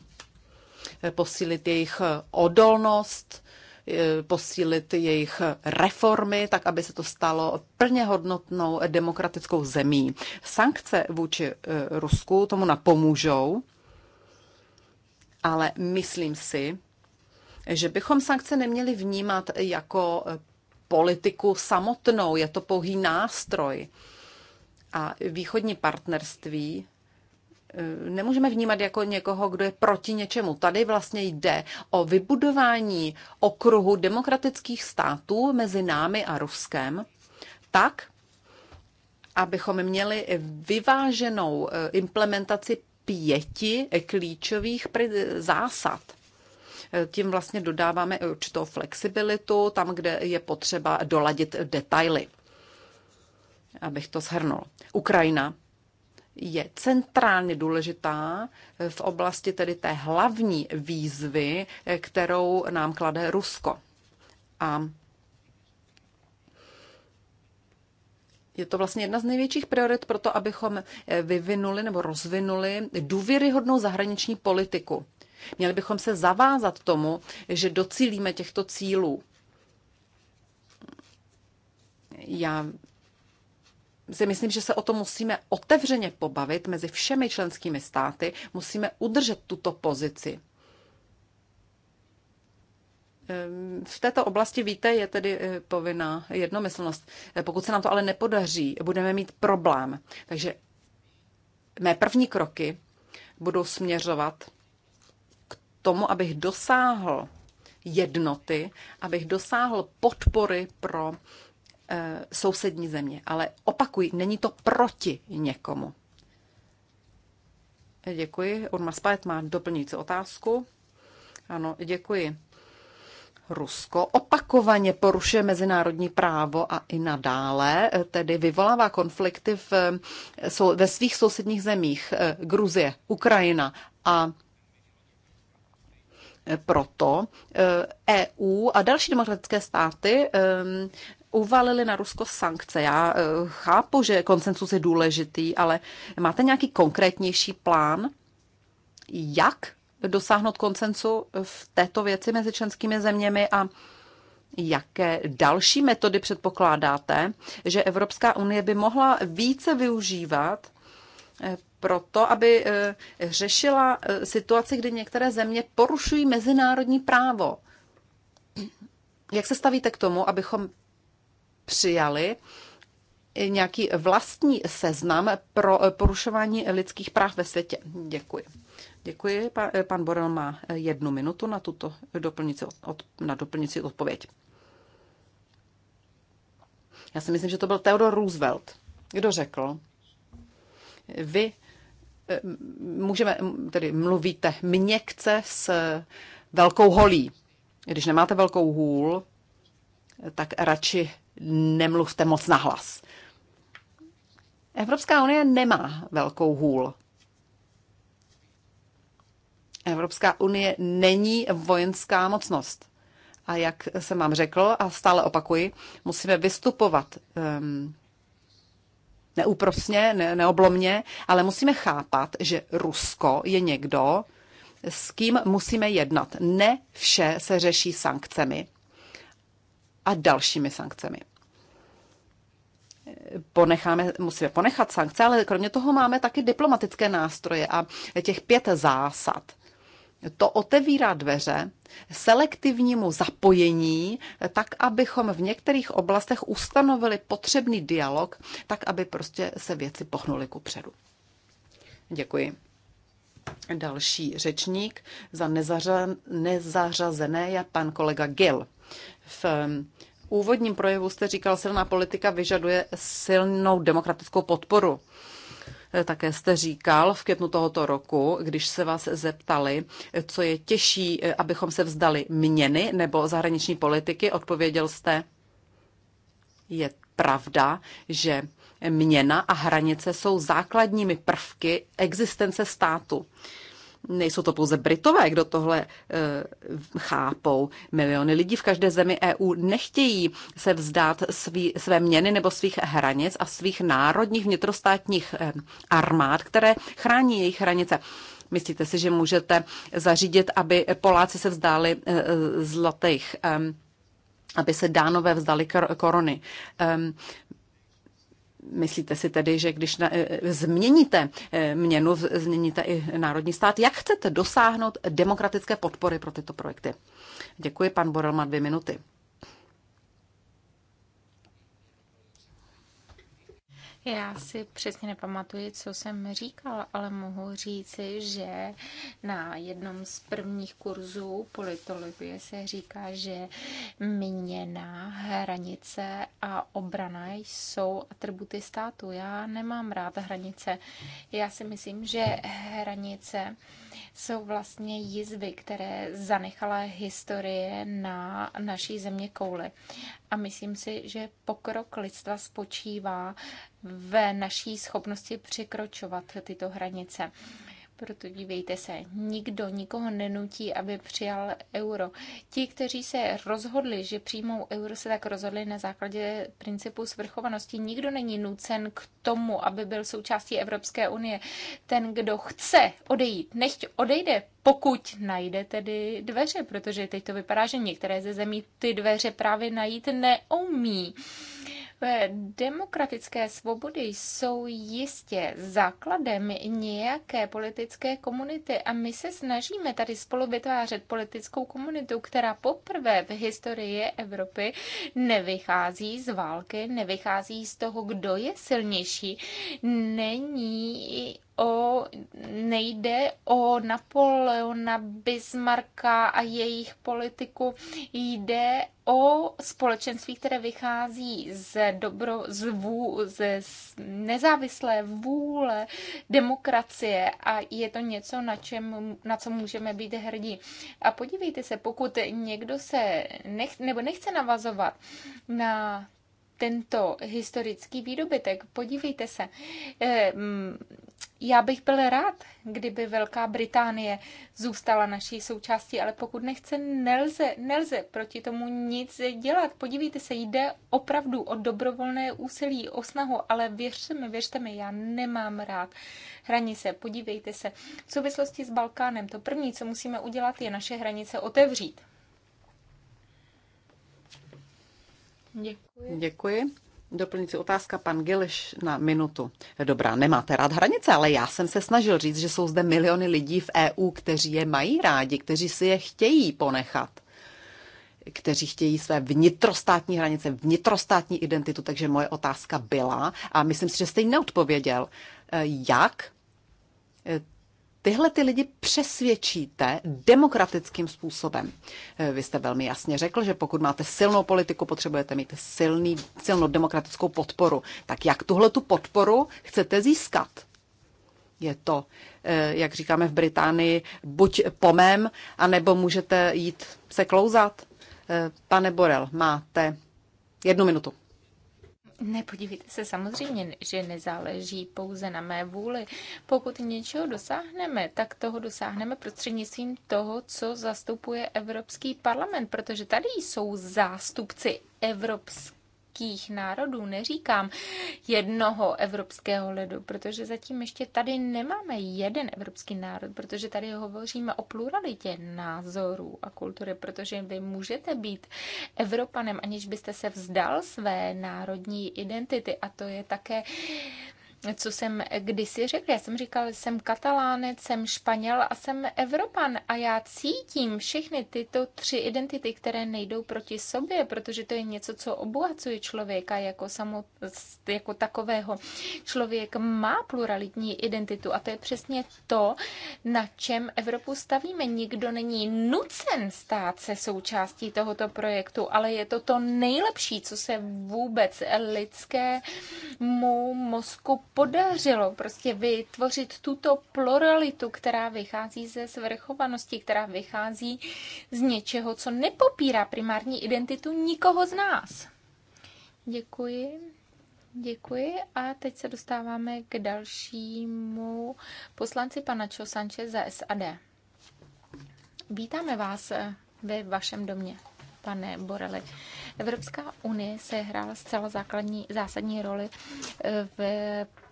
posílit jejich odolnost, Eh, posílit jejich reformy, tak aby se to stalo plně hodnotnou demokratickou zemí. Sankce vůči eh, Rusku tomu napomůžou, ale myslím si, že bychom sankce neměli vnímat jako eh, politiku samotnou, je to pouhý nástroj. A východní partnerství Eh, nemůžeme vnímat jako někoho, kdo je proti něčemu. Tady vlastně jde o vybudování okruhu demokratických států mezi námi a Ruskem tak, abychom měli vyváženou eh, implementaci pěti klíčových zásad. Eh, tím vlastně dodáváme určitou flexibilitu tam, kde je potřeba doladit detaily. Abych to shrnul. Ukrajina je centrálně důležitá eh, v oblasti tedy té hlavní výzvy, eh, kterou nám klade Rusko. A je to vlastně jedna z největších priorit pro to, abychom eh, vyvinuli nebo rozvinuli důvěryhodnou zahraniční politiku. Měli bychom se zavázat tomu, že docílíme těchto cílů. Já si myslím, že se o tom musíme otevřeně pobavit mezi všemi členskými státy, musíme udržet tuto pozici. Ehm, v této oblasti, víte, je tedy eh, povinná jednomyslnost. Eh, pokud se nám to ale nepodaří, budeme mít problém. Takže mé první kroky budou směřovat k tomu, abych dosáhl jednoty, abych dosáhl podpory pro Eh, sousední země. Ale opakuj, není to proti někomu. Děkuji. Urma Spajet má doplňující otázku. Ano, děkuji. Rusko opakovaně porušuje mezinárodní právo a i nadále eh, tedy vyvolává konflikty v, eh, ve svých sousedních zemích Gruzie, Ukrajina a proto EU e a další demokratické státy uvalili na Rusko sankce. Já eh, chápu, že koncensus je důležitý, ale máte nějaký konkrétnější plán, jak dosáhnout koncensu v této věci mezi členskými zeměmi a Jaké další metody předpokládáte, že Evropská unie by mohla více využívat eh, proto, aby eh, řešila situaci, kdy některé země porušují mezinárodní právo? Jak se stavíte k tomu, abychom přijali nějaký vlastní seznam pro porušování lidských práv ve světě. Děkuji. Děkuji. Pan, pan Borel má jednu minutu na tuto doplnici, od, na doplnici odpověď. Já si myslím, že to byl Theodor Roosevelt, kdo řekl, vy eh, můžeme, tedy mluvíte měkce s velkou holí. Když nemáte velkou hůl, tak radši nemluvte moc nahlas. Evropská unie nemá velkou hůl. Evropská unie není vojenská mocnost. A jak jsem vám řekl a stále opakuji, musíme vystupovat um, neúprosně, ne, neoblomně, ale musíme chápat, že Rusko je někdo, s kým musíme jednat. Ne vše se řeší sankcemi a dalšími sankcemi. Ponecháme, musíme ponechat sankce, ale kromě toho máme taky diplomatické nástroje a těch pět zásad. To otevírá dveře selektivnímu zapojení, tak abychom v některých oblastech ustanovili potřebný dialog, tak aby prostě se věci pohnuly kupředu. Děkuji. Další řečník za nezařa- nezařazené je pan kolega Gil. V um, úvodním projevu jste říkal, silná politika vyžaduje silnou demokratickou podporu. E, také jste říkal v květnu tohoto roku, když se vás zeptali, co je těžší, e, abychom se vzdali měny nebo zahraniční politiky, odpověděl jste, je pravda, že Měna a hranice jsou základními prvky existence státu. Nejsou to pouze Britové, kdo tohle e, chápou. Miliony lidí v každé zemi EU nechtějí se vzdát svý, své měny nebo svých hranic a svých národních vnitrostátních e, armád, které chrání jejich hranice. Myslíte si, že můžete zařídit, aby Poláci se vzdali e, zlatých? E, aby se dánové vzdali kor- korony. Myslíte si tedy, že když na, e, e, změníte e, měnu, změníte i národní stát, jak chcete dosáhnout demokratické podpory pro tyto projekty? Děkuji, pan Borel má dvě minuty. Já si přesně nepamatuji, co jsem říkal, ale mohu říci, že na jednom z prvních kurzů politologie se říká, že měna, hranice a obrana jsou atributy státu. Já nemám rád hranice. Já si myslím, že hranice jsou vlastně jizvy, které zanechala historie na naší země kouly. A myslím si, že pokrok lidstva spočívá ve naší schopnosti překročovat tyto hranice. Proto dívejte se, nikdo nikoho nenutí, aby přijal euro. Ti, kteří se rozhodli, že přijmou euro, se tak rozhodli na základě principu svrchovanosti. Nikdo není nucen k tomu, aby byl součástí Evropské unie. Ten, kdo chce odejít, nechť odejde, pokud najde tedy dveře, protože teď to vypadá, že některé ze zemí ty dveře právě najít neumí demokratické svobody jsou jistě základem nějaké politické komunity a my se snažíme tady spolu vytvářet politickou komunitu, která poprvé v historii Evropy nevychází z války, nevychází z toho, kdo je silnější, není o, nejde o Napoleona Bismarcka a jejich politiku, jde o společenství, které vychází z, dobro, z, vů, z, nezávislé vůle demokracie a je to něco, na, čem, na co můžeme být hrdí. A podívejte se, pokud někdo se nech, nebo nechce navazovat na tento historický výdobytek. Podívejte se. Eh, mm, já bych byl rád, kdyby Velká Británie zůstala naší součástí, ale pokud nechce, nelze, nelze proti tomu nic dělat. Podívejte se, jde opravdu o dobrovolné úsilí, o snahu, ale věřte mi, věřte mi, já nemám rád hranice. Podívejte se, v souvislosti s Balkánem to první, co musíme udělat, je naše hranice otevřít. Děkuji. Děkuji. Doplňující otázka, pan Gileš na minutu. Dobrá, nemáte rád hranice, ale já jsem se snažil říct, že jsou zde miliony lidí v EU, kteří je mají rádi, kteří si je chtějí ponechat kteří chtějí své vnitrostátní hranice, vnitrostátní identitu, takže moje otázka byla a myslím si, že jste ji neodpověděl. Eh, jak eh, tyhle ty lidi přesvědčíte demokratickým způsobem. Eh, vy jste velmi jasně řekl, že pokud máte silnou politiku, potřebujete mít silný, silnou demokratickou podporu. Tak jak tuhle tu podporu chcete získat? Je to, eh, jak říkáme v Británii, buď pomem anebo můžete jít se klouzat. Eh, pane Borel, máte jednu minutu nepodívejte se samozřejmě, že nezáleží pouze na mé vůli. Pokud něčeho dosáhneme, tak toho dosáhneme prostřednictvím toho, co zastupuje Evropský parlament, protože tady jsou zástupci Evropské evropských národů, neříkám jednoho evropského lidu, protože zatím ještě tady nemáme jeden evropský národ, protože tady hovoříme o pluralitě názorů a kultury, protože vy můžete být Evropanem, aniž byste se vzdal své národní identity a to je také co jsem kdysi řekl. Já jsem říkal, jsem katalánec, jsem španěl a jsem evropan a já cítím všechny tyto tři identity, které nejdou proti sobě, protože to je něco, co obohacuje člověka jako, samo, jako takového. Člověk má pluralitní identitu a to je přesně to, na čem Evropu stavíme. Nikdo není nucen stát se součástí tohoto projektu, ale je to to nejlepší, co se vůbec lidskému mozku podařilo prostě vytvořit tuto pluralitu, která vychází ze svrchovanosti, která vychází z něčeho, co nepopírá primární identitu nikoho z nás. Děkuji. Děkuji a teď se dostáváme k dalšímu poslanci pana Čo Sanchez za SAD. Vítáme vás ve vašem domě, pane Boreli. Evropská unie se hrála zcela základní, zásadní roli eh, v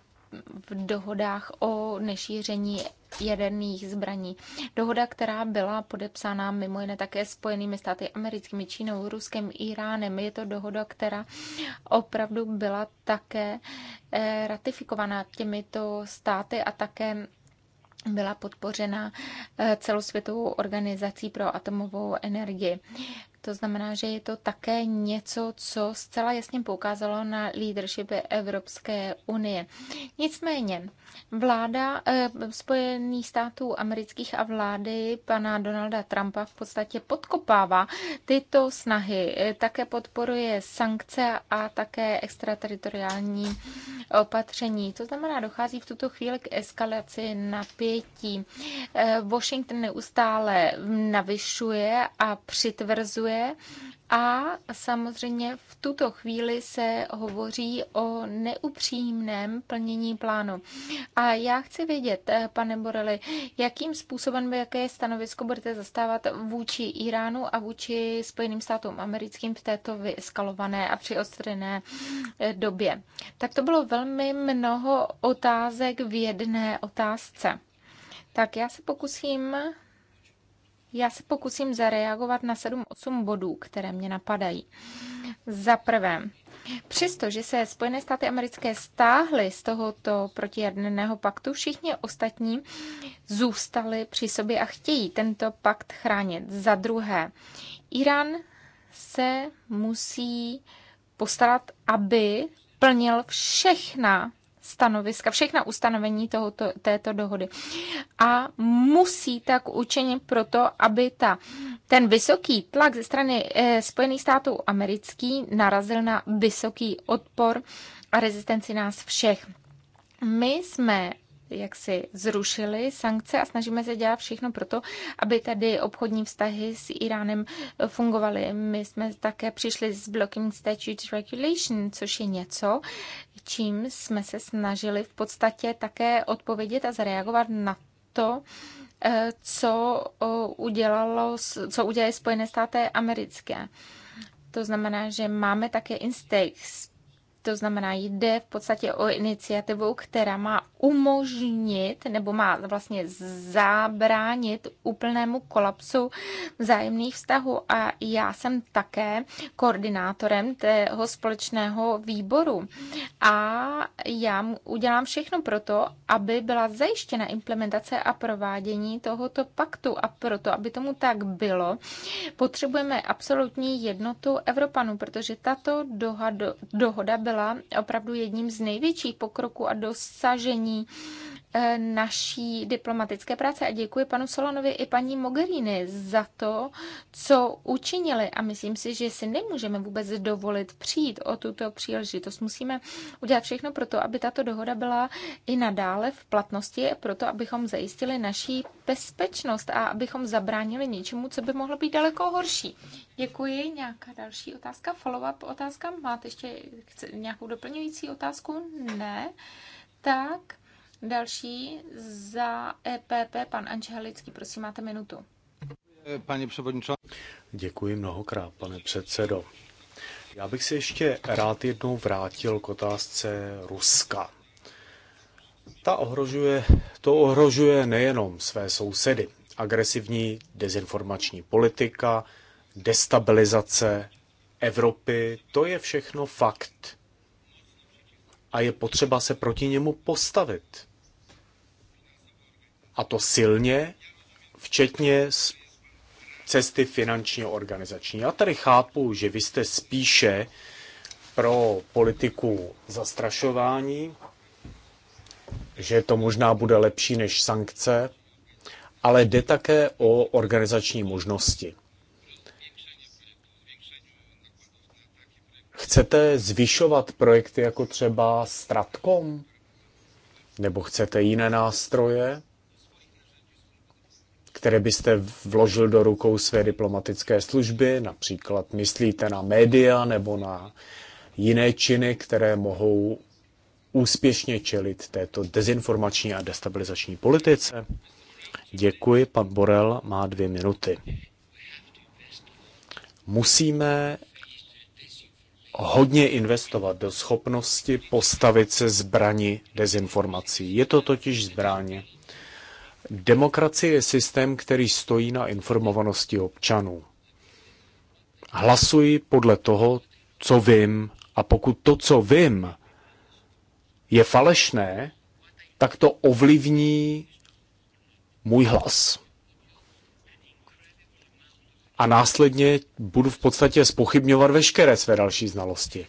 v dohodách o nešíření jaderných zbraní. Dohoda, která byla podepsána mimo jiné také Spojenými státy americkými, Čínou, Ruskem, Iránem. Je to dohoda, která opravdu byla také eh, ratifikovaná těmito státy a také byla podpořena eh, celosvětovou organizací pro atomovou energii. To znamená, že je to také něco, co zcela jasně poukázalo na leadership Evropské unie. Nicméně, vláda eh, Spojených států amerických a vlády pana Donalda Trumpa v podstatě podkopává tyto snahy. Eh, také podporuje sankce a také extrateritoriální opatření. To znamená, dochází v tuto chvíli k eskalaci napětí. Eh, Washington neustále navyšuje a přitvrzuje zdroje a samozřejmě v tuto chvíli se hovoří o neupřímném plnění plánu. A já chci vědět, eh, pane Borely, jakým způsobem, jaké stanovisko budete zastávat vůči Iránu a vůči Spojeným státům americkým v této vyeskalované a přiostřené eh, době. Tak to bylo velmi mnoho otázek v jedné otázce. Tak já se pokusím já se pokusím zareagovat na 7-8 bodů, které mě napadají. Za prvé, Přestože se Spojené státy americké stáhly z tohoto protijaderného paktu, všichni ostatní zůstali při sobě a chtějí tento pakt chránit. Za druhé, Irán se musí postarat, aby plnil všechna stanoviska, všechna ustanovení tohoto, této dohody. A musí tak učinit proto, aby ta, ten vysoký tlak ze strany eh, Spojených států americký narazil na vysoký odpor a rezistenci nás všech. My jsme jak si zrušili sankce a snažíme se dělat všechno proto, aby tady obchodní vztahy s Iránem fungovaly. My jsme také přišli s Blocking Statute Regulation, což je něco, čím jsme se snažili v podstatě také odpovědět a zareagovat na to, eh, co udělalo, co udělali Spojené státy americké. To znamená, že máme také instinct to znamená, jde v podstatě o iniciativu, která má umožnit nebo má vlastně zabránit úplnému kolapsu vzájemných vztahů. A já jsem také koordinátorem tého společného výboru. A já udělám všechno pro to, aby byla zajištěna implementace a provádění tohoto paktu. A proto, aby tomu tak bylo, potřebujeme absolutní jednotu Evropanů, protože tato dohoda byla byla opravdu jedním z největších pokroků a dosažení E, naší diplomatické práce a děkuji panu Solanovi i paní Mogherini za to, co učinili a myslím si, že si nemůžeme vůbec dovolit přijít o tuto příležitost. Musíme udělat všechno pro to, aby tato dohoda byla i nadále v platnosti, proto abychom zajistili naší bezpečnost a abychom zabránili něčemu, co by mohlo být daleko horší. Děkuji. Nějaká další otázka? Follow-up otázka? Máte ještě nějakou doplňující otázku? Ne. Tak Další za EPP, pan Ančehalický, prosím, máte minutu. Pani převodničo. Děkuji mnohokrát, pane předsedo. Já bych se ještě rád jednou vrátil k otázce Ruska. Ta ohrožuje, to ohrožuje nejenom své sousedy. Agresivní dezinformační politika, destabilizace Evropy, to je všechno fakt. A je potřeba se proti němu postavit. A to silně, včetně cesty finančně organizační. Já tady chápu, že vy jste spíše pro politiku zastrašování, že to možná bude lepší než sankce, ale jde také o organizační možnosti. Chcete zvyšovat projekty jako třeba Stratcom? Nebo chcete jiné nástroje? které byste vložil do rukou své diplomatické služby, například myslíte na média nebo na jiné činy, které mohou úspěšně čelit této dezinformační a destabilizační politice? Děkuji, pan Borel má dvě minuty. Musíme hodně investovat do schopnosti postavit se zbrani dezinformací. Je to totiž zbraně? Demokracie je systém, který stojí na informovanosti občanů. Hlasuji podle toho, co vím, a pokud to, co vím, je falešné, tak to ovlivní můj hlas. A následně budu v podstatě spochybňovat veškeré své další znalosti.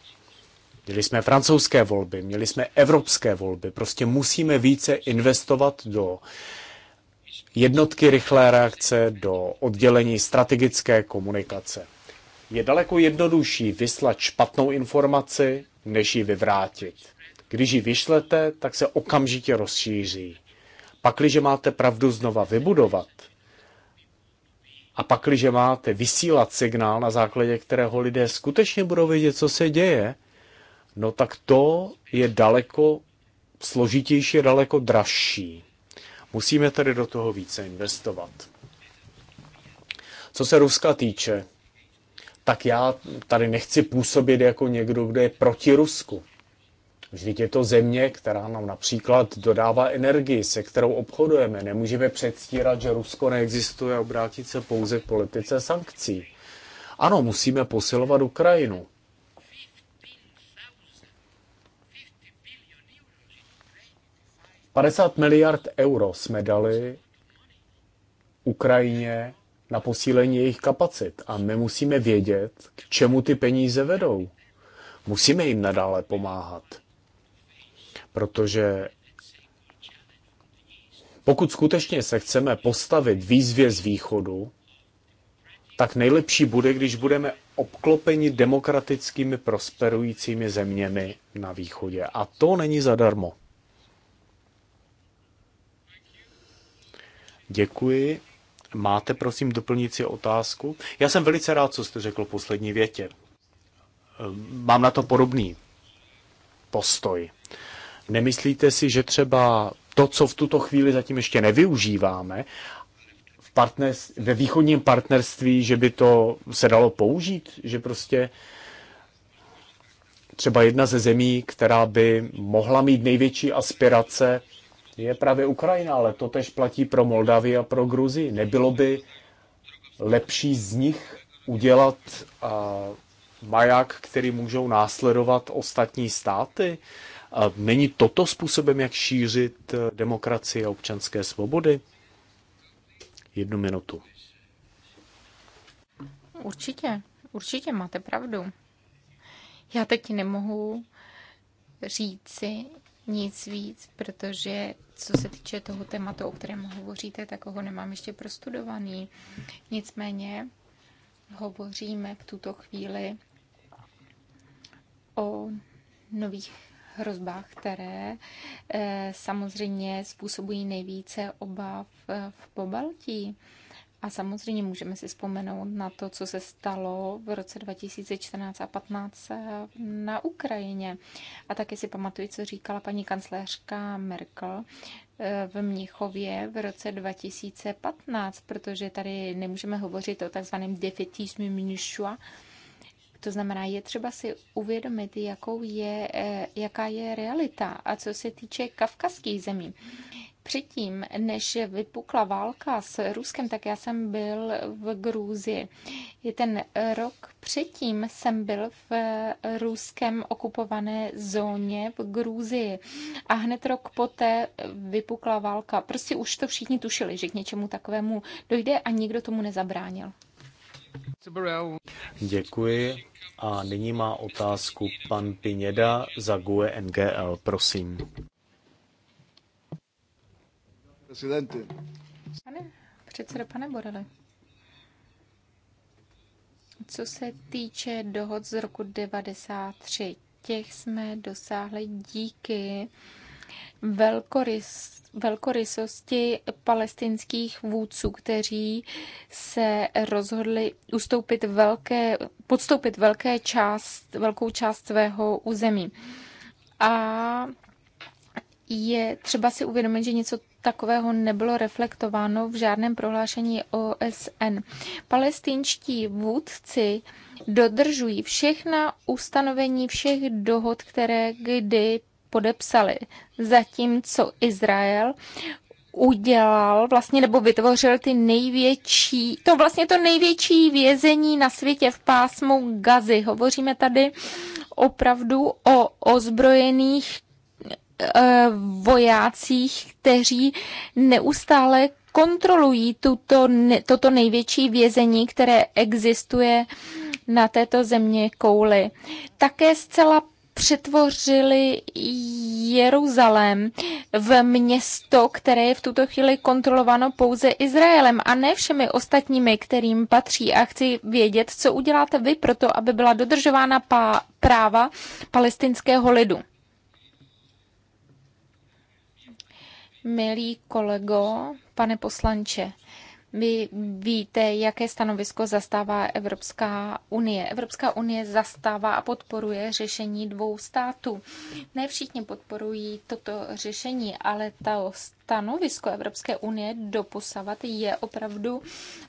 Měli jsme francouzské volby, měli jsme evropské volby. Prostě musíme více investovat do uh, jednotky rychlé reakce do oddělení strategické komunikace. Je daleko jednodušší vyslat špatnou informaci, než ji vyvrátit. Když ji vyšlete, tak se okamžitě rozšíří. Pakliže máte pravdu znova vybudovat, a pakliže máte vysílat signál, na základě kterého lidé skutečně budou vědět, co se děje, no tak to je daleko složitější, daleko dražší. Musíme tedy do toho více investovat. Co se Ruska týče, tak já tady nechci působit jako někdo, kdo je proti Rusku. Vždyť je to země, která nám například dodává energii, se kterou obchodujeme. Nemůžeme předstírat, že Rusko neexistuje a obrátit se pouze k politice sankcí. Ano, musíme posilovat Ukrajinu. 50 miliard euro jsme dali Ukrajině na posílení jejich kapacit a my musíme vědět, k čemu ty peníze vedou. Musíme jim nadále pomáhat, protože pokud skutečně se chceme postavit výzvě z východu, tak nejlepší bude, když budeme obklopeni demokratickými prosperujícími zeměmi na východě. A to není zadarmo. Děkuji. Máte, prosím, doplňující otázku? Já jsem velice rád, co jste řekl v poslední větě. Ehm, mám na to podobný postoj. Nemyslíte si, že třeba to, co v tuto chvíli zatím ještě nevyužíváme, v ve východním partnerství, že by to se dalo použít, že prostě třeba jedna ze zemí, která by mohla mít největší aspirace je právě Ukrajina, ale to tež platí pro Moldavii a pro Gruzi. Nebylo by lepší z nich udělat uh, maják, který můžou následovat ostatní státy? Uh, není toto způsobem, jak šířit e, demokracii a občanské svobody? Jednu minutu. Určitě, určitě máte pravdu. Já teď nemohu říci, nic víc, protože co se týče toho tématu, o kterém hovoříte, tak ho nemám ještě prostudovaný. Nicméně hovoříme v tuto chvíli o nových hrozbách, které eh, samozřejmě způsobují nejvíce obav eh, v Pobaltí. A samozřejmě můžeme si vzpomenout na to, co se stalo v roce 2014 a 15 na Ukrajině. A taky si pamatuju, co říkala paní kancléřka Merkel eh, v Mnichově v roce 2015, protože tady nemůžeme hovořit o takzvaném defetismu Mnichua, to znamená, je třeba si uvědomit, jakou je, eh, jaká je realita. A co se týče kavkazských zemí, Předtím, než vypukla válka s Ruskem, tak já jsem byl v Grůzii. Je ten rok předtím jsem byl v ruskem okupované zóně v Grůzii. A hned rok poté vypukla válka. Prostě už to všichni tušili, že k něčemu takovému dojde a nikdo tomu nezabránil. Děkuji. A nyní má otázku pan Pineda za GUE NGL. Prosím. Presidente. Pane předsedo, pane Borele. Co se týče dohod z roku 93, těch jsme dosáhli díky velkorys, velkorysosti palestinských vůdců, kteří se rozhodli ustoupit velké, podstoupit velké část, velkou část svého území. A je třeba si uvědomit, že něco takového nebylo reflektováno v žádném prohlášení OSN. Palestinští vůdci dodržují všechna ustanovení všech dohod, které kdy podepsali. Zatímco Izrael udělal vlastně nebo vytvořil ty největší, to vlastně to největší vězení na světě v pásmu Gazy. Hovoříme tady opravdu o ozbrojených Eh, vojácích, kteří neustále kontrolují tuto, toto největší vězení, které existuje na této země kouly. Také zcela přetvořili Jeruzalém v město, které je v tuto chvíli kontrolováno pouze Izraelem a ne všemi ostatními, kterým patří. A chci vědět, co uděláte vy pro to, aby byla dodržována práva palestinského lidu. milý kolego, pane poslanče. Vy víte, jaké stanovisko zastává Evropská unie. Evropská unie zastává a podporuje řešení dvou států. Ne všichni podporují toto řešení, ale ta stanovisko Evropské unie doposavat je opravdu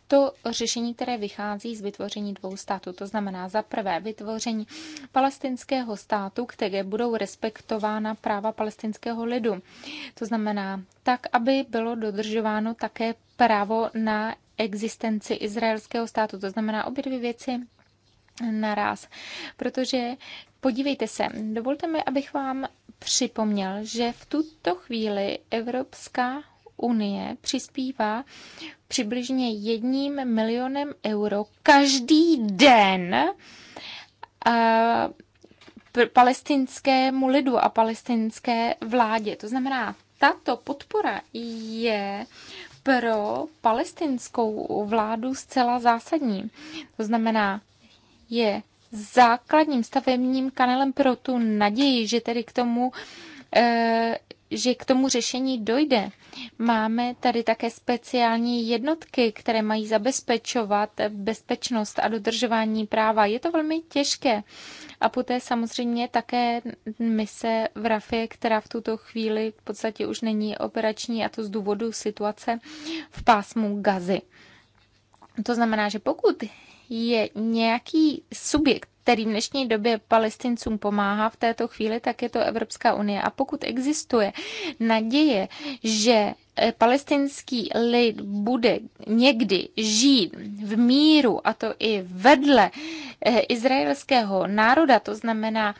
to řešení, které vychází z vytvoření dvou států. To znamená za prvé vytvoření palestinského státu, které budou respektována práva palestinského lidu. To znamená tak, aby bylo dodržováno také právo na existenci izraelského státu. To znamená obě dvě věci naraz. Protože podívejte se, dovolte mi, abych vám připomněl, že v tuto chvíli Evropská unie přispívá přibližně jedním milionem euro každý den palestinskému lidu a palestinské vládě. To znamená, tato podpora je pro palestinskou vládu zcela zásadní. To znamená, je základním stavebním kanelem pro tu naději, že tedy k tomu eh, že k tomu řešení dojde. Máme tady také speciální jednotky, které mají zabezpečovat bezpečnost a dodržování práva. Je to velmi těžké. A poté samozřejmě také mise v Rafě, která v tuto chvíli v podstatě už není operační a to z důvodu situace v pásmu Gazy. To znamená, že pokud je nějaký subjekt, který v dnešní době palestincům pomáhá v této chvíli, tak je to Evropská unie. A pokud existuje naděje, že eh, palestinský lid bude někdy žít v míru, a to i vedle eh, izraelského národa, to znamená,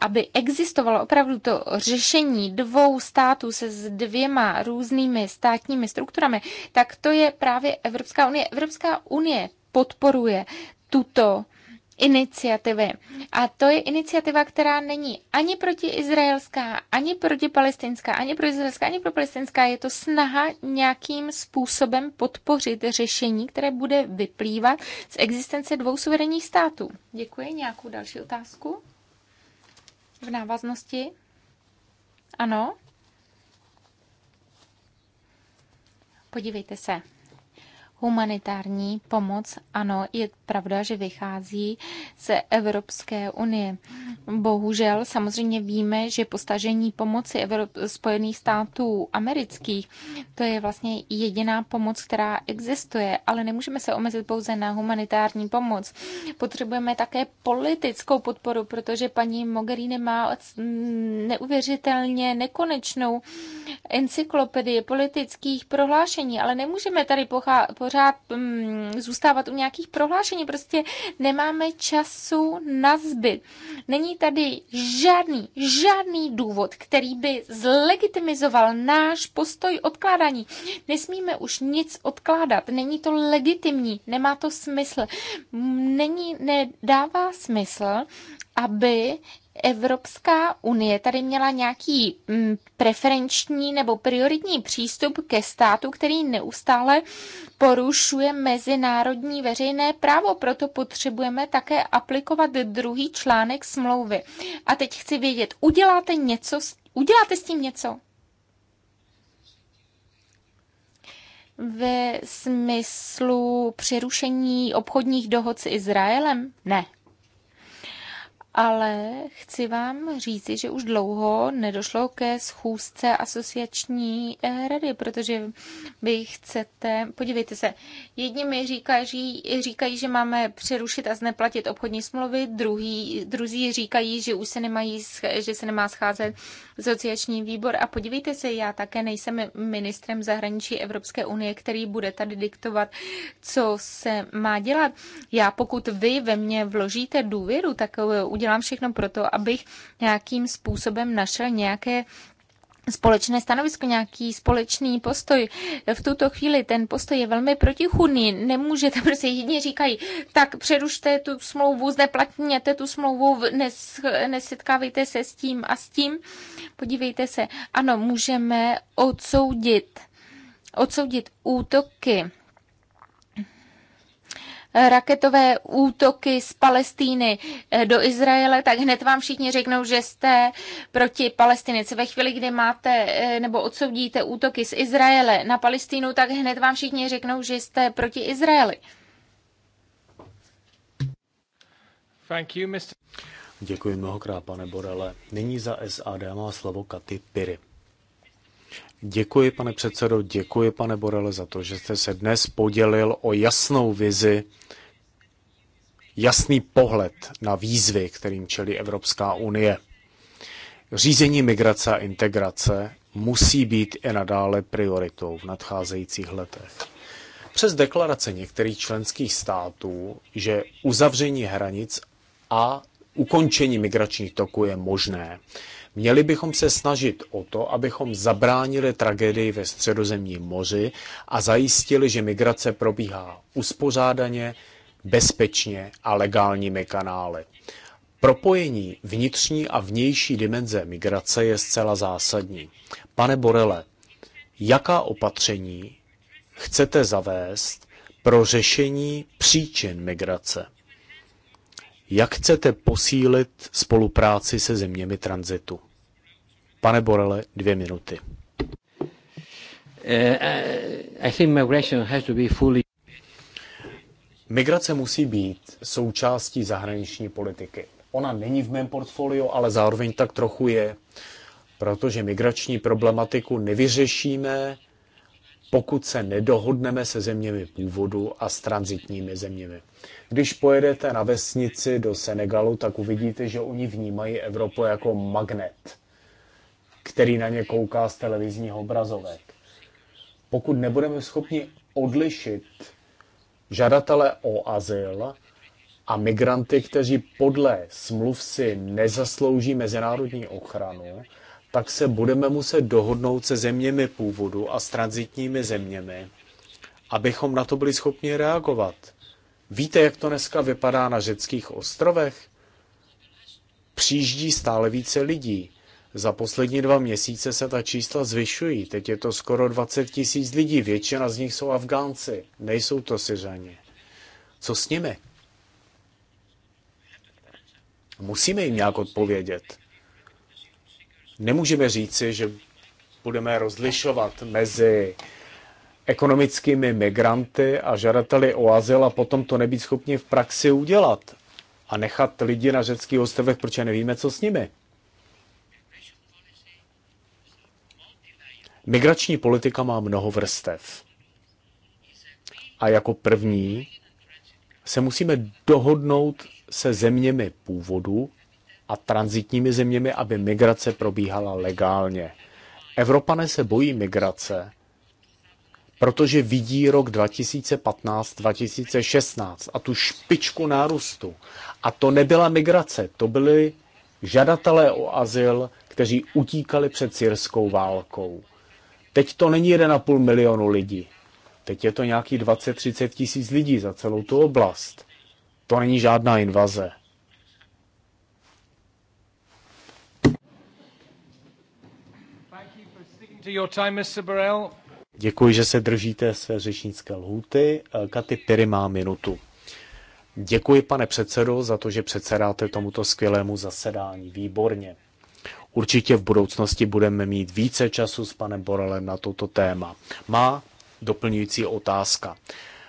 aby existovalo opravdu to řešení dvou států se s dvěma různými státními strukturami, tak to je právě Evropská unie. Evropská unie podporuje tuto iniciativy. A to je iniciativa, která není ani proti izraelská, ani proti palestinská, ani pro izraelská, ani pro palestinská. Je to snaha nějakým způsobem podpořit řešení, které bude vyplývat z existence dvou suverénních států. Děkuji. Nějakou další otázku? V návaznosti? Ano? Podívejte se. Humanitární pomoc, ano, je pravda, že vychází ze Evropské unie. Bohužel samozřejmě víme, že postažení pomoci Evrop- Spojených států amerických, to je vlastně jediná pomoc, která existuje, ale nemůžeme se omezit pouze na humanitární pomoc. Potřebujeme také politickou podporu, protože paní Mogherini má neuvěřitelně nekonečnou encyklopedii politických prohlášení, ale nemůžeme tady pořád mm, zůstávat u nějakých prohlášení, opatření. Prostě nemáme času na zbyt. Není tady žádný, žádný důvod, který by zlegitimizoval náš postoj odkládání. Nesmíme už nic odkládat. Není to legitimní, nemá to smysl. Není, nedává smysl, aby Evropská unie tady měla nějaký mm, preferenční nebo prioritní přístup ke státu, který neustále porušuje mezinárodní veřejné právo. Proto potřebujeme také aplikovat druhý článek smlouvy. A teď chci vědět, uděláte něco, uděláte s tím něco? Ve smyslu přerušení obchodních dohod s Izraelem? Ne, ale chci vám říci, že už dlouho nedošlo ke schůzce asociační eh, rady, protože vy chcete, podívejte se, jedni mi říkají, říkají, že máme přerušit a zneplatit obchodní smlouvy, druhý, druzí říkají, že už se nemají, že se nemá scházet asociační výbor a podívejte se, já také nejsem ministrem zahraničí Evropské unie, který bude tady diktovat, co se má dělat. Já pokud vy ve mně vložíte důvěru, tak eh, udělám všechno pro to, abych nějakým způsobem našel nějaké společné stanovisko, nějaký společný postoj. V tuto chvíli ten postoj je velmi protichudný. Nemůžete, prostě jedni říkají, tak přerušte tu smlouvu, zneplatněte tu smlouvu, nes, nesetkávejte se s tím a s tím. Podívejte se, ano, můžeme odsoudit, odsoudit útoky Eh, raketové útoky z Palestíny eh, do Izraele, tak hned vám všichni řeknou, že jste proti Palestinici. Ve chvíli, kdy máte eh, nebo odsoudíte útoky z Izraele na Palestínu, tak hned vám všichni řeknou, že jste proti Izraeli. Thank you, Mr. Děkuji mnohokrát, pane Borele. Nyní za SAD má slovo Katy Piry. Děkuji, pane předsedo, děkuji, pane Borele, za to, že jste se dnes podělil o jasnou vizi, jasný pohled na výzvy, kterým čelí Evropská unie. Řízení migrace a integrace musí být i nadále prioritou v nadcházejících letech. Přes deklarace některých členských států, že uzavření hranic a ukončení migračních toků je možné. Měli bychom se snažit o to, abychom zabránili tragédii ve středozemním moři a zajistili, že migrace probíhá uspořádaně, bezpečně a legálními kanály. Propojení vnitřní a vnější dimenze migrace je zcela zásadní. Pane Borele, jaká opatření chcete zavést pro řešení příčin migrace? Jak chcete posílit spolupráci se zeměmi tranzitu? Pane Borele, dvě minuty. Uh, Migrace musí být součástí zahraniční politiky. Ona není v mém portfoliu, ale zároveň tak trochu je, protože migrační problematiku nevyřešíme pokud se nedohodneme se zeměmi původu a s transitními zeměmi. Když pojedete na vesnici do Senegalu, tak uvidíte, že oni vnímají Evropu jako magnet, který na ně kouká z televizního obrazovek. Pokud nebudeme schopni odlišit žadatele o azyl a migranty, kteří podle smluv si nezaslouží mezinárodní ochranu, tak se budeme muset dohodnout se zeměmi původu a s transitními zeměmi, abychom na to byli schopni reagovat. Víte, jak to dneska vypadá na řeckých ostrovech? Přijíždí stále více lidí. Za poslední dva měsíce se ta čísla zvyšují. Teď je to skoro 20 tisíc lidí. Většina z nich jsou Afgánci, nejsou to Syřani. Co s nimi? Musíme jim nějak odpovědět nemůžeme říci, že budeme rozlišovat mezi ekonomickými migranty a žadateli o azyl a potom to nebýt schopni v praxi udělat a nechat lidi na řeckých ostrovech, protože nevíme, co s nimi. Migrační politika má mnoho vrstev. A jako první se musíme dohodnout se zeměmi původu a transitními zeměmi, aby migrace probíhala legálně. Evropané se bojí migrace, protože vidí rok 2015-2016 a tu špičku nárůstu. A to nebyla migrace, to byly žadatelé o azyl, kteří utíkali před syrskou válkou. Teď to není 1,5 milionu lidí. Teď je to nějaký 20-30 tisíc lidí za celou tu oblast. To není žádná invaze. Děkuji, že se držíte své řečnické lhuty. Eh, Katy Piry má minutu. Děkuji, pane předsedo, za to, že předsedáte tomuto skvělému zasedání. Výborně. Určitě v budoucnosti budeme mít více času s panem Borelem na toto téma. Má doplňující otázka.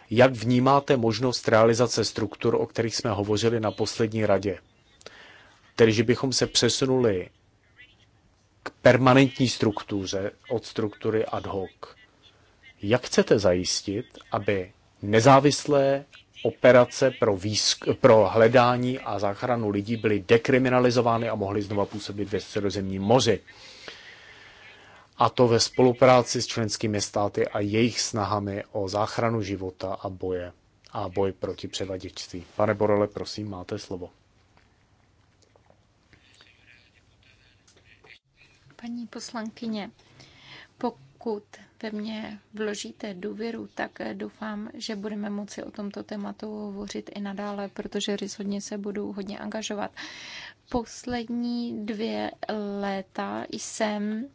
Jak vnímáte možnost realizace struktur, o kterých jsme hovořili na poslední radě? Tedy, že bychom se přesunuli k permanentní struktuře od struktury ad hoc. Jak chcete zajistit, aby nezávislé operace pro, výzk- pro hledání a záchranu lidí byly dekriminalizovány a mohly znova působit ve středozemním moři? A to ve spolupráci s členskými státy a jejich snahami o záchranu života a boje a boj proti převaděčství. Pane Borele, prosím, máte slovo. Paní poslankyně, pokud ve mně vložíte důvěru, tak doufám, že budeme moci o tomto tématu hovořit i nadále, protože rozhodně se budu hodně angažovat. Poslední dvě léta jsem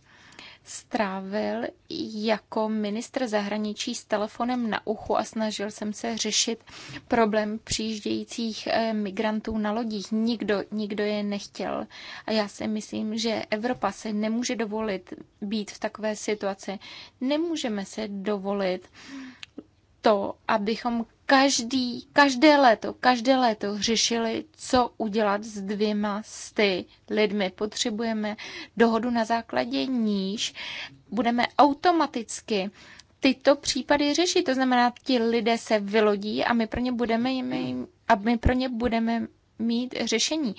strávil jako ministr zahraničí s telefonem na uchu a snažil jsem se řešit problém přijíždějících eh, migrantů na lodích. Nikdo, nikdo je nechtěl. A já si myslím, že Evropa se nemůže dovolit být v takové situaci. Nemůžeme se dovolit to, abychom každý, každé léto, každé léto řešili, co udělat s dvěma sty lidmi. Potřebujeme dohodu na základě níž budeme automaticky tyto případy řešit. To znamená, ti lidé se vylodí a my pro ně budeme, jim, a my pro ně budeme mít řešení.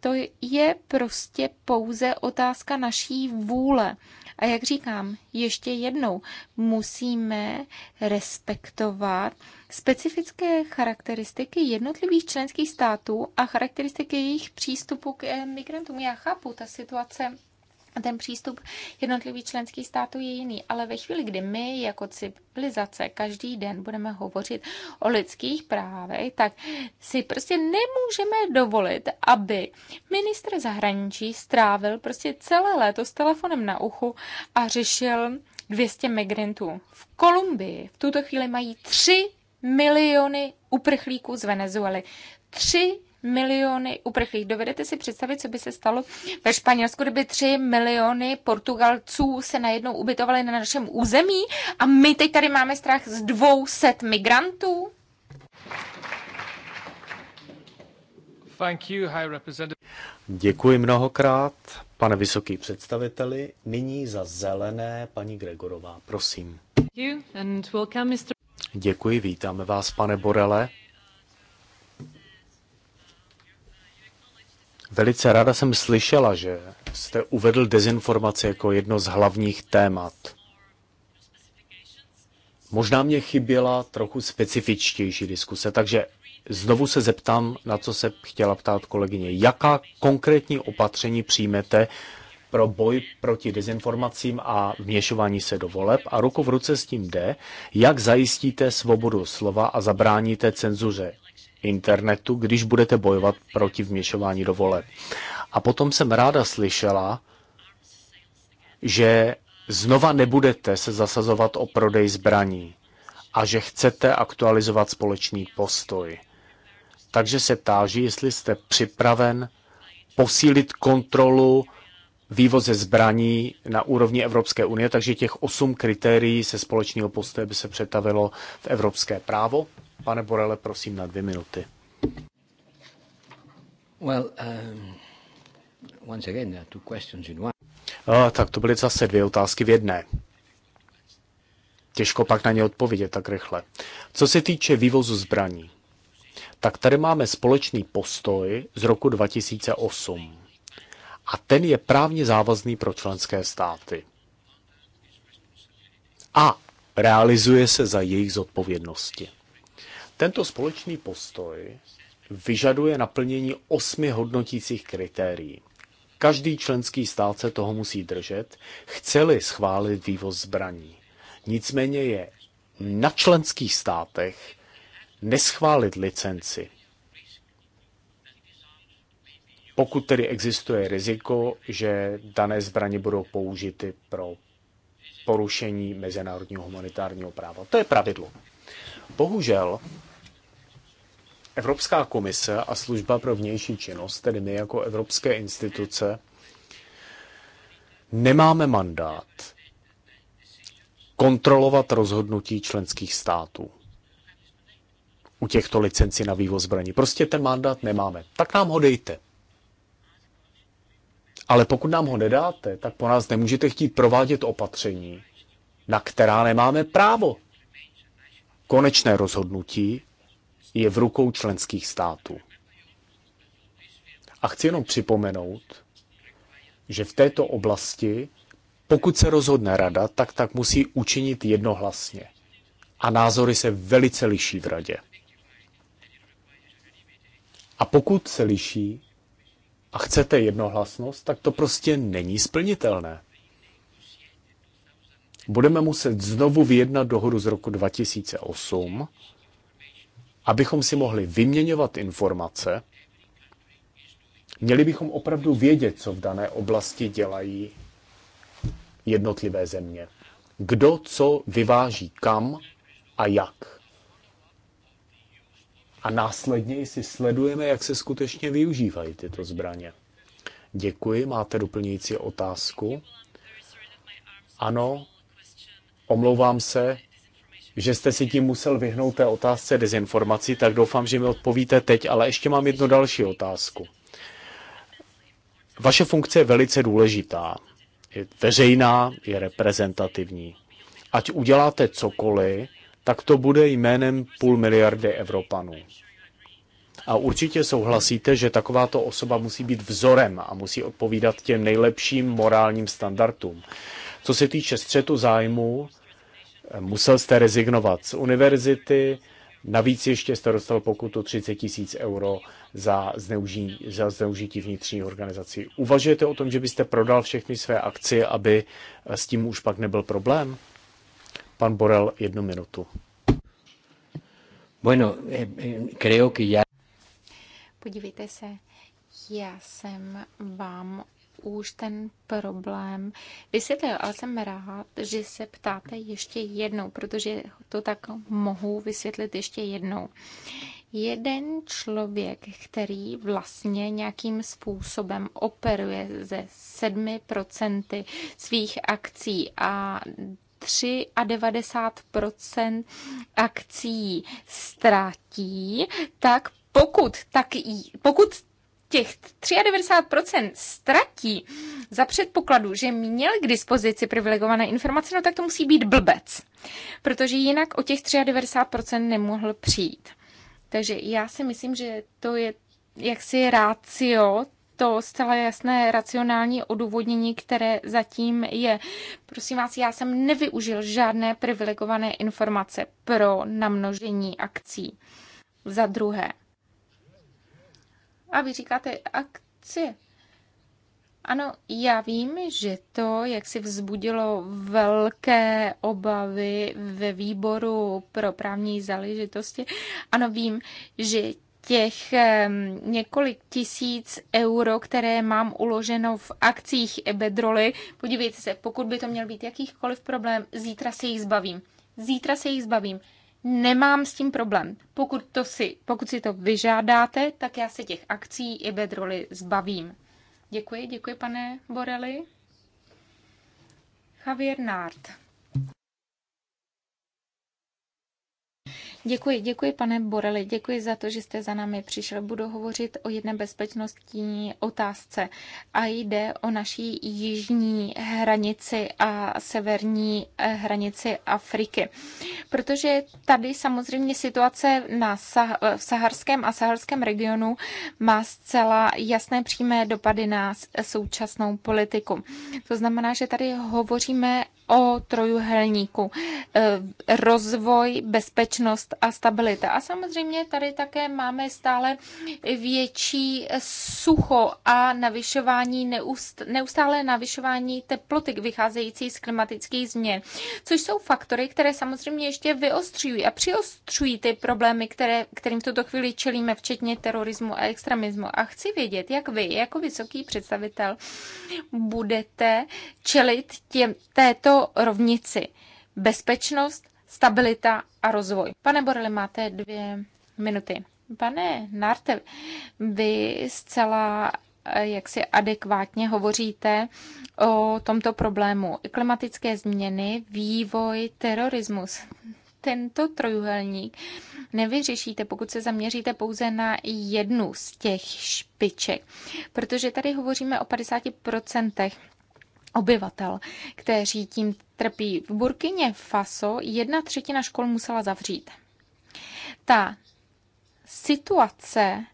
To je prostě pouze otázka naší vůle. A jak říkám, ještě jednou, musíme respektovat specifické charakteristiky jednotlivých členských států a charakteristiky jejich přístupu k migrantům. Já chápu, ta situace ten přístup jednotlivých členských států je jiný. Ale ve chvíli, kdy my jako civilizace každý den budeme hovořit o lidských právech, tak si prostě nemůžeme dovolit, aby ministr zahraničí strávil prostě celé léto s telefonem na uchu a řešil 200 migrantů. V Kolumbii v tuto chvíli mají 3 miliony uprchlíků z Venezuely. 3 miliony uprchlých. Dovedete si představit, co by se stalo ve Španělsku, kdyby 3 miliony Portugalců se najednou ubytovali na našem území a my teď tady máme strach z 200 migrantů? Thank you, high Děkuji mnohokrát, pane vysoký představiteli. Nyní za zelené paní Gregorová, prosím. Děkuji, vítáme vás, pane Borele. Velice ráda jsem slyšela, že jste uvedl dezinformaci jako jedno z hlavních témat. Možná mě chyběla trochu specifičtější diskuse, takže znovu se zeptám, na co se chtěla ptát kolegyně. Jaká konkrétní opatření přijmete pro boj proti dezinformacím a vměšování se do voleb a ruku v ruce s tím jde, jak zajistíte svobodu slova a zabráníte cenzuře internetu, když budete bojovat proti vměšování do voleb. A potom jsem ráda slyšela, že znova nebudete se zasazovat o prodej zbraní a že chcete aktualizovat společný postoj. Takže se táží, jestli jste připraven posílit kontrolu vývoze zbraní na úrovni Evropské unie, takže těch osm kritérií se společného postoje by se přetavilo v evropské právo. Pane Borele, prosím na dvě minuty. Well, um, once again, two questions in one. A, tak to byly zase dvě otázky v jedné. Těžko pak na ně odpovědět tak rychle. Co se týče vývozu zbraní, tak tady máme společný postoj z roku 2008. A ten je právně závazný pro členské státy. A realizuje se za jejich zodpovědnosti. Tento společný postoj vyžaduje naplnění osmi hodnotících kritérií. Každý členský stát se toho musí držet, Chceli schválit vývoz zbraní. Nicméně je na členských státech neschválit licenci. Pokud tedy existuje riziko, že dané zbraně budou použity pro porušení mezinárodního humanitárního práva. To je pravidlo. Bohužel Evropská komise a služba pro vnější činnost, tedy my jako evropské instituce, nemáme mandát kontrolovat rozhodnutí členských států u těchto licenci na vývoz zbraní. Prostě ten mandát nemáme. Tak nám ho dejte. Ale pokud nám ho nedáte, tak po nás nemůžete chtít provádět opatření, na která nemáme právo. Konečné rozhodnutí je v rukou členských států. A chci jenom připomenout, že v této oblasti, pokud se rozhodne rada, tak tak musí učinit jednohlasně. A názory se velice liší v radě. A pokud se liší a chcete jednohlasnost, tak to prostě není splnitelné. Budeme muset znovu vyjednat dohodu z roku 2008 abychom si mohli vyměňovat informace, měli bychom opravdu vědět, co v dané oblasti dělají jednotlivé země. Kdo co vyváží kam a jak. A následně si sledujeme, jak se skutečně využívají tyto zbraně. Děkuji, máte doplňující otázku. Ano, omlouvám se, že jste si tím musel vyhnout té otázce dezinformací, tak doufám, že mi odpovíte teď, ale ještě mám jednu další otázku. Vaše funkce je velice důležitá. Je veřejná, je reprezentativní. Ať uděláte cokoliv, tak to bude jménem půl miliardy Evropanů. A určitě souhlasíte, že takováto osoba musí být vzorem a musí odpovídat těm nejlepším morálním standardům. Co se týče střetu zájmu, musel jste rezignovat z univerzity, navíc ještě jste dostal pokutu 30 tisíc euro za, zneuží, za zneužití vnitřní organizací. Uvažujete o tom, že byste prodal všechny své akcie, aby s tím už pak nebyl problém? Pan Borel, jednu minutu. Bueno, eh, eh, creo que ya... Podívejte se, já jsem vám už ten problém vysvětlil, ale jsem rád, že se ptáte ještě jednou, protože to tak mohu vysvětlit ještě jednou. Jeden člověk, který vlastně nějakým způsobem operuje ze 7% svých akcí a 93% a akcí ztratí, tak pokud, tak, pokud těch 93% ztratí za předpokladu, že měl k dispozici privilegované informace, no tak to musí být blbec, protože jinak o těch 93% nemohl přijít. Takže já si myslím, že to je jaksi rácio to zcela jasné racionální odůvodnění, které zatím je. Prosím vás, já jsem nevyužil žádné privilegované informace pro namnožení akcí. Za druhé, a vy říkáte akcie. Ano, já vím, že to, jak si vzbudilo velké obavy ve výboru pro právní záležitosti, ano, vím, že těch několik tisíc euro, které mám uloženo v akcích Ebedroly, podívejte se, pokud by to měl být jakýchkoliv problém, zítra se jich zbavím. Zítra se jich zbavím nemám s tím problém. Pokud, to si, pokud si to vyžádáte, tak já se těch akcí i bedroly zbavím. Děkuji, děkuji, pane Boreli. Javier Nart. Děkuji, děkuji pane Boreli, děkuji za to, že jste za námi přišel. Budu hovořit o jedné bezpečnostní otázce a jde o naší jižní hranici a severní eh, hranici Afriky. Protože tady samozřejmě situace na Sah- v saharském a saharském regionu má zcela jasné přímé dopady na současnou politiku. To znamená, že tady hovoříme o trojuhelníku. E, rozvoj, bezpečnost a stabilita. A samozřejmě tady také máme stále větší sucho a navyšování, neustále navyšování teploty vycházející z klimatických změn, což jsou faktory, které samozřejmě ještě vyostřují a přiostřují ty problémy, které, kterým v tuto chvíli čelíme, včetně terorismu a extremismu. A chci vědět, jak vy, jako vysoký představitel, budete čelit tě, této rovnici bezpečnost, stabilita a rozvoj. Pane Borely, máte dvě minuty. Pane Narte, vy zcela eh, jak si adekvátně hovoříte o tomto problému. Klimatické změny, vývoj, terorismus. Tento trojuhelník nevyřešíte, pokud se zaměříte pouze na jednu z těch špiček, protože tady hovoříme o 50 obyvatel, kteří tím trpí. V Burkině Faso jedna třetina škol musela zavřít. Ta situace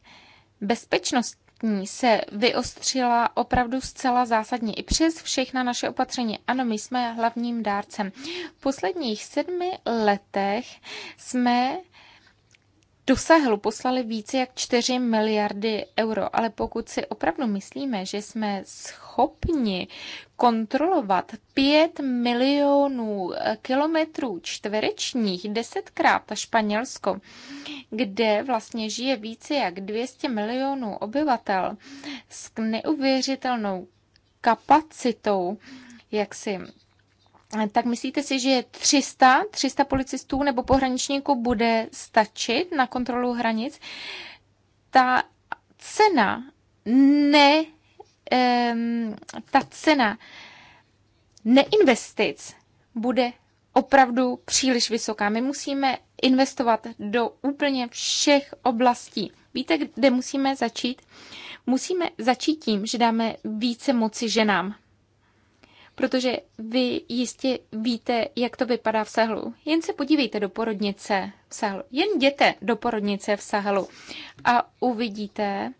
bezpečnostní se vyostřila opravdu zcela zásadně i přes všechna naše opatření. Ano, my jsme hlavním dárcem. V posledních sedmi letech jsme do Sahelu poslali více jak 4 miliardy euro, ale pokud si opravdu myslíme, že jsme schopni kontrolovat 5 milionů eh, kilometrů čtverečních, desetkrát a Španělsko, kde vlastně žije více jak 200 milionů obyvatel s neuvěřitelnou kapacitou, jak si tak myslíte si, že 300, 300 policistů nebo pohraničníků bude stačit na kontrolu hranic? Ta cena ne, um, ta cena neinvestic bude opravdu příliš vysoká. My musíme investovat do úplně všech oblastí. Víte, kde musíme začít? Musíme začít tím, že dáme více moci ženám protože vy jistě víte, jak to vypadá v Sahelu. Jen se podívejte do porodnice v Sahelu. Jen jděte do porodnice v Sahelu a uvidíte,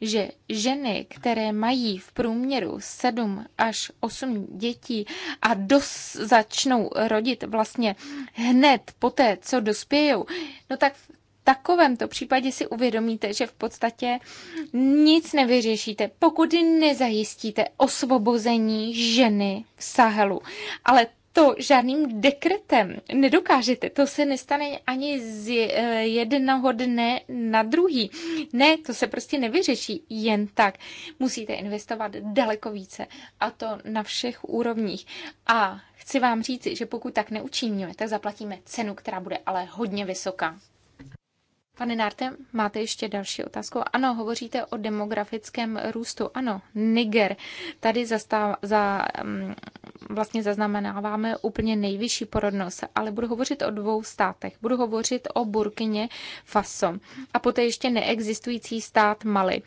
že ženy, které mají v průměru 7 až 8 dětí a dos začnou rodit vlastně hned poté, co dospějou, no tak v takovémto případě si uvědomíte, že v podstatě nic nevyřešíte, pokud nezajistíte osvobození ženy v Sahelu. Ale to žádným dekretem nedokážete. To se nestane ani z eh, jednoho dne na druhý. Ne, to se prostě nevyřeší jen tak. Musíte investovat daleko více a to na všech úrovních. A chci vám říci, že pokud tak neučiníme, tak zaplatíme cenu, která bude ale hodně vysoká. Pane Narte, máte ještě další otázku? Ano, hovoříte o demografickém růstu. Ano, Niger. Tady zastá, za, mm, vlastně zaznamenáváme úplně nejvyšší porodnost, ale budu hovořit o dvou státech. Budu hovořit o Burkině Faso a poté ještě neexistující stát Mali.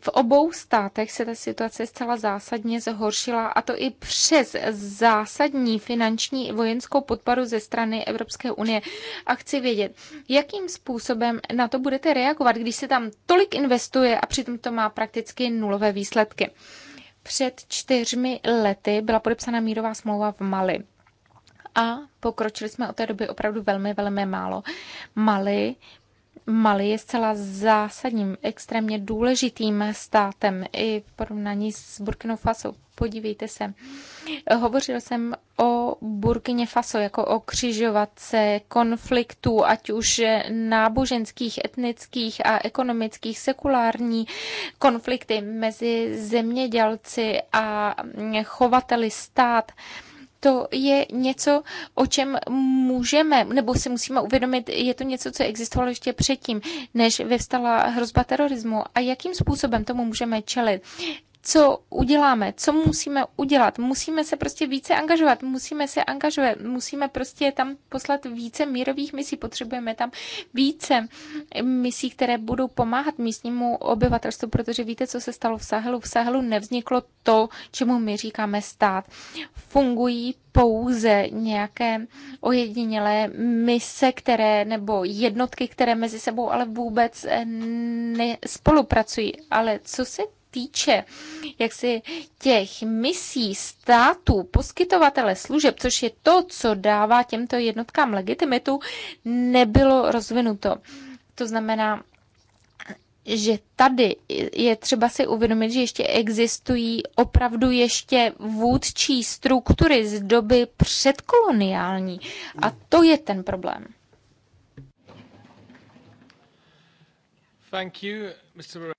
V obou státech se ta situace zcela zásadně zhoršila a to i přes zásadní finanční vojenskou podporu ze strany Evropské unie. A chci vědět, jakým způsobem na to budete reagovat, když se tam tolik investuje a přitom to má prakticky nulové výsledky? Před čtyřmi lety byla podepsána mírová smlouva v Mali a pokročili jsme od té doby opravdu velmi, velmi málo. Mali Mali je zcela zásadním, extrémně důležitým státem i v porovnání s Burkina Faso. Podívejte se. Hovořil jsem o Burkině Faso jako o křižovatce konfliktů, ať už náboženských, etnických a ekonomických, sekulární konflikty mezi zemědělci a chovateli stát to je něco, o čem můžeme, nebo si musíme uvědomit, je to něco, co existovalo ještě předtím, než vyvstala hrozba terorismu a jakým způsobem tomu můžeme čelit co uděláme, co musíme udělat. Musíme se prostě více angažovat, musíme se angažovat, musíme prostě tam poslat více mírových misí, potřebujeme tam více misí, které budou pomáhat místnímu obyvatelstvu, protože víte, co se stalo v Sahelu. V Sahelu nevzniklo to, čemu my říkáme stát. Fungují pouze nějaké ojedinělé mise, které nebo jednotky, které mezi sebou ale vůbec eh, nespolupracují. Ale co se týče jak si těch misí států, poskytovatele služeb, což je to, co dává těmto jednotkám legitimitu, nebylo rozvinuto. To znamená, že tady je třeba si uvědomit, že ještě existují opravdu ještě vůdčí struktury z doby předkoloniální. A to je ten problém. Thank you, Mr.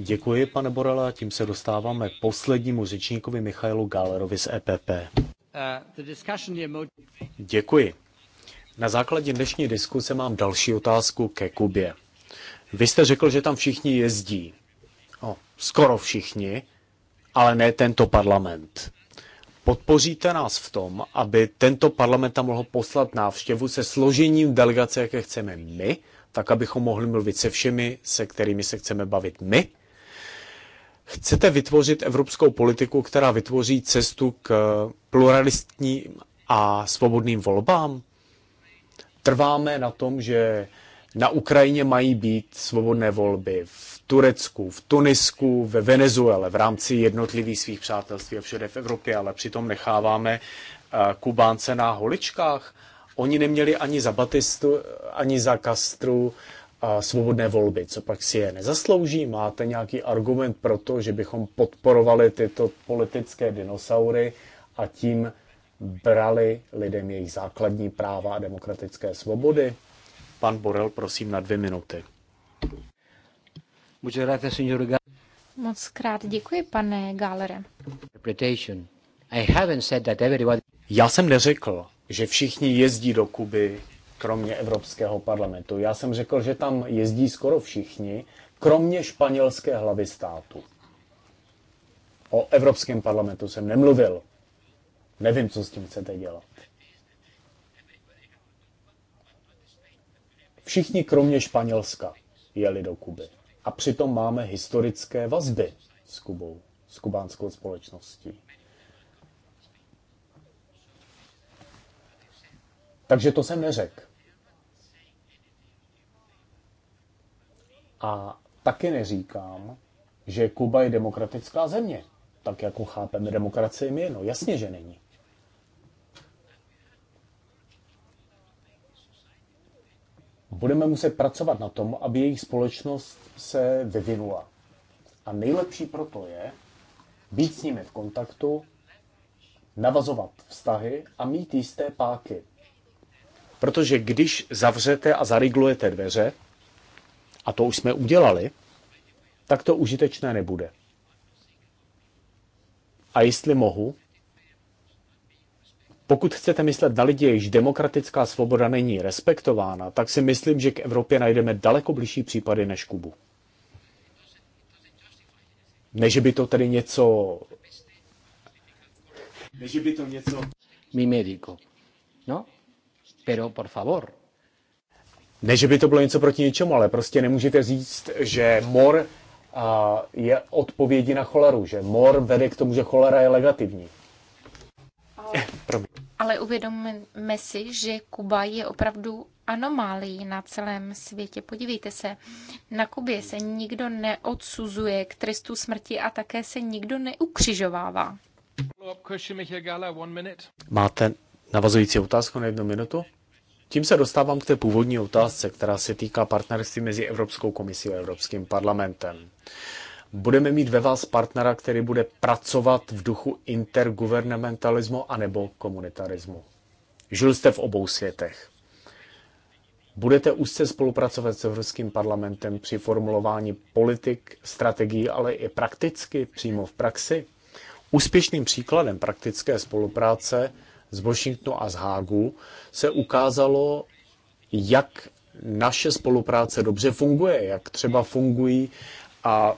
Děkuji, pane Borela, a tím se dostáváme k poslednímu řečníkovi Michailu Gálerovi z EPP. Děkuji. Na základě dnešní diskuse mám další otázku ke Kubě. Vy jste řekl, že tam všichni jezdí. O, no, skoro všichni, ale ne tento parlament. Podpoříte nás v tom, aby tento parlament tam mohl poslat návštěvu se složením delegace, jaké chceme my, tak abychom mohli mluvit se všemi, se kterými se chceme bavit my? Chcete vytvořit evropskou politiku, která vytvoří cestu k pluralistním a svobodným volbám? Trváme na tom, že na Ukrajině mají být svobodné volby v Turecku, v Tunisku, ve Venezuele, v rámci jednotlivých svých přátelství a všude v Evropě, ale přitom necháváme eh, Kubánce na holičkách. Oni neměli ani za Batistu, ani za Kastru a svobodné volby, co pak si je nezaslouží? Máte nějaký argument pro to, že bychom podporovali tyto politické dinosaury a tím brali lidem jejich základní práva a demokratické svobody? Pan Borel, prosím, na dvě minuty. Moc krát děkuji, pane Gálere. Já jsem neřekl, že všichni jezdí do Kuby kromě Evropského parlamentu. Já jsem řekl, že tam jezdí skoro všichni, kromě španělské hlavy státu. O Evropském parlamentu jsem nemluvil. Nevím, co s tím chcete dělat. Všichni kromě Španělska jeli do Kuby. A přitom máme historické vazby s Kubou, s kubánskou společností. Takže to jsem neřekl. A taky neříkám, že Kuba je demokratická země, tak jako chápeme demokracii my. No jasně, že není. Budeme muset pracovat na tom, aby jejich společnost se vyvinula. A nejlepší proto je být s nimi v kontaktu, navazovat vztahy a mít jisté páky. Protože když zavřete a zariglujete dveře, a to už jsme udělali, tak to užitečné nebude. A jestli mohu, pokud chcete myslet na lidi, jejichž demokratická svoboda není respektována, tak si myslím, že k Evropě najdeme daleko blížší případy než Kubu. Neže by to tedy něco... Neže by to něco... Mi médico. No? Pero por favor, ne, že by to bylo něco proti něčemu, ale prostě nemůžete říct, že mor a, je odpovědí na choleru, že mor vede k tomu, že cholera je negativní. Ale, ale uvědomme si, že Kuba je opravdu anomálí na celém světě. Podívejte se, na Kubě se nikdo neodsuzuje k trestu smrti a také se nikdo neukřižovává. Máte navazující otázku na jednu minutu? Tím se dostávám k té původní otázce, která se týká partnerství mezi Evropskou komisí a Evropským parlamentem. Budeme mít ve vás partnera, který bude pracovat v duchu intergovernmentalismu anebo komunitarismu. Žil jste v obou světech. Budete úzce spolupracovat s Evropským parlamentem při formulování politik, strategií, ale i prakticky, přímo v praxi? Úspěšným příkladem praktické spolupráce z Washingtonu a z Hágu, se ukázalo, jak naše spolupráce dobře funguje, jak třeba fungují a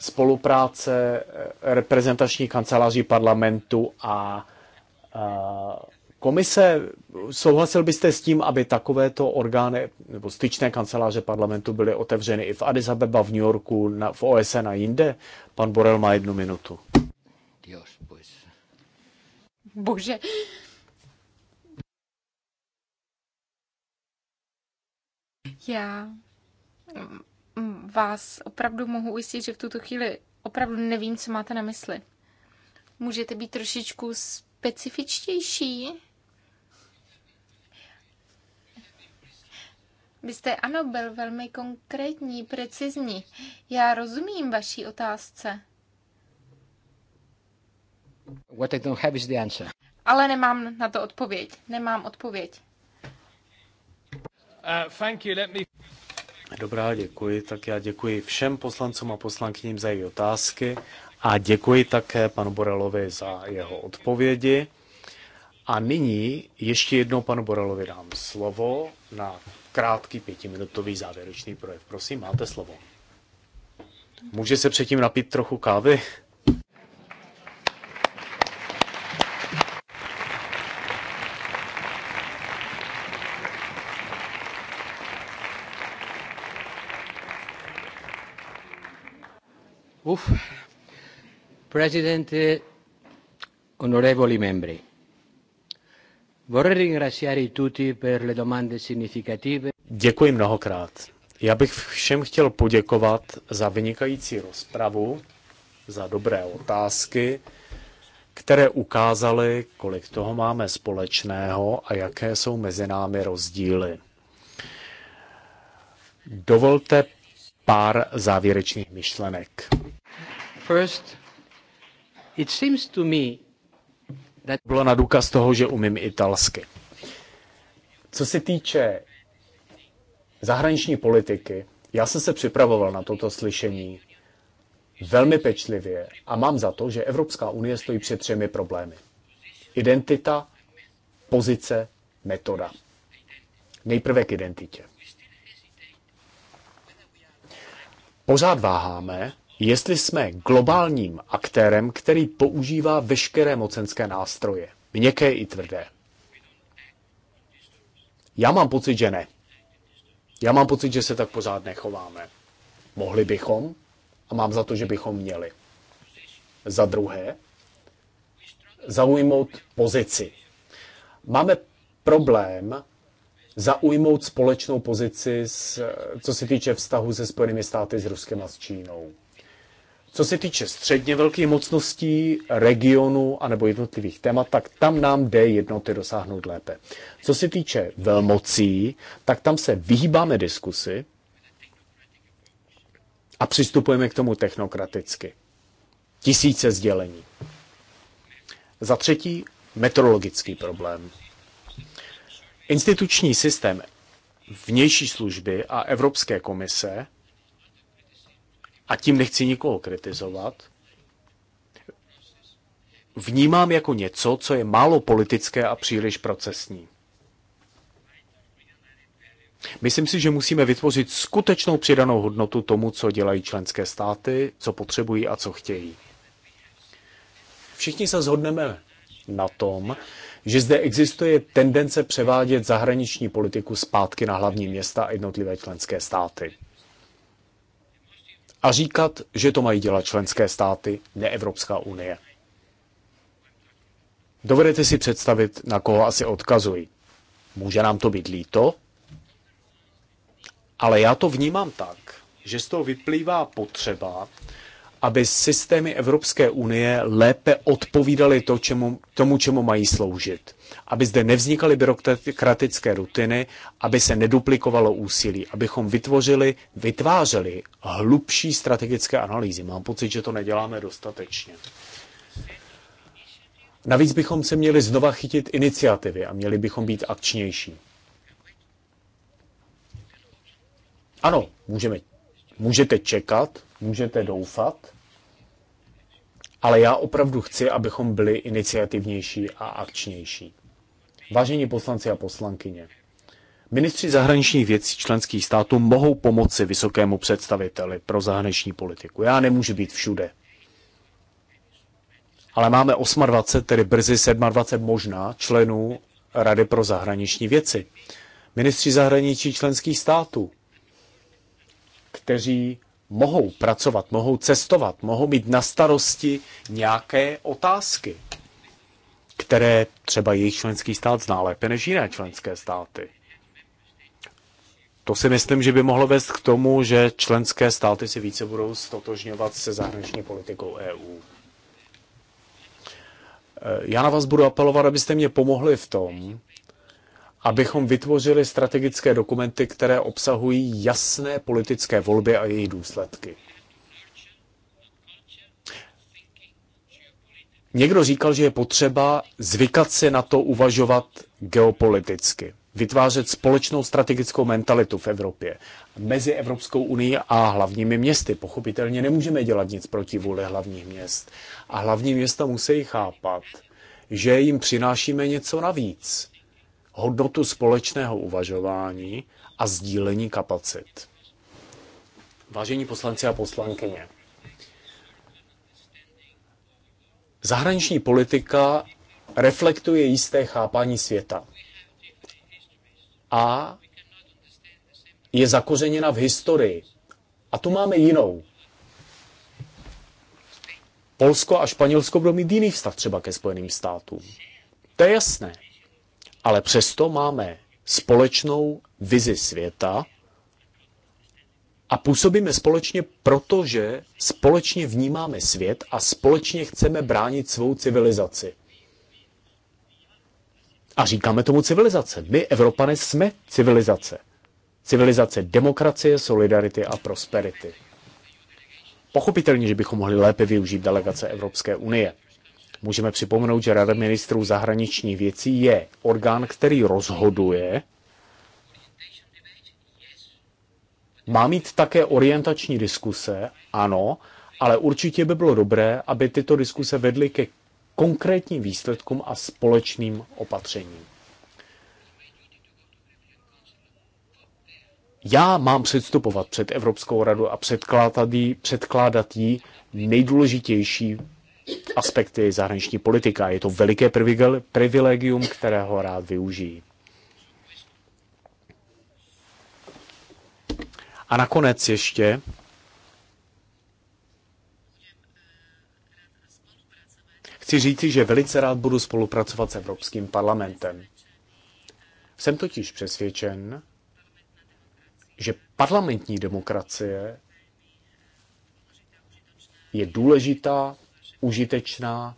spolupráce eh, reprezentační kanceláří parlamentu a, a komise. Souhlasil byste s tím, aby takovéto orgány nebo styčné kanceláře parlamentu byly otevřeny i v Addis Abeba, v New Yorku, na, v OSN a jinde? Pan Borel má jednu minutu. Dios bože. Já mm, vás opravdu mohu ujistit, že v tuto chvíli opravdu nevím, co máte na mysli. Můžete být trošičku specifičtější? Vy jste, ano, byl velmi konkrétní, precizní. Já rozumím vaší otázce. What I don't have is the answer. Ale nemám na to odpověď. Nemám odpověď. Uh, thank you. Let me... Dobrá, děkuji. Tak já děkuji všem poslancům a poslankyním za jejich otázky a děkuji také panu Borelovi za jeho odpovědi. A nyní ještě jednou panu Borelovi dám slovo na krátký pětiminutový závěrečný projev. Prosím, máte slovo. Může se předtím napít trochu kávy? Uf. Presidente, onorevoli membri, vorrei ringraziare tutti per le domande significative. Děkuji mnohokrát. Já bych všem chtěl poděkovat za vynikající rozpravu, za dobré otázky, které ukázaly, kolik toho máme společného a jaké jsou mezi námi rozdíly. Dovolte pár závěrečných myšlenek. First, it seems to me that... Bylo na důkaz toho, že umím italsky. Co se týče zahraniční politiky, já jsem se připravoval na toto slyšení velmi pečlivě a mám za to, že Evropská unie stojí před třemi problémy. Identita, pozice, metoda. Nejprve k identitě. Pořád váháme, jestli jsme globálním aktérem, který používá veškeré mocenské nástroje, měkké i tvrdé. Já mám pocit, že ne. Já mám pocit, že se tak pořád nechováme. Mohli bychom a mám za to, že bychom měli. Za druhé, zaujmout pozici. Máme problém zaujmout společnou pozici, s, co se týče vztahu se Spojenými státy, s Ruskem a s Čínou. Co se týče středně velkých mocností, regionu anebo jednotlivých témat, tak tam nám jde jednoty dosáhnout lépe. Co se týče velmocí, tak tam se vyhýbáme diskusy a přistupujeme k tomu technokraticky. Tisíce sdělení. Za třetí, meteorologický problém. Instituční systém vnější služby a Evropské komise, a tím nechci nikoho kritizovat, vnímám jako něco, co je málo politické a příliš procesní. Myslím si, že musíme vytvořit skutečnou přidanou hodnotu tomu, co dělají členské státy, co potřebují a co chtějí. Všichni se zhodneme na tom, že zde existuje tendence převádět zahraniční politiku zpátky na hlavní města a jednotlivé členské státy. A říkat, že to mají dělat členské státy, ne Evropská unie. Dovedete si představit, na koho asi odkazují. Může nám to být líto, ale já to vnímám tak, že z toho vyplývá potřeba aby systémy Evropské unie lépe odpovídaly to, čemu, tomu, čemu mají sloužit. Aby zde nevznikaly byrokratické rutiny, aby se neduplikovalo úsilí, abychom vytvořili, vytvářeli hlubší strategické analýzy. Mám pocit, že to neděláme dostatečně. Navíc bychom se měli znova chytit iniciativy a měli bychom být akčnější. Ano, můžeme Můžete čekat, můžete doufat, ale já opravdu chci, abychom byli iniciativnější a akčnější. Vážení poslanci a poslankyně, ministři zahraničních věcí členských států mohou pomoci vysokému představiteli pro zahraniční politiku. Já nemůžu být všude. Ale máme 28, tedy brzy 27 možná, členů Rady pro zahraniční věci. Ministři zahraničí členských států, kteří mohou pracovat, mohou cestovat, mohou mít na starosti nějaké otázky, které třeba jejich členský stát zná lépe než jiné členské státy. To si myslím, že by mohlo vést k tomu, že členské státy si více budou stotožňovat se zahraniční politikou EU. E, já na vás budu apelovat, abyste mě pomohli v tom, abychom vytvořili strategické dokumenty, které obsahují jasné politické volby a její důsledky. Někdo říkal, že je potřeba zvykat si na to uvažovat geopoliticky, vytvářet společnou strategickou mentalitu v Evropě. Mezi Evropskou unii a hlavními městy. Pochopitelně nemůžeme dělat nic proti vůli hlavních měst. A hlavní města musí chápat, že jim přinášíme něco navíc hodnotu společného uvažování a sdílení kapacit. Vážení poslanci a poslankyně, zahraniční politika reflektuje jisté chápání světa a je zakořeněna v historii. A tu máme jinou. Polsko a Španělsko budou mít jiný vztah třeba ke Spojeným státům. To je jasné ale přesto máme společnou vizi světa a působíme společně, protože společně vnímáme svět a společně chceme bránit svou civilizaci. A říkáme tomu civilizace. My, Evropané, jsme civilizace. Civilizace demokracie, solidarity a prosperity. Pochopitelně, že bychom mohli lépe využít delegace Evropské unie. Můžeme připomenout, že Rada ministrů zahraničních věcí je orgán, který rozhoduje. Má mít také orientační diskuse, ano, ale určitě by bylo dobré, aby tyto diskuse vedly ke konkrétním výsledkům a společným opatřením. Já mám předstupovat před Evropskou radu a předkládat jí, předkládat jí nejdůležitější aspekty zahraniční politika. Je to veliké privilegium, kterého rád využijí. A nakonec ještě chci říci, že velice rád budu spolupracovat s Evropským parlamentem. Jsem totiž přesvědčen, že parlamentní demokracie je důležitá, užitečná.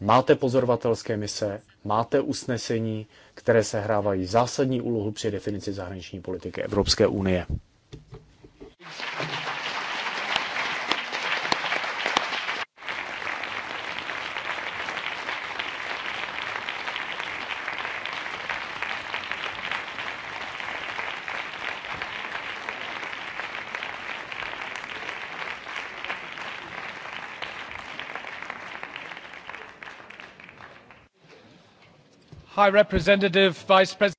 Máte pozorovatelské mise, máte usnesení, které sehrávají zásadní úlohu při definici zahraniční politiky Evropské unie. High Representative, Vice President.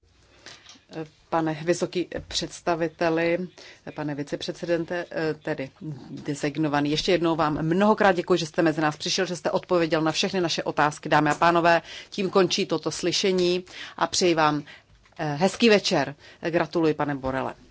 Pane vysoký představiteli, pane viceprezidente, eh, tedy designovaný. Ještě jednou vám mnohokrát děkuji, že jste mezi nás přišel, že jste odpověděl na všechny naše otázky, dámy a pánové. Tím končí toto slyšení a přeji vám eh, hezký večer. Gratuluji, pane Borele.